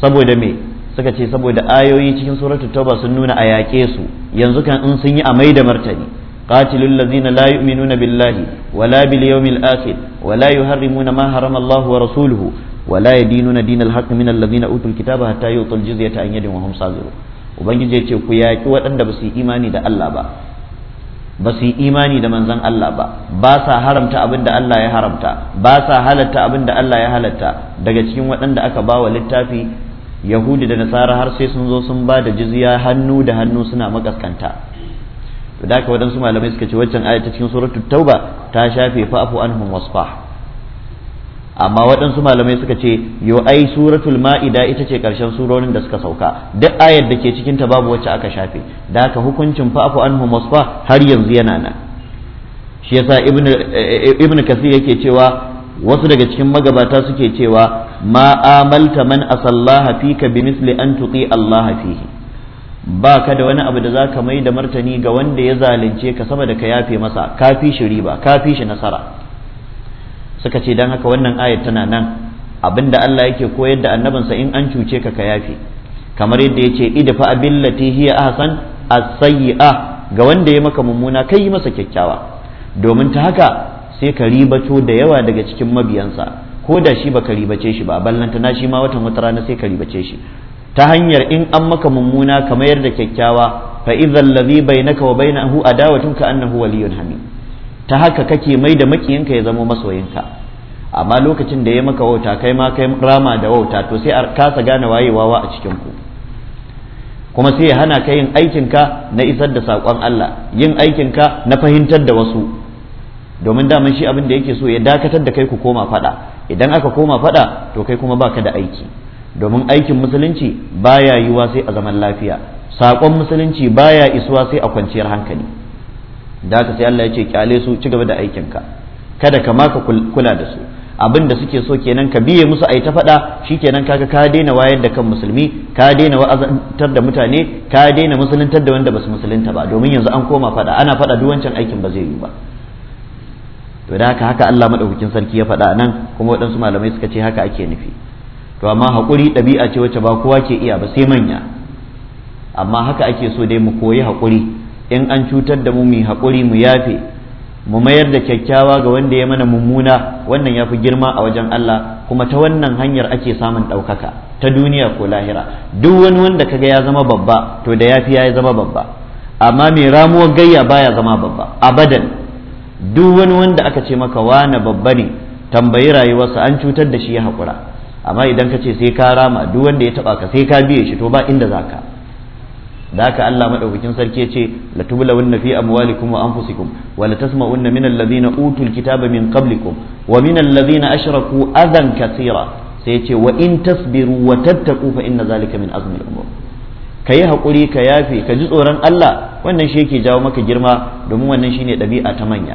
saboda me suka ce saboda ayoyi cikin suratul tauba sun nuna a yaƙe su yanzu kan in sun yi a mai da martani قاتل الذين لا يؤمنون بالله ولا باليوم الآخر ولا يحرمون ما حرم الله ورسوله wala yadinuna dinal dina min allazina utul kitaba hatta yutul ya an yadin wa hum sagirun ubangiji ya ce ku yaƙi waɗanda ba yi imani da Allah imani da manzon Allah ba ba haramta abin da Allah ya haramta ba sa halatta abin da Allah ya halatta daga cikin waɗanda aka bawa littafi yahudi da nasara har sai sun zo sun ba da jizya hannu da hannu suna makaskanta to da haka waɗansu malamai suka ce waccan aya ta cikin suratul tauba ta shafe fa'fu anhum wasfah amma waɗansu malamai suka ce yo ai suratul ma'ida ita ce karshen surorin da suka sauka duk ayar da ke cikin ta babu wacce aka shafe da haka hukuncin fa'fu anhum masfa har yanzu yana nan shi yasa ibnu eh, kasir yake cewa wasu daga cikin magabata suke cewa ma amalta man asallaha fika misli an tuqi Allah fihi ba ka da wani abu da zaka mai da martani ga wanda ya zalunce ka sama da ka yafe masa ka fi shi riba ka shi nasara suka ce don haka wannan ayat tana nan abinda Allah yake koyar da annabinsa in an cuce ka ka yafe kamar yadda ya ce yace idfa a hiya ahsan as-sayyi'a ga wanda ya maka mummuna kai yi masa kyakkyawa domin ta haka sai ka ribato da yawa daga cikin mabiyansa ko da shi baka ribace shi ba ballanta na shi ma watan wata rana sai ka ribace shi ta hanyar in an maka mummuna ka mayar da kyakkyawa fa idhal ladhi bainaka wa bainahu adawatun ka annahu waliyyun hamid ta haka kake mai da makiyinka ya zama masoyinka amma lokacin da ya maka wauta kai ma kai rama da wauta to sai a kasa gane waye wawa a cikin ku kuma sai ya hana ka yin aikinka na isar da saƙon Allah yin aikinka na fahimtar da wasu domin daman shi abin da yake so ya dakatar da kai ku koma faɗa idan aka koma faɗa to kai kuma baka da aiki domin aikin musulunci baya yiwa sai a zaman lafiya saƙon musulunci baya isuwa sai a kwanciyar hankali da haka sai Allah ya ce kyale su ci gaba da aikinka kada ka maka kula da su abin da suke so kenan ka biye musu ai ta faɗa shikenan kaga ka daina wayar da kan musulmi ka daina wa'azantar da mutane ka daina musuluntar da wanda basu musulunta ba domin yanzu an koma faɗa ana faɗa duk wancan aikin ba zai yi ba to da haka haka Allah madaukakin sarki ya faɗa nan kuma waɗansu malamai suka ce haka ake nufi to amma haƙuri ɗabi'a ce wacce ba kowa ke iya ba sai manya amma haka ake so dai mu koyi haƙuri in an cutar da mu mu haƙuri mu yafe mu mayar da kyakkyawa ga wanda ya mana mummuna wannan ya fi girma a wajen Allah kuma ta wannan hanyar ake samun ɗaukaka ta duniya ko lahira duk wani wanda kaga ya zama babba to da yafi ya zama babba amma mai ramuwar gayya baya zama babba abadan duk wani wanda aka ce maka wane babba ne tambayi rayuwarsa an cutar da shi ya haƙura amma idan ka ce sai ka rama duk wanda ya taɓa ka sai ka biye shi to ba inda za ka da haka Allah madaukakin sarki yace la tublawunna fi amwalikum wa anfusikum wa la tasma'unna min alladhina utul kitaba min qablikum wa min alladhina ashraku adhan katsira sai yace wa in tasbiru wa tattaqu fa inna zalika min azmi al-umur kayi hakuri ka yafe ka ji tsoron Allah wannan shi yake jawo maka girma domin wannan shine dabi'a ta manya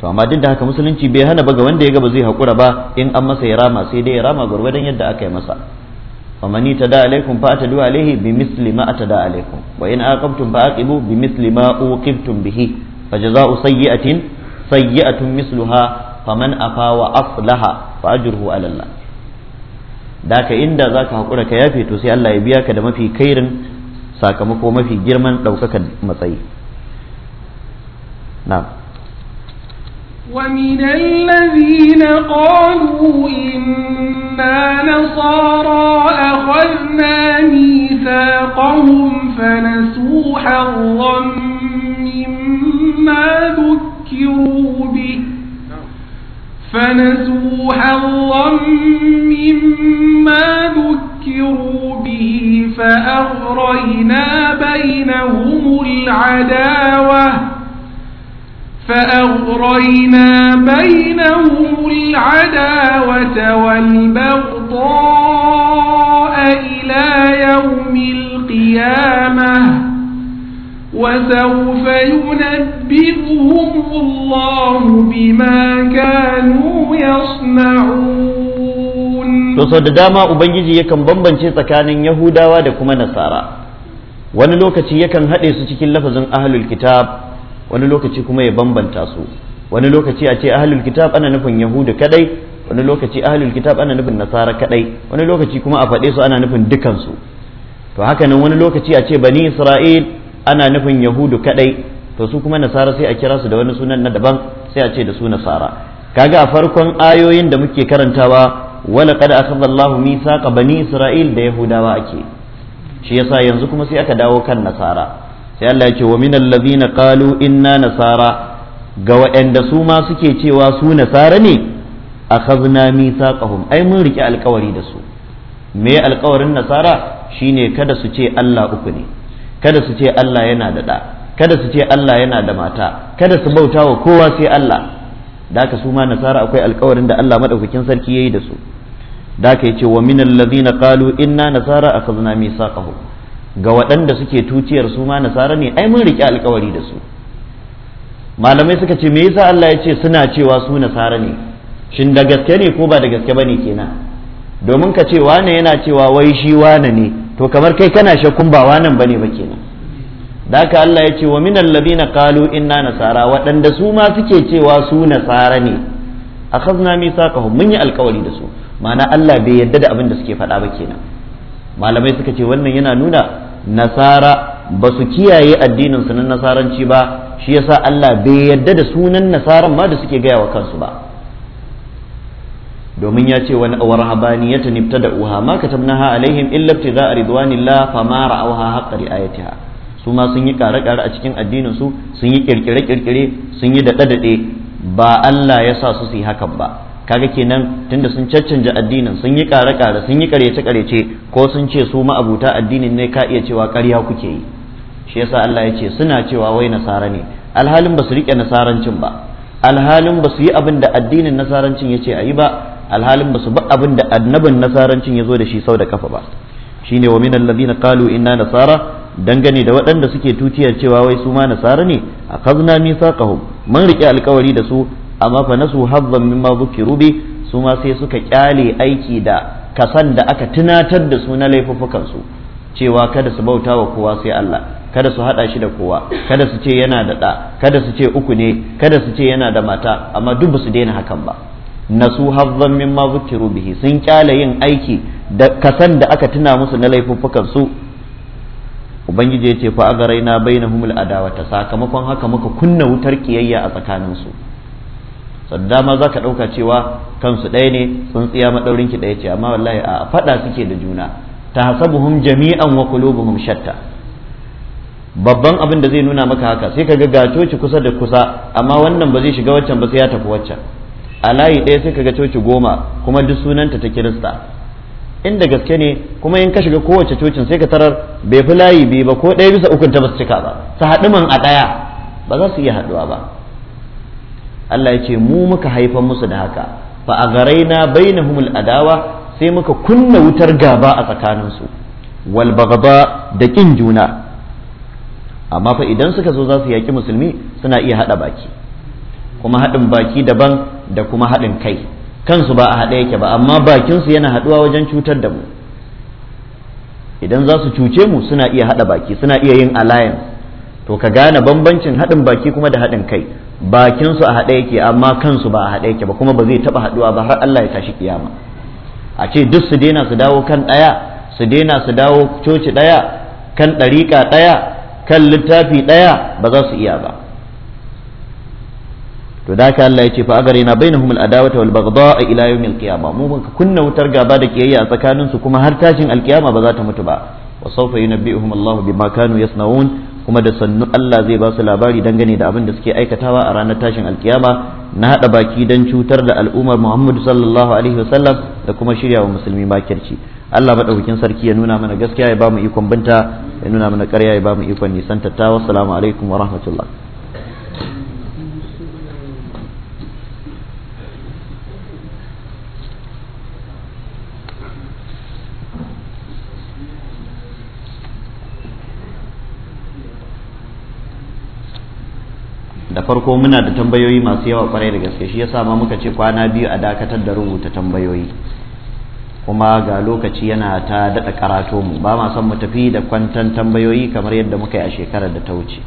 to amma duk da haka musulunci bai hana ba ga wanda ya ga ba zai hakura ba in an masa ya rama sai dai ya rama gurgurdan yadda aka yi masa فمن اعتدى عليكم فاعتدوا عليه بمثل ما اعتدى عليكم وان عاقبتم فعاقبوا بمثل ما عوقبتم به فجزاء سيئة سيئة مثلها فمن أفا وأصلح فأجره على الله daka inda za ka haƙura ka yafe to sai Allah ya biya ka da mafi kairin sakamako mafi girman ɗaukakar matsayi na'am ومن الذين قالوا إنا نصارى أخذنا ميثاقهم فنسوا حظا مما ذكروا به فنسوا حظا مما ذكروا به فأغرينا بينهم العداوة فأغرينا بينهم العداوة والبغضاء إلى يوم القيامة وسوف ينبئهم الله بما كانوا يصنعون تصد داما أبنجي يكن بمبن شيطكان يهودا وادكما نصارى wani lokaci yakan haɗe su cikin lafazin ahlul wani lokaci kuma ya bambanta su wani lokaci a ce ahlul kitab ana nufin yahudu kadai wani lokaci ahlul kitab ana nufin nasara kadai wani lokaci kuma a faɗe su ana nufin dukansu to haka nan wani lokaci a ce bani isra'il ana nufin yahudu kadai to su kuma nasara sai a kira su da wani sunan na daban sai a ce da su nasara kaga a farkon ayoyin da muke karantawa wala qad akhadha Allahu mithaqa bani isra'il da yahudawa ake shi yasa yanzu kuma sai aka dawo kan nasara sai Allah ya wa minal ladhina qalu inna nasara ga waɗanda su ma suke cewa su nasara ne akhadna mithaqahum ai mun rike alƙawari da su me alƙawarin nasara shine kada su ce Allah uku ne kada su ce Allah yana da da kada su ce Allah yana da mata kada su bauta wa kowa sai Allah da haka su ma nasara akwai alƙawarin da Allah madaukakin sarki yayi da su da haka yace wa minal ladhina qalu inna nasara akhadna mithaqahum ga waɗanda suke tuciyar su ma nasara ne ai mun riƙe alkawari da su malamai suka ce me yasa Allah ya ce suna cewa su nasara ne shin da gaske ne ko ba da gaske bane kenan domin ka ce wane yana cewa wai shi wane ne to kamar kai kana shakkun ba wanan bane ba kenan da Allah ya ce wa minal ladina qalu inna nasara waɗanda su ma suke cewa su nasara ne akhadna mithaqahum mun yi alkawari da su ma'ana Allah bai yarda da abin da suke faɗa ba kenan malamai suka ce wannan yana nuna nasara ba su kiyaye addinin su na nasaranci ba shi yasa Allah bai yadda da sunan nasaran ma da suke gaya wa kansu ba domin ya ce wani awar ta nifta da uha ma ha alaihim illa ibtiga ridwanillah ma ra'awha haqqa riayatiha su ma sun yi kare kare a cikin addinin su sun yi kirkire kirkire sun yi dade dade ba Allah ya sa su su yi hakan ba kaga kenan tunda sun caccanja addinin sun yi kare kare sun yi karece karece ko sun ce su ma'abuta addinin ne ka iya cewa ƙarya kuke yi shi yasa Allah ya ce suna cewa wai nasara ne alhalin ba su rike nasarancin ba alhalin ba su yi abin da addinin nasarancin ya ce a yi ba alhalin ba su ba abin da annabin nasarancin ya zo da shi sau da kafa ba shine wa minal ladina qalu inna nasara dangane da waɗanda suke tutiyar cewa wai su ma nasara ne akhadna mithaqahum mun rike alkawari da su amma fa nasu hazzan mimma dhukiru bi su ma sai suka kyale aiki da kasan da aka tunatar da su na laifuffukan su cewa kada su bauta wa kowa sai Allah kada su hada shi da kowa kada su ce yana da da kada su ce uku ne kada su ce yana da mata amma duk ba su daina hakan ba nasu hazzan mimma dhukiru bihi sun kyale yin aiki da kasan da aka tuna musu na laifuffukan su ubangiji ya ce fa agaraina bainahumul adawata sakamakon haka muka kunna wutar kiyayya a tsakaninsu sadda ma za ka ɗauka cewa kansu ɗaya ne sun tsiya maɗaurin ki ɗaya ce amma wallahi a faɗa suke da juna ta hasabuhum jami'an wa qulubuhum shatta babban abin da zai nuna maka haka sai ka ga ga coci kusa da kusa amma wannan ba zai shiga waccan ba sai ya tafi waccan a layi ɗaya sai ka ga coci goma kuma duk sunanta ta kirista inda gaske ne kuma in ka shiga kowace cocin sai ka tarar bai fi layi biyu ba ko ɗaya bisa ukun ta ba su cika ba su haɗu man a ɗaya ba za su iya haɗuwa ba Allah ya ce mu muka haifan musu da haka fa a garaina bainahumul adawa sai muka kunna wutar gaba a tsakaninsu wal bagaba da kin juna amma fa idan suka zo za su yaki musulmi suna iya haɗa baki kuma haɗin baki daban da kuma haɗin kai kansu ba a haɗe yake ba amma bakinsu yana haɗuwa wajen cutar da mu idan za su cuce mu suna iya haɗa baki suna iya yin alliance to ka gane bambancin haɗin baki kuma da haɗin kai bakinsu a haɗe yake amma kansu ba a haɗe yake ba kuma ba zai taɓa haɗuwa ba har Allah ya tashi kiyama a ce duk su daina su dawo kan ɗaya su daina su dawo coci ɗaya kan ɗariƙa ɗaya kan littafi ɗaya ba za su iya ba to da haka Allah ya ce fa agare na bainahum humul adawata wal baghdha ila yawm al-qiyamah mu ban kunna wutar gaba da kiyayya a tsakanin su kuma har tashin alkiyama ba za ta mutu ba wa sawfa yunabbihum Allahu bima kanu yasnaun kuma da sannu Allah zai ba su labari dangane da abin da suke aikatawa a ranar tashin alkiyama na haɗa baki don cutar da al'ummar Muhammadu sallallahu alaihi wasallam da kuma shirya wa musulmi makirci Allah maɗaukakin sarki ya nuna mana gaskiya ya ba mu ikon binta ya nuna mana ƙarya ya ba mu ikon nisan tattawa assalamu alaikum wa rahmatullah da farko muna da tambayoyi masu yawa kwarai da gaske shi yasa ma muka ce kwana biyu a dakatar da rubuta tambayoyi kuma ga lokaci yana ta daɗa karatu mu ba ma son mu tafi da kwantan tambayoyi kamar yadda muka yi a shekarar da ta wuce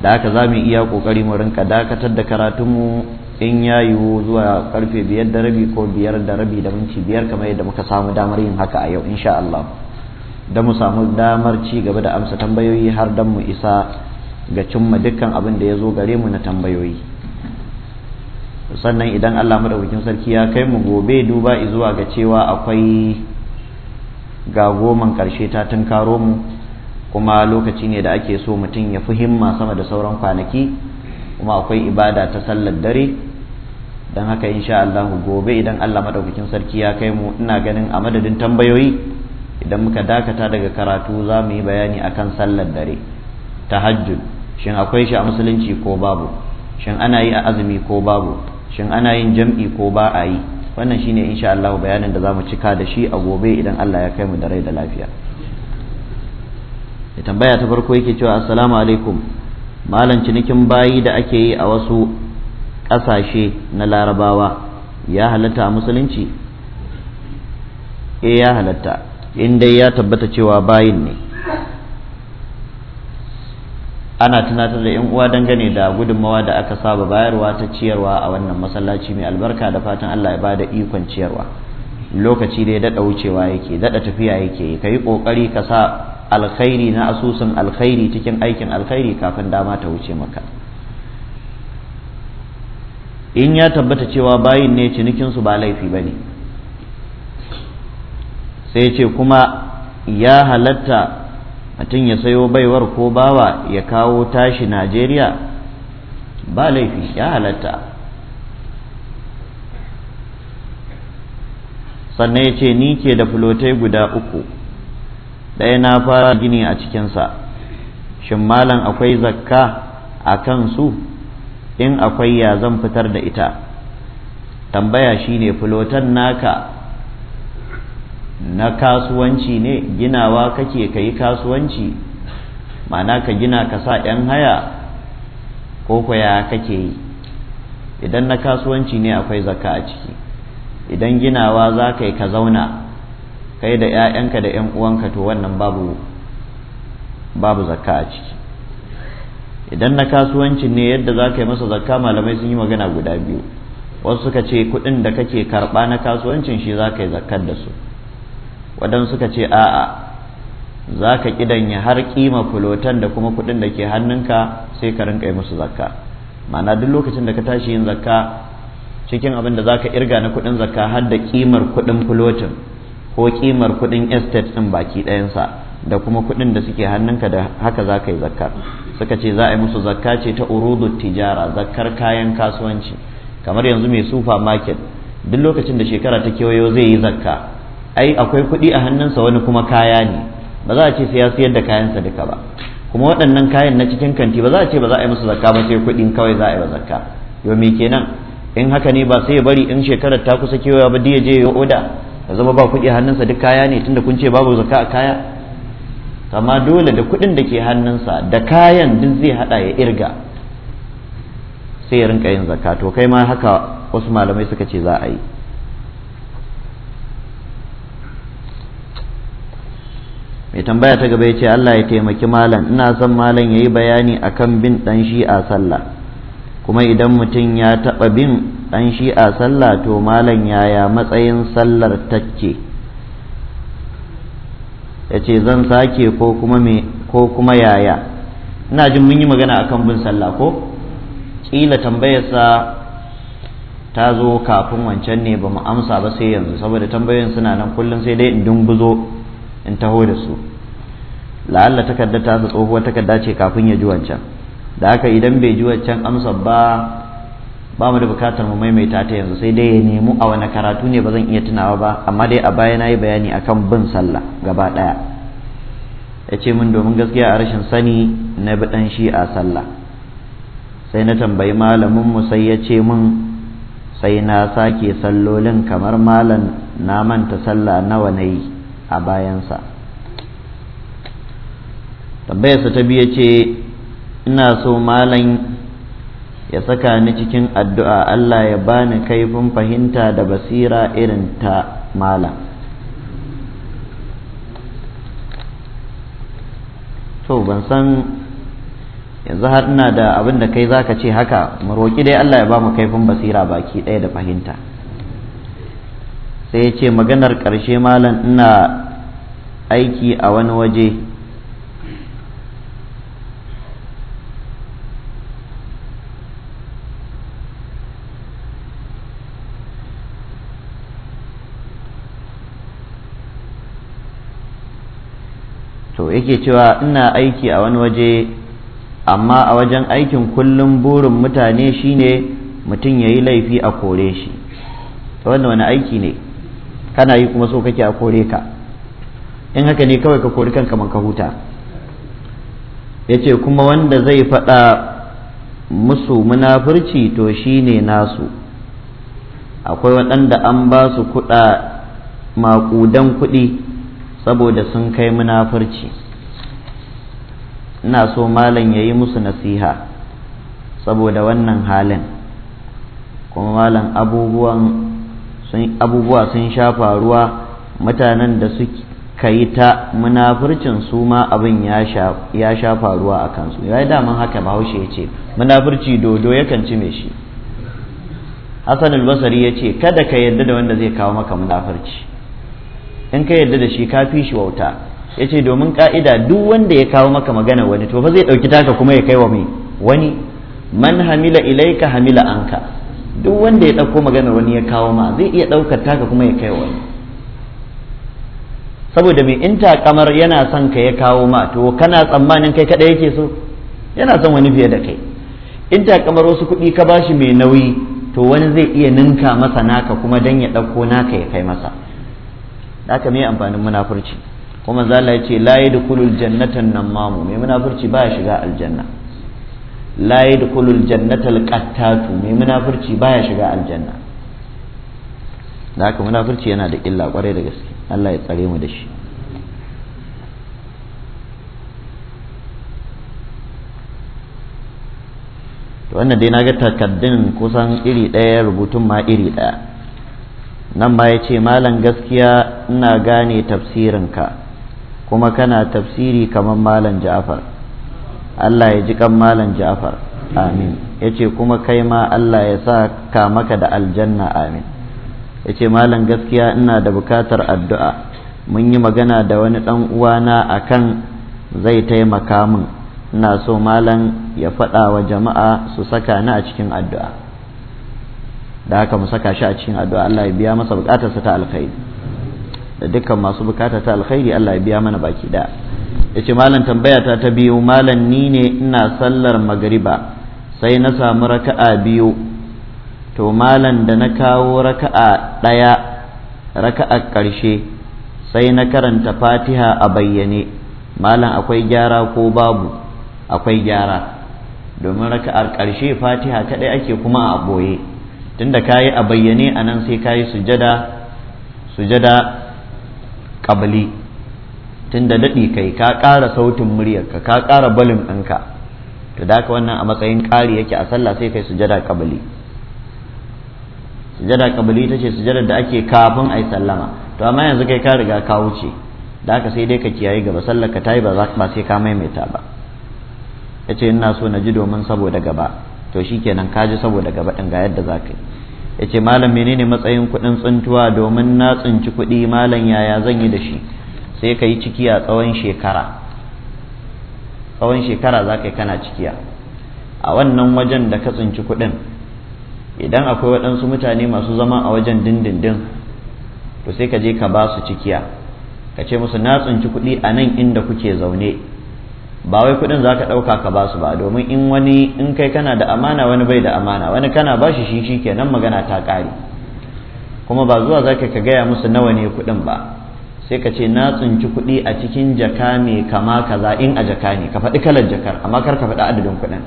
da haka za mu iya ƙoƙari mu rinka dakatar da karatunmu in ya yiwu zuwa karfe biyar da rabi ko biyar da rabi da minti biyar kamar yadda muka samu damar yin haka a yau insha Allah da mu samu damar ci gaba da amsa tambayoyi har dan mu isa ga cimma dukkan abin da ya zo gare mu na tambayoyi sannan idan allah madaukakin sarki ya kai mu gobe duba zuwa ga cewa akwai ga goman karshe ta tunkaro mu kuma lokaci ne da ake so mutum ya fi himma sama da sauran kwanaki kuma akwai ibada ta sallar dare don haka insha allahu gobe idan Allah madaukakin sarki ya kai mu ina ganin a madadin tambayoyi idan muka dakata daga karatu za mu yi bayani akan sallar dare tahajjud shin akwai shi a musulunci ko babu shin ana yi a azumi ko babu shin ana yin jam'i ko ba a yi wannan shine insha Allah bayanin da zamu cika da shi a gobe idan Allah ya kai mu da rai da lafiya ya tambaya ta farko yake cewa assalamu alaikum malam cinikin bayi da ake yi a wasu ƙasashe na larabawa ya halatta a musulunci eh ya halatta in dai ya tabbata cewa bayin ne ana tunatar da 'yan uwa dangane da gudunmawa da aka saba bayarwa ta ciyarwa a wannan masallaci mai albarka da fatan Allah ya ba da ikon ciyarwa lokaci da ya daɗa wucewa yake daɗa tafiya yake ka yi ƙoƙari ka sa alkhairi na asusun alkhairi cikin aikin alkhairi kafin dama ta wuce maka in ya tabbata cewa bayin ne cinikinsu ba laifi ba sai ce kuma ya halatta mutum ya sayo baiwar ko bawa ya kawo tashi najeriya ba laifi ya halatta sannan ya ce ni ke da fulotai guda uku ɗaya na fara gini a cikinsa shin malam akwai zakka a kansu in akwai ya zan fitar da ita tambaya shine fulotan naka na kasuwanci ne ginawa kake ka yi kasuwanci mana ka gina ka sa 'yan haya ko kwaya kake yi idan na kasuwanci ne akwai zakka a ciki idan ginawa za ka yi ka zauna kai da 'ya'yanka da 'yan uwanka to wannan babu babu zakka a ciki idan na kasuwanci ne yadda za ka yi masa zakka malamai sun yi magana guda biyu wasu suka ce kuɗin da kake karɓa na kasuwancin shi za ka yi zakkar da su waɗansu suka ce a'a za ka kidanya har kima fulotan da kuma kuɗin da ke hannunka sai ka rinka yi musu zakka ma'ana duk lokacin da ka tashi yin zakka cikin abin da za ka irga na kuɗin zakka har da kimar kuɗin fulotin ko kimar kuɗin estate din baki ɗayansa da kuma kuɗin da suke hannunka da haka za ka yi zakkar suka ce za a yi musu zakka ce ta urudu tijara zakkar kayan kasuwanci kamar yanzu mai sufa market duk lokacin da shekara ta kewayo zai yi zakka ai akwai kuɗi a hannunsa wani kuma kaya ne ba za a ce sai ya siyar da kayansa duka ba kuma waɗannan kayan na cikin kanti ba za a ce ba za a yi musu zakka ba sai kuɗin kawai za a yi wa zakka yau me kenan in haka ne ba sai ya bari in shekarar ta kusa kewa ba ya je ya oda ya zama ba kuɗi a hannunsa duk kaya ne tunda kun ce babu zakka a kaya amma dole da kuɗin da ke hannunsa da kayan duk zai haɗa ya irga sai ya rinka yin zakka to kai ma haka wasu malamai suka ce za a yi mai tambaya ta gaba ya ce Allah ya taimaki malam ina son malam ya yi bayani akan bin ɗan shi a sallah kuma idan mutum ya taɓa bin ɗan shi a sallah to malam yaya matsayin sallar tacce ya ce zan sake ko kuma yaya ina jin mun yi magana akan bin sallah ko ƙila tambayarsa ta zo kafin wancan ne ba mu amsa ba sai yanzu saboda tambayoyin suna nan kullum sai dai in dumbuzo in taho da su la'alla takarda ta tsohuwar takarda ce kafin ya ji wancan da haka idan bai ji wancan amsa ba ba mu da bukatar mu maimaita ta yanzu sai dai ya nemi a wani karatu ne ba zan iya tunawa ba amma dai a baya na yi bayani akan bin sallah gaba ɗaya ya ce min domin gaskiya a rashin sani na bi ɗan shi a sallah sai na tambayi malamin mu sai ya ce min sai na sake sallolin kamar malam na manta sallah nawa na yi a bayansa tambayarsa ta biya ce ina so malam ya saka ni cikin addu'a Allah ya bani kaifin fahimta da basira irin ta malam to ban san yanzu har ina da abin da kai zaka ce haka mu dai Allah ya ba mu kaifin basira baki ɗaya da fahimta sai ya ce maganar ƙarshe malam ina aiki a wani waje to yake cewa ina aiki a wani waje amma a wajen aikin kullum burin mutane shine mutum ya yi laifi a kore shi wanda wani aiki ne kana yi kuma so kake a kore ka in haka ne kawai ka kori kanka man ka huta ya ce kuma wanda zai faɗa musu munafurci to shi ne nasu akwai waɗanda an ba su kuɗa maƙudan kuɗi saboda sun kai munafurci ina so malam ya yi musu nasiha saboda wannan halin kuma malam abubuwan sun abubuwa sun sha faruwa mutanen da suka yi ta munafurcin su ma abin ya sha faruwa a kansu ya yi daman haka bahaushe ya ce munafurci dodo yakan ci mai shi hassan albasari ya ce kada ka yarda da wanda zai kawo maka munafurci in ka yarda da shi ka fi shi wauta ya ce domin ka'ida duk wanda ya kawo maka magana wani to fa zai ɗauki taka kuma ya kai wa mai wani man hamila ilaika hamila anka duk wanda ya ɗauko maganar wani ya kawo ma zai iya ɗaukar taka kuma ya kai wani saboda mai in takamar yana son ka ya kawo ma to kana tsammanin kai kaɗai yake so yana son wani fiye da kai in takamar wasu kuɗi ka ba shi mai nauyi to wani zai iya ninka masa naka kuma dan ya ɗauko naka ya kai masa haka mai amfanin munafurci kuma zala ya ce la jannatan nan mamu mai munafurci ba ya shiga aljanna la yadkhulul jannatal qattatu mai munafurci baya shiga aljanna da haka munafurci yana da illa kwarai da gaske Allah ya tsare mu da shi to wannan dai ga takaddun kusan iri ɗaya rubutun ma iri ɗaya nan ba ya ce malam gaskiya ina gane tafsirinka kuma kana tafsiri kamar malam ja'far Allah ya ji kan malam Ja'far amin yace kuma kai ma Allah ya sa ka maka da aljanna amin yace malam gaskiya ina da bukatar addu'a mun yi magana da wani dan uwana akan zai taimaka min ina so malam ya faɗa wa jama'a su saka ni a cikin addu'a da haka mu saka shi a cikin addu'a Allah ya biya masa bukatarsa ta alkhairi da dukkan masu bukata ta alkhairi Allah ya biya mana baki da ya ce malam tambaya ta ta biyu malam ni ne ina sallar magariba sai na samu raka'a biyu to malam da na kawo raka'a ɗaya raka'a ƙarshe sai na karanta fatiha a bayyane malam akwai gyara ko babu akwai gyara domin raka'ar ƙarshe fatiha kaɗai ake kuma a ɓoye tunda ka yi a bayyane a nan sai kayi sujada sujada ƙabali tunda daɗi kai ka ƙara sautin muryarka ka ƙara balin ɗinka to da ka wannan a matsayin ƙari yake a sallah sai kai sujada kabali sujada kabali ita ce sujada da ake kafin a yi sallama to amma yanzu kai ka riga ka wuce da haka sai dai ka kiyaye gaba sallar ka ta yi ba za ba sai ka maimaita ba yace ina so na ji domin saboda gaba to shikenan ka ji saboda gaba ɗin ga yadda za ka yi yace malam menene matsayin kuɗin tsintuwa domin na tsinci kuɗi malam yaya zan yi da shi sai ka yi ciki a tsawon shekara tsawon shekara za ka yi kana cikiya a wannan wajen da ka tsinci kuɗin idan akwai waɗansu mutane masu zama a wajen dindindin to sai ka je ka ba su cikiya ka ce musu na tsinci kuɗi a nan inda kuke zaune ba wai kuɗin za ka ɗauka ka ba su ba domin in wani in kai kana da amana wani bai da amana wani kana ba shi shi kenan magana ta ƙare kuma ba zuwa za ka gaya musu nawa ne kuɗin ba sai ka ce na tsinci kuɗi a cikin jaka mai kama kaza in a jaka ne ka faɗi kalar jakar amma kar ka faɗi adadin kuɗin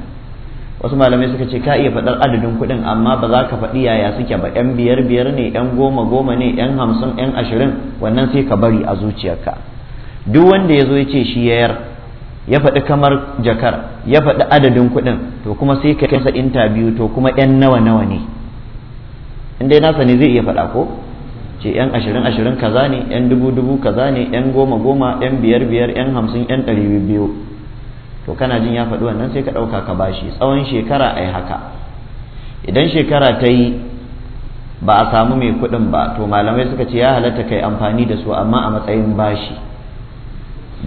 wasu malamai suka ce ka iya faɗar adadin kuɗin amma ba za ka faɗi yaya suke ba yan biyar biyar ne yan goma goma ne yan hamsin yan ashirin wannan sai ka bari a zuciyarka duk wanda ya zo ya ce shi yayar ya faɗi kamar jakar ya faɗi adadin kuɗin to kuma sai ka kasa biyu to kuma 'yan nawa nawa ne in dai nasa ne zai iya faɗa ko ce yan ashirin ashirin kaza ne yan dubu dubu kaza ne yan goma goma yan biyar biyar yan hamsin yan ɗari biyu to kana jin ya faɗi wannan sai ka ɗauka ka bashi tsawon shekara ai haka idan shekara ta yi ba a samu mai kuɗin ba to malamai suka ce ya halatta kai amfani da su amma a matsayin bashi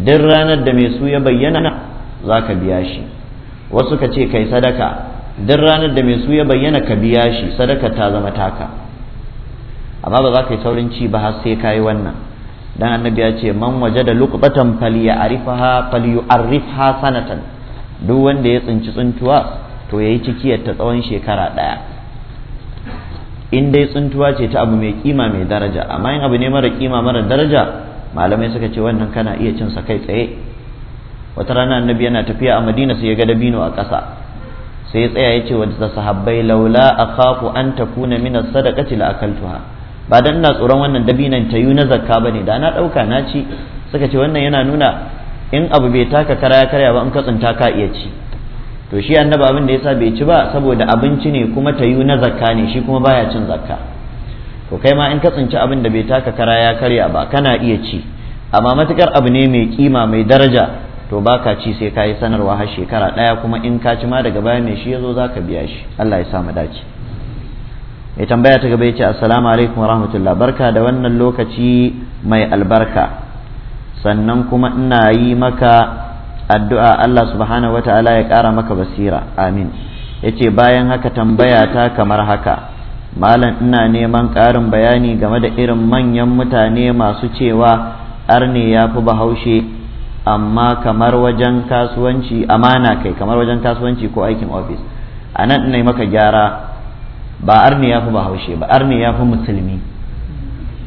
duk ranar da mai su ya bayyana za ka biya shi wasu ka ce kai sadaka duk ranar da mai su ya bayyana ka biya shi sadaka ta zama taka amma ba za ka yi saurin ci ba har sai ka yi wannan dan annabi ya ce man wajada luqbatan falyarifaha falyu'arrifha sanatan duk wanda ya tsinci tsintuwa to yayi cikiyar ta tsawon shekara daya in dai tsintuwa ce ta abu mai kima mai daraja amma in abu ne mara kima mara daraja malamai suka ce wannan kana iya cin sa kai tsaye wata rana annabi yana tafiya a madina sai ya ga dabino a kasa sai ya tsaya ya ce wa sahabbai laula akhafu an takuna min as-sadaqati la akaltuha ba dan ina tsoron wannan dabinan ta yi na zakka bane da na ɗauka na ci suka ce wannan yana nuna in abu bai taka kara ya karya ba in ka tsinta ka iya ci to shi annaba abin da yasa bai ci ba saboda abinci ne kuma ta yi na zakka ne shi kuma baya cin zakka to kai ma in ka tsinci abin da bai taka kara ya karya ba kana iya ci amma matukar abu ne mai kima mai daraja to ba ka ci sai ka yi sanarwa har shekara ɗaya kuma in ka ci ma daga baya mai shi ya zo za ka biya shi allah ya sa mu dace mai tambaya ta gaba ya ce assalamu alaikum rahmatullah barka da wannan lokaci mai albarka sannan kuma ina yi maka addu'a Allah subhanahu wa ta'ala ya kara maka basira amin ya ce bayan haka tambaya ta kamar haka malam ina neman ƙarin bayani game da irin manyan mutane masu cewa arne ya fi bahaushe amma kamar wajen kasuwanci amana kai kamar wajen kasuwanci ko aikin ofis a nan ina maka gyara ba arni ya fi bahaushe ba arni ya fi musulmi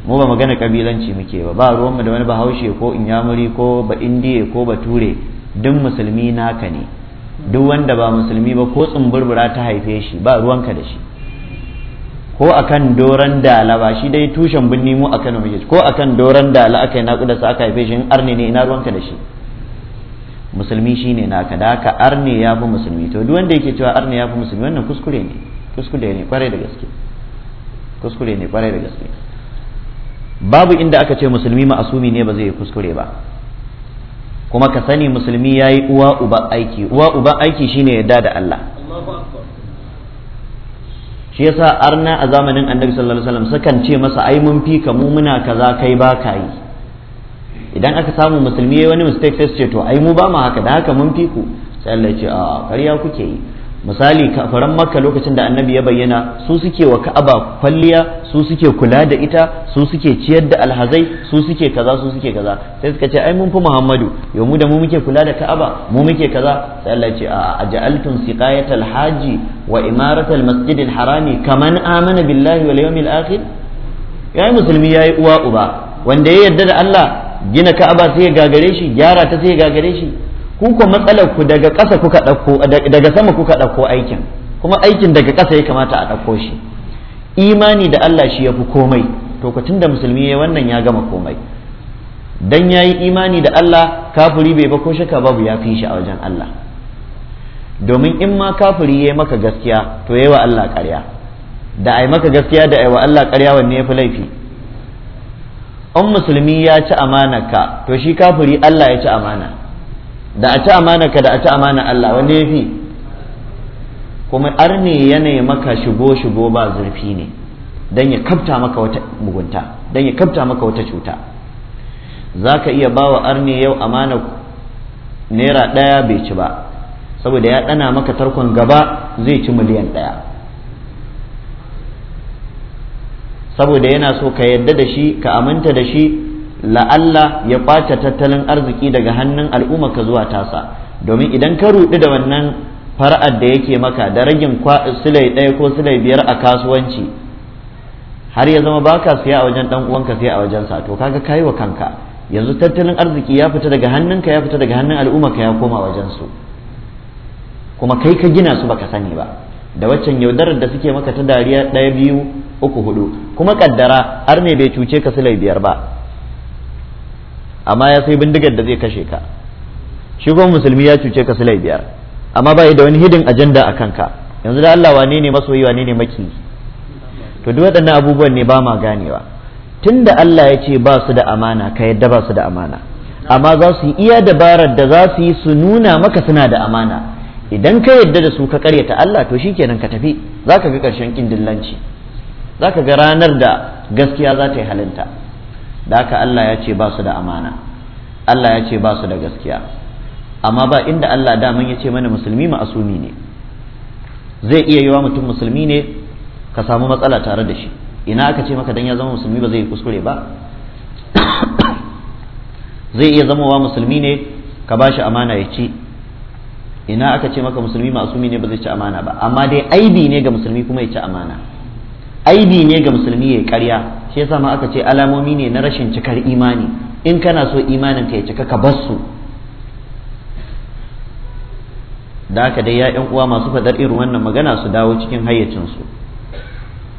mu ba magana kabilanci muke ba ba ruwanmu da wani bahaushe ko inyamuri ko ba indiya ko ba ture duk musulmi naka ne duk wanda ba musulmi ba ko tsumburbura ta haife shi ba ruwanka da shi ko akan doran dala ba shi dai tushen binni mu akan muke ko akan doran dala aka yi nakuda sa aka haife shi in arne ne ina ruwanka da shi musulmi shine naka da haka arne ya fi musulmi to duk wanda yake cewa arne ya fi musulmi wannan kuskure ne kuskure ne kwarai da gaske babu inda aka ce musulmi ma'asumi ne ba zai yi kuskure ba kuma ka sani musulmi ya yi uwa uba aiki uwa uba aiki shine yadda da Allah shi yasa arna a zamanin annabi sallallahu alaihi wasallam sukan ce masa ai mun fi ka mu muna kaza kai ba ka yi idan aka samu musulmi yayi wani mistake sai ce to ai mu ba mu haka da haka mun fi ku sai Allah ya ce a kariya kuke yi misali kafaran makka lokacin da annabi ya bayyana su suke wa ka'aba kwalliya su suke kula da ita su suke ciyar da alhazai su suke kaza su suke kaza sai suka ce ai mun fi muhammadu yau mu da mu muke kula da ka'aba mu muke kaza sai Allah ce a ja'altum siqayatal haji wa imaratal masjidin harami kaman amana billahi wal yawmil akhir yayi musulmi yayi uwa uba wanda ya yarda da Allah gina ka'aba sai ya gagare shi gyara ta sai ya gagare shi ku ko matsalar ku daga ƙasa kuka ɗauko daga sama kuka ɗauko aikin kuma aikin daga ƙasa ya kamata a ɗauko shi imani da Allah shi ya fi komai to ku tunda musulmi ya wannan ya gama komai dan yayi imani da Allah kafiri bai ba ko shaka babu ya fi shi a wajen Allah domin in ma kafiri yayi maka gaskiya to yayi wa Allah ƙarya da ai maka gaskiya da ai wa Allah ƙarya wanne ya fi laifi in musulmi ya ci ka to shi kafiri Allah ya ci amana da a ci amana ka da a ci amana Allah wanda ya fi kuma arne yanayi maka shigo shigo ba zurfi ne don ya kafta maka wata mugunta don ya kabta maka wata cuta za ka iya bawa arne yau amana naira ɗaya bai ci ba saboda ya ɗana maka tarkon gaba zai ci miliyan ɗaya saboda yana so ka yadda da shi ka aminta da shi la'alla ya kwace tattalin arziki daga hannun al'umma ka zuwa tasa domin idan ka ruɗu da wannan fara'ar da yake maka da ragin silai ɗaya ko silai biyar a kasuwanci har ya zama baka siya a wajen dan uwanka siya a wajen sa to kaga kai wa kanka yanzu tattalin arziki ya fita daga hannunka ya fita daga hannun al'umma ka ya koma wajen su kuma kai ka gina su baka sani ba da waccan yaudarar da suke maka ta dariya ɗaya biyu uku hudu kuma kaddara har ne bai cuce ka silai biyar ba amma ya sai bindigar da zai kashe ka shi kuma musulmi ya cuce ka sulai biyar amma bai da wani hidin ajanda a kanka yanzu da Allah wane ne masoyi wane ne maki to duk waɗannan abubuwan ne ba ma ganewa tunda Allah ya ce ba su da amana ka yadda ba su da amana amma za su yi iya dabarar da za su yi su nuna maka suna da amana idan ka yadda da su ka karyata Allah to shikenan ka tafi za zaka ga karshen kindillanci ka ga ranar da gaskiya za ta yi halinta da haka Allah ya ce ba su da amana Allah ya ce ba su da gaskiya amma ba inda Allah daman ya ce mana musulmi ma'asumi ne zai iya yiwa mutum musulmi ne ka samu matsala tare da shi ina aka ce maka dan ya zama musulmi ba zai kuskure ba *coughs* zai iya zamowa musulmi ne ka ba shi amana ya ci ina aka ce maka musulmi ma'asumi ne ba zai ci amana ba amma dai aibi ne ga musulmi kuma ya ci amana aibi ne ga musulmi ya karya shi yasa ma aka ce alamomi ne na rashin cikar imani in kana so imanin ka ya cika ka bar su da haka dai ya'yan uwa masu fadar irin wannan magana su dawo cikin hayyacinsu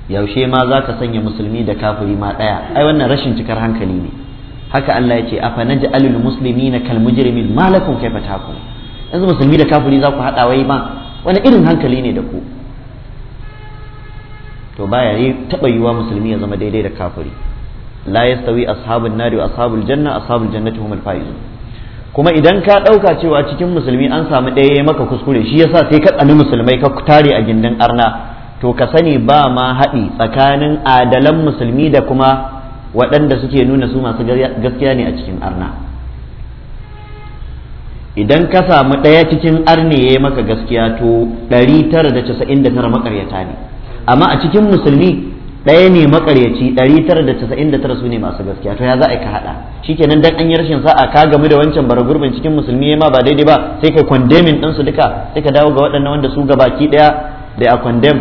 yaushe ma za ka sanya musulmi da kafiri ma ɗaya ai wannan rashin cikar hankali ne haka Allah ya ce afa alul muslimina kal mujrimin malakum kayfa takum yanzu musulmi da kafiri za ku haɗa wai ma wani irin hankali ne da ku to baya ne taba yiwa musulmi ya zama daidai da kafiri la yastawi ashabun nari wa ashabul janna ashabul jannati humul faizun kuma idan ka dauka cewa cikin musulmi an samu ɗaya ya maka kuskure shi yasa sai ka tsani musulmai ka tare a gindin arna to ka sani ba ma haɗi tsakanin adalan musulmi da kuma waɗanda suke nuna su masu gaskiya ne a cikin arna idan ka samu ɗaya cikin arne ya maka gaskiya to 999 makaryata ne amma a cikin musulmi ɗaya ne makaryaci ɗari da casa'in da tara su ne masu gaskiya to ya za a ka haɗa shikenan dan an yi rashin sa'a ka gamu da wancan bara gurbin cikin musulmi ma ba daidai ba sai ka kwandemin ɗinsu duka sai ka dawo ga waɗannan wanda su gabaki ɗaya da a kwandem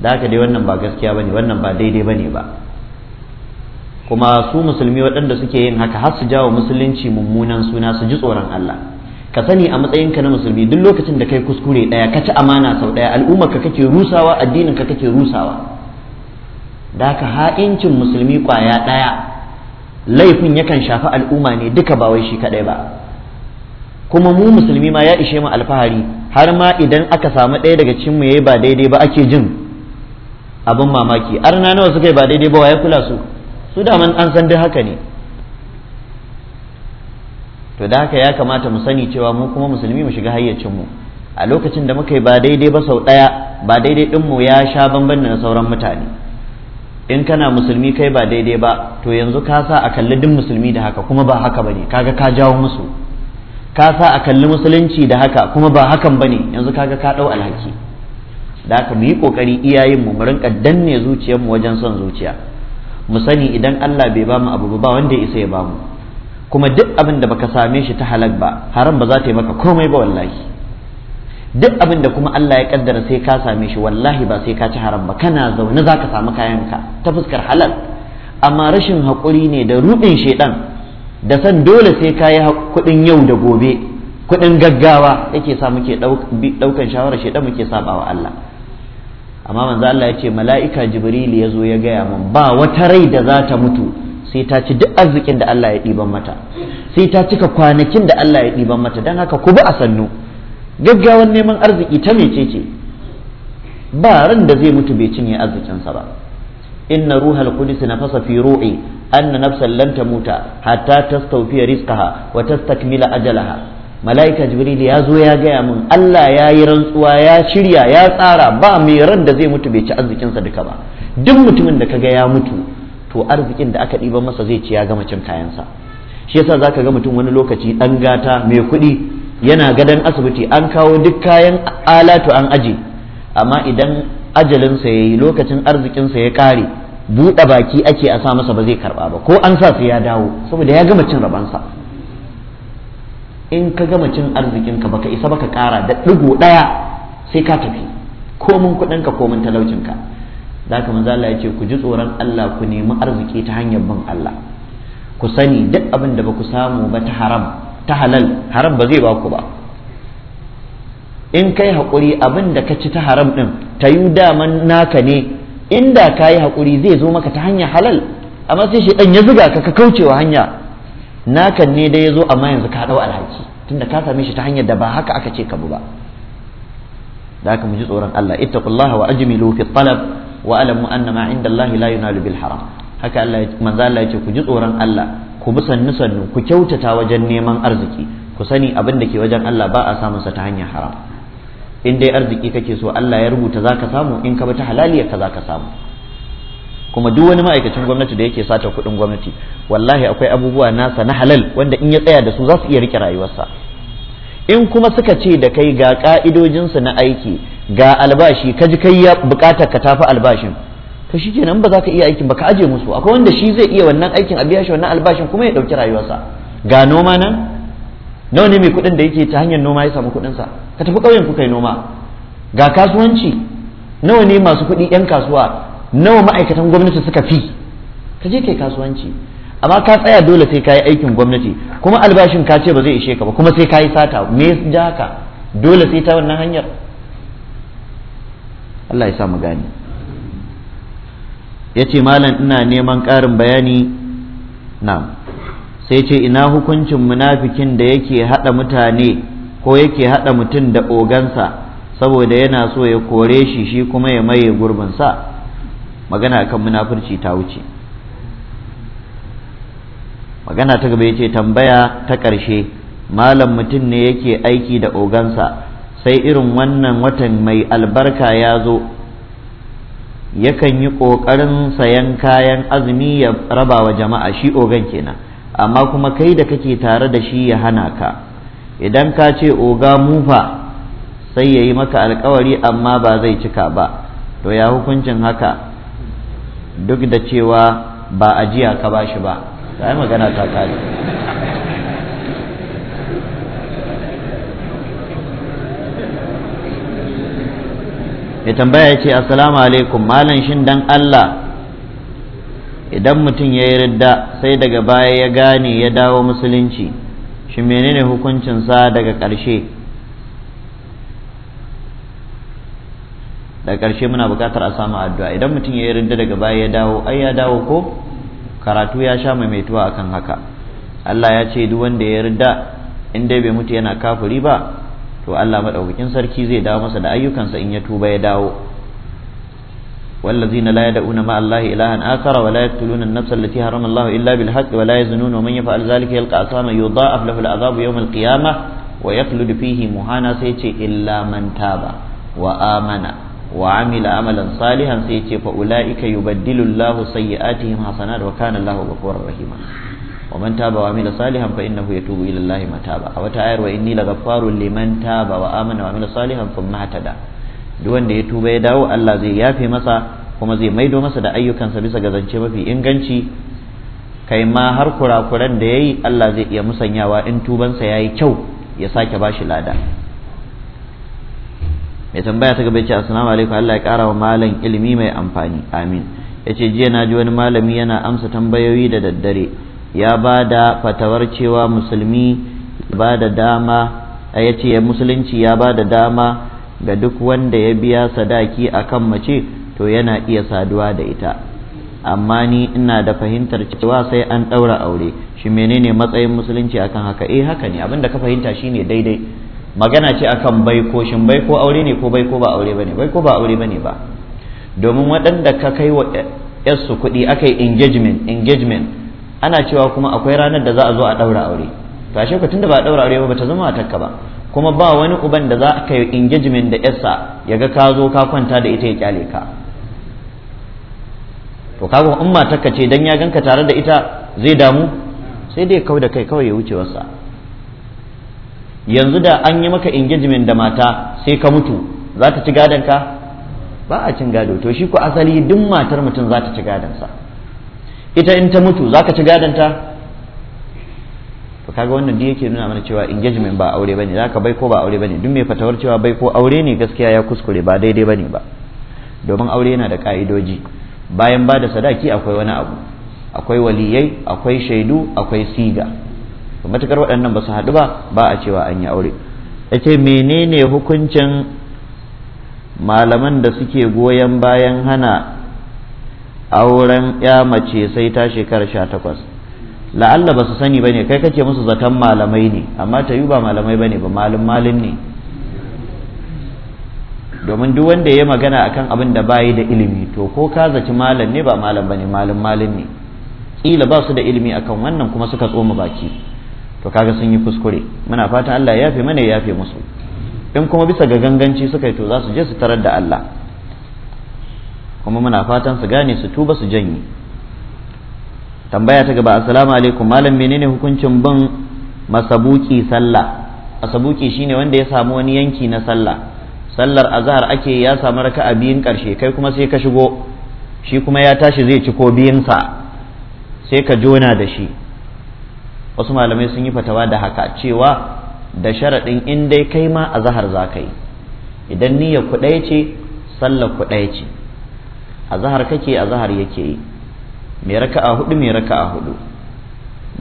da haka dai wannan ba gaskiya bane wannan ba daidai bane ba kuma su musulmi waɗanda suke yin haka har su jawo musulunci mummunan suna su ji tsoron Allah ka sani a matsayinka na musulmi duk lokacin da kai kuskure daya ka ci amana sau daya al'ummar ka kake rusawa addinin ka kake rusawa da ka ha'incin musulmi kwaya daya laifin yakan shafi al'umma ne duka ba wai shi kadai ba kuma mu musulmi ma ya ishe mu alfahari har ma idan aka samu ɗaya daga cikin mu yayi ba daidai ba ake jin abin mamaki arna nawa suka yi ba daidai ba wa ya kula su su da man an san duk haka ne to da haka ya kamata mu sani cewa mu kuma musulmi mu shiga hayyacin mu a lokacin da muka yi ba daidai ba sau ɗaya ba daidai ɗinmu ya sha bamban da sauran mutane in kana musulmi kai ba daidai ba to yanzu ka sa a kalli duk musulmi da haka kuma ba haka bane kaga ka jawo musu ka sa a kalli musulunci da haka kuma ba hakan bane yanzu kaga ka ɗau alhaki da haka mu yi kokari iyayen mu mu rinka danne zuciyar mu wajen son zuciya mu sani idan Allah bai bamu abu ba wanda ya isa ya bamu kuma duk abin da baka same shi ta halak ba haram ba za ta yi maka komai ba wallahi duk abin da kuma Allah ya kaddara sai ka same shi wallahi ba sai ka ci haram ba kana zaune za ka samu kayanka ta fuskar halal amma rashin haƙuri ne da ruɗin shaidan da san dole sai ka yi kuɗin yau da gobe kuɗin gaggawa yake sa muke ɗaukan shawarar shaidan muke wa Allah amma manzo Allah ya ce mala'ika jibril ya zo ya gaya mun ba wata rai da za ta mutu sai ta ci duk arzikin da Allah ya ɗiban mata sai ta cika kwanakin da Allah ya ɗiban mata don haka ku bi a sannu gaggawan neman arziki ta ce ba ran da zai mutu bai cinye arzikinsa ba inna ruhal qudus nafasa fi ru'i anna nafsan lan tamuta hatta tastawfiya rizqaha wa tastakmila ajalaha mala'ika jibril ya zo ya gaya min Allah ya yi rantsuwa ya shirya ya tsara ba mai ran da zai mutu bai ci arzikinsa duka ba duk mutumin da kaga ya mutu to arzikin da aka ɗiba masa zai ci ya gama cin kayansa shi yasa ka ga mutum wani lokaci ɗan gata mai kuɗi yana gadon asibiti an kawo duk kayan alatu an aji amma idan ajalinsa ya yi lokacin arzikinsa ya ƙare buɗe baki ake a sa masa ba zai karɓa ba ko an sa su ya dawo saboda ya gama cin rabansa in ka gama cin arzikinka ka isa ba ka ƙara da ɗigo ɗaya sai ka tafi komin kuɗinka komin talaucinka zaka haka manzo Allah ya ce ku ji tsoron Allah ku nemi arziki ta hanyar bin Allah ku sani duk abin da ba ku samu ba ta haram ta halal haram ba zai ba ku ba in kai haƙuri abin da ka ci ta haram ɗin ta yi daman naka ne inda ka yi haƙuri zai zo maka ta hanyar halal amma sai shi ɗan ya zuga ka ka kaucewa hanya nakan ne dai ya zo amma yanzu ka ɗau alhaki tunda ka same shi ta hanyar da ba haka aka ce ka bu ba da haka mu ji tsoron Allah ittaqullaha wa ajmilu fi talab wa alamu anna ma inda Allah la yunalu bil haram haka Allah manzo Allah yace ku ji tsoron Allah ku bi sannu sannu ku kyautata wajen neman arziki ku sani abin da ke wajen Allah ba a samun sa ta hanyar haram in dai arziki kake so Allah ya rubuta zaka samu in ka bi ta halaliyar ka zaka samu kuma duk wani ma'aikacin gwamnati da yake sata kuɗin gwamnati wallahi akwai abubuwa nasa na halal wanda in ya tsaya da su za su iya rike rayuwarsa in kuma suka ce da kai ga ka'idojinsu na aiki ga albashi ka ji kai ya bukatar ka tafi albashin ka shi kenan ba za ka iya aikin ba ka aje musu akwai wanda shi zai iya wannan aikin a biya shi wannan albashin kuma ya ɗauki rayuwarsa ga noma nan nawa ne mai kuɗin da yake ta hanyar noma ya samu kuɗinsa ka tafi ƙauyen ku kai noma ga kasuwanci nawa ne masu kuɗi 'yan kasuwa nawa ma'aikatan gwamnati suka fi ka je kai kasuwanci amma ka tsaya dole sai ka yi aikin gwamnati kuma albashin ka ce ba zai ishe ka ba kuma sai ka yi sata me ja haka dole sai ta wannan hanyar Allah ya sa mu gane ya ce malam ina neman ƙarin bayani na sai ce ina hukuncin munafikin da yake haɗa mutane ko yake haɗa mutum da ogansa saboda yana so ya kore shi shi kuma ya maye gurbinsa magana kan munafurci ta wuce magana ta gaba ya ce tambaya ta ƙarshe malam mutum ne yake aiki da ogansa sai irin wannan watan mai albarka ya zo yakan yi ƙoƙarin sayan kayan azumi ya raba wa jama'a shi ogan kenan amma kuma kai da kake tare da shi ya hana ka idan ka ce oga mufa sai ya yi maka alkawari amma ba zai cika ba to ya hukuncin haka duk da cewa ba ajiya ka ba shi ba sai magana ta kare ya tambaya ya ce assalamu alaikum malam shin dan Allah idan mutum ya yi ridda sai daga baya ya gane ya dawo musulunci shi menene hukuncinsa daga ƙarshe daga ƙarshe muna buƙatar a samu addu'a idan mutum ya yi ridda daga baya ya dawo ai ya dawo ko karatu ya sha maimaituwa akan haka Allah ya ce duk wanda ya ridda in dai bai mutu yana kafuri ba to Allah madaukakin sarki zai dawo masa da ayyukansa in ya tuba ya dawo والذين لا يدعون مع الله إلها آخر ولا يقتلون النفس التي حرم الله إلا بالحق ولا يزنون ومن يفعل ذلك يلقى أثاما يضاعف له العذاب يوم القيامة ويخلد فيه مهانا سيتي إلا من تاب وآمن وعمل عملا صالحا سيتي فأولئك يبدل الله سيئاتهم حسنات وكان الله غفورا رحيما ومن تاب وعمل صالحا فإنه يتوب إلى الله متابا أو تآير wa لغفار لمن تاب وآمن وعمل صالحا ثم اهتدى ya tuba ya dawo Allah zai yafe masa kuma zai maido masa da ayyukansa bisa ga zance mafi inganci kai ma har kurakuran da ya yi Allah zai iya musanyawa in tubansa ya yi kyau ya sake ba shi lada mai tambaya ta gaba ce assalamu alaikum Allah ya kara wa malam ilimi mai amfani amin yace jiya na ji wani malami yana amsa tambayoyi da daddare ya ba da fatawar cewa musulmi ba da dama a ya ce musulunci ya ba da dama ga duk wanda ya biya sadaki a kan mace to yana iya saduwa da ita amma ni ina da fahimtar cewa sai an ɗaura aure shi menene matsayin musulunci akan haka eh haka ne abinda ka fahimta shine daidai magana ce akan baiko shin baiko aure ne ko baiko ba aure bane baiko ba aure bane ba domin waɗanda ka kai wa yarsu kuɗi aka yi engagement engagement ana cewa kuma akwai ranar da za a zo a ɗaura aure to ashe ku tunda ba a daura aure ba ta zama matarka ba kuma ba wani uban da za ka yi engagement da yarsa ya ga ka zo ka kwanta da ita ya kyale ka to kaga in matarka ce dan ya ganka tare da ita zai damu sai dai kawai da kai kawai ya wuce wasa yanzu da an yi maka engagement da mata sai ka mutu za ta ci gadon ka ba a cin gado to shi ku asali duk matar mutum za ta ci gadon sa ita in ta mutu za ka ci gadanta to kaga wannan da yake nuna mana cewa engagement ba aure bane za ka bai ko ba aure bane duk mai fatawar cewa bai ko aure ne gaskiya ya kuskure ba daidai bane ba domin aure yana da ka'idoji bayan ba da sadaki akwai wani abu akwai waliyai akwai shaidu akwai siga matukar waɗannan ba su haɗu ba ba a cewa an yi aure yace menene hukuncin malaman da suke goyon bayan hana auren ya mace sai ta shekara sha takwas la'alla ba su sani ba ne kai kake musu zaton malamai ne amma ta yi ba malamai ba ne ba malin malin ne domin duk wanda ya magana akan abin da bayi da ilimi to ko ka zaci malam ne ba malam ba ne malin malin ne ƙila ba su da ilimi akan wannan kuma suka tsoma baki to kaga sun yi kuskure muna fatan Allah ya yafe mana ya yafe musu in kuma bisa ga ganganci suka yi to za su je su tarar da Allah kuma muna fatan su gane su tuba su janye tambaya ta gaba assalamu alaikum malam menene hukuncin bin masabuki sallah asabuki shine wanda ya samu wani yanki na sallah sallar azhar ake ya samu raka'a biyun karshe kai kuma sai ka shigo shi kuma ya tashi zai ci ko biyunsa sai ka jona da shi wasu malamai sun yi fatawa da haka cewa da sharaɗin in dai kai ma azhar za ka yi idan niyyar ku ɗaya ce sallar ku ɗaya ce zahar kake zahar yake yi mai raka'a hudu mai raka'a hudu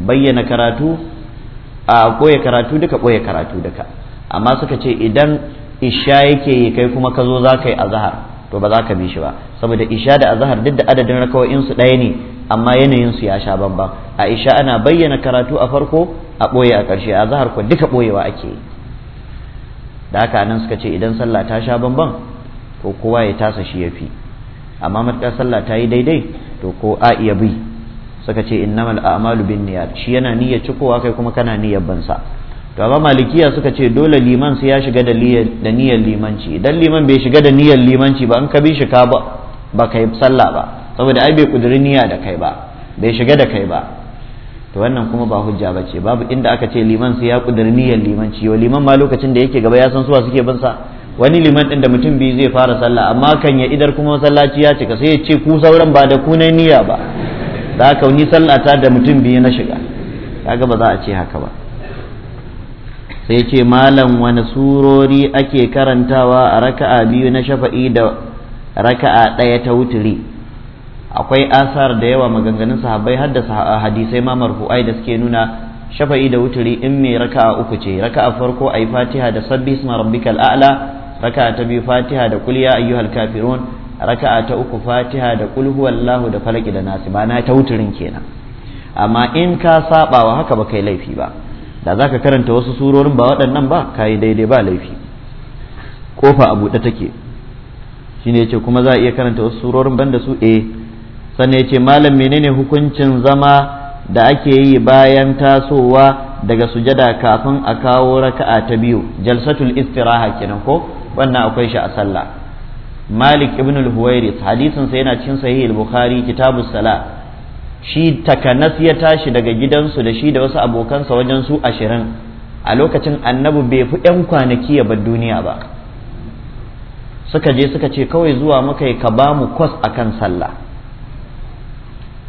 bayyana karatu a koya karatu duka koya karatu duka amma suka ce idan isha yake yi kai kuma ka zo za ka yi zahar to ba za ka bi shi ba saboda isha da zahar duk da adadin in su ɗaya ne amma yanayin su ya sha bamban a isha ana bayyana karatu a farko a ɓoye a ƙarshe zahar ko duka ɓoyewa ake yi da haka nan suka ce idan sallah ta sha bamban ko kowa ya tasa shi ya fi amma matuƙar sallah ta yi daidai to ko a iya bi suka ce innamal a'malu bin niyyat shi yana niyya cikowa kai kuma kana niyyar bansa to amma malikiya suka ce dole liman sai ya shiga da niyyar limanci idan liman bai shiga da niyyar limanci ba an ka bi shi ka ba kai sallah ba saboda ai bai kuduri niyya da kai ba bai shiga da kai ba to wannan kuma ba hujja ba ce babu inda aka ce liman sai ya kudiri niyyar limanci wa liman ma lokacin da yake gaba ya san suwa suke bansa sa wani liman ɗin da mutum biyu zai fara sallah amma kan ya idar kuma masallaci ya cika sai ya ce ku sauran ba da ku niyya ba za haka sallah sallata da mutum biyu na shiga kaga ba za a ce haka ba sai ce malam wani surori ake karantawa a raka'a biyu na shafa'i da raka'a ɗaya ta wuturi akwai asar da yawa maganganun sahabbai har da hadisai ma marfu'ai da suke nuna shafa'i da wuturi in mai raka'a uku ce raka'a farko ayi fatiha da sabbi rabbikal a'la raka ta biyu fatiha da kul ya ayyuhal kafirun raka'a ta uku fatiha da kul huwallahu da falaki da nasi na ta wuturin kenan amma in ka saba wa haka ba kai laifi ba da zaka karanta wasu surorin ba waɗannan ba kai daidai ba laifi kofa a buɗe take shine yace kuma za a iya karanta wasu surorin banda su eh sannan yace malam menene hukuncin zama da ake yi bayan tasowa daga sujada kafin a kawo raka'a ta biyu jalsatul istiraha kenan ko wannan akwai shi a sallah malik ibn al-huwairis hadisin sa yana cikin sahih al-bukhari kitabus sala shi takanas ya tashi daga gidansu da shi da wasu abokansa wajen su ashirin a lokacin annabi bai fi 'yan kwanaki ya bar duniya ba suka je suka ce kawai zuwa muka yi ka ba mu kwas a kan sallah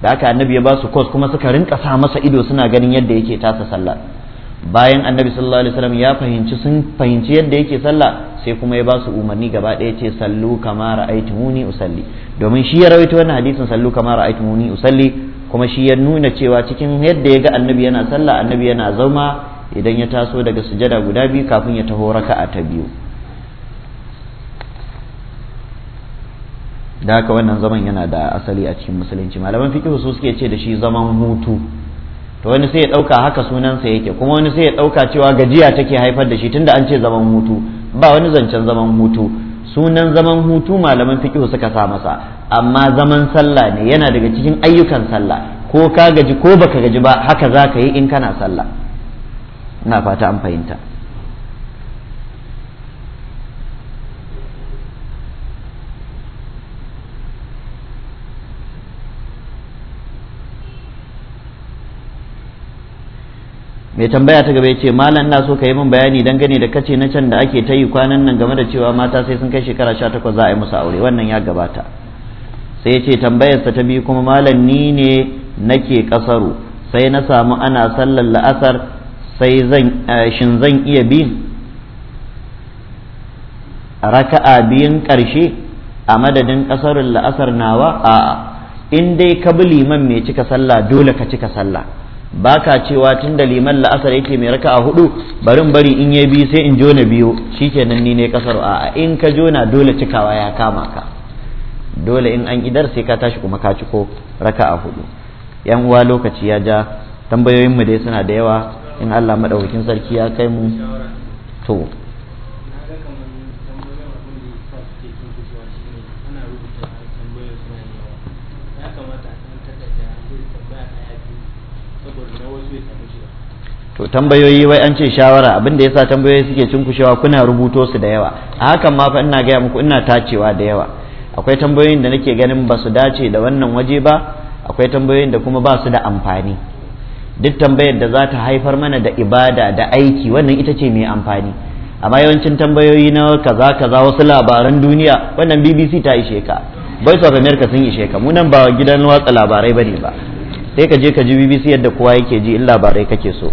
da haka annabi ya ba su kwas kuma suka rinka sa masa ido suna ganin yadda yake tasa sallah bayan annabi sallallahu alaihi wasallam ya fahimci sun fahimci yadda yake sallah sai kuma ya ba su umarni gaba ɗaya ce sallu kama ra'aytumuni usalli domin shi ya rawaito wannan hadisin sallu kama ra'aytumuni usalli kuma shi ya nuna cewa cikin yadda ya ga annabi yana sallah annabi yana zauma idan ya taso daga sujada guda biyu kafin ya taho raka'a ta biyu da haka wannan zaman yana da asali a cikin musulunci malaman fiqh su suke ce da shi zaman hutu to wani sai ya ɗauka haka sunansa yake kuma wani sai ya ɗauka cewa gajiya take haifar da shi tunda an ce zaman hutu ba wani zancen zaman hutu sunan zaman hutu malaman fiqh suka sa masa amma zaman sallah ne yana daga cikin ayyukan sallah ko ka gaji ko baka gaji ba haka za ka yi in kana sallah na fata an fahimta mai tambaya ta gaba ya ce malam na so ka yi min bayani dangane da kace na can da ake ta yi kwanan nan game da cewa mata sai sun kai shekara sha takwas za a yi musu aure wannan ya gabata sai ya ce tambayarsa ta biyu kuma malam ni ne nake kasaru sai na samu ana sallar la'asar sai zan eh, shin zan iya bin raka'a biyun karshe a madadin ƙasarun la'asar nawa a'a in dai ka bi liman mai cika sallah dole ka cika sallah baka cewa tun da liman la'asar yake mai raka a hudu barin bari in ya biyu sai in jona biyu shikenan ni ne kasar a in ka jona dole cikawa ya kama ka dole in an idar sai ka tashi kuma ka ciko raka a hudu yan uwa lokaci ya ja tambayoyin mu dai suna da yawa in Allah madaukakin sarki ya kai mu to to tambayoyi wai an ce shawara abin da yasa tambayoyi suke cinkushewa kuna rubuto su da yawa a hakan ma fa ina gaya muku ina tacewa da yawa akwai tambayoyin da nake ganin ba su dace da wannan waje ba akwai tambayoyin da kuma ba su da amfani duk tambayar da za ta haifar mana da ibada da aiki wannan ita ce mai amfani amma yawancin tambayoyi na kaza kaza wasu labaran duniya wannan bbc ta ishe ka voice of america sun ishe ka nan ba gidan watsa labarai bane ba sai ka je ka ji bbc yadda kowa yake ji in labarai kake so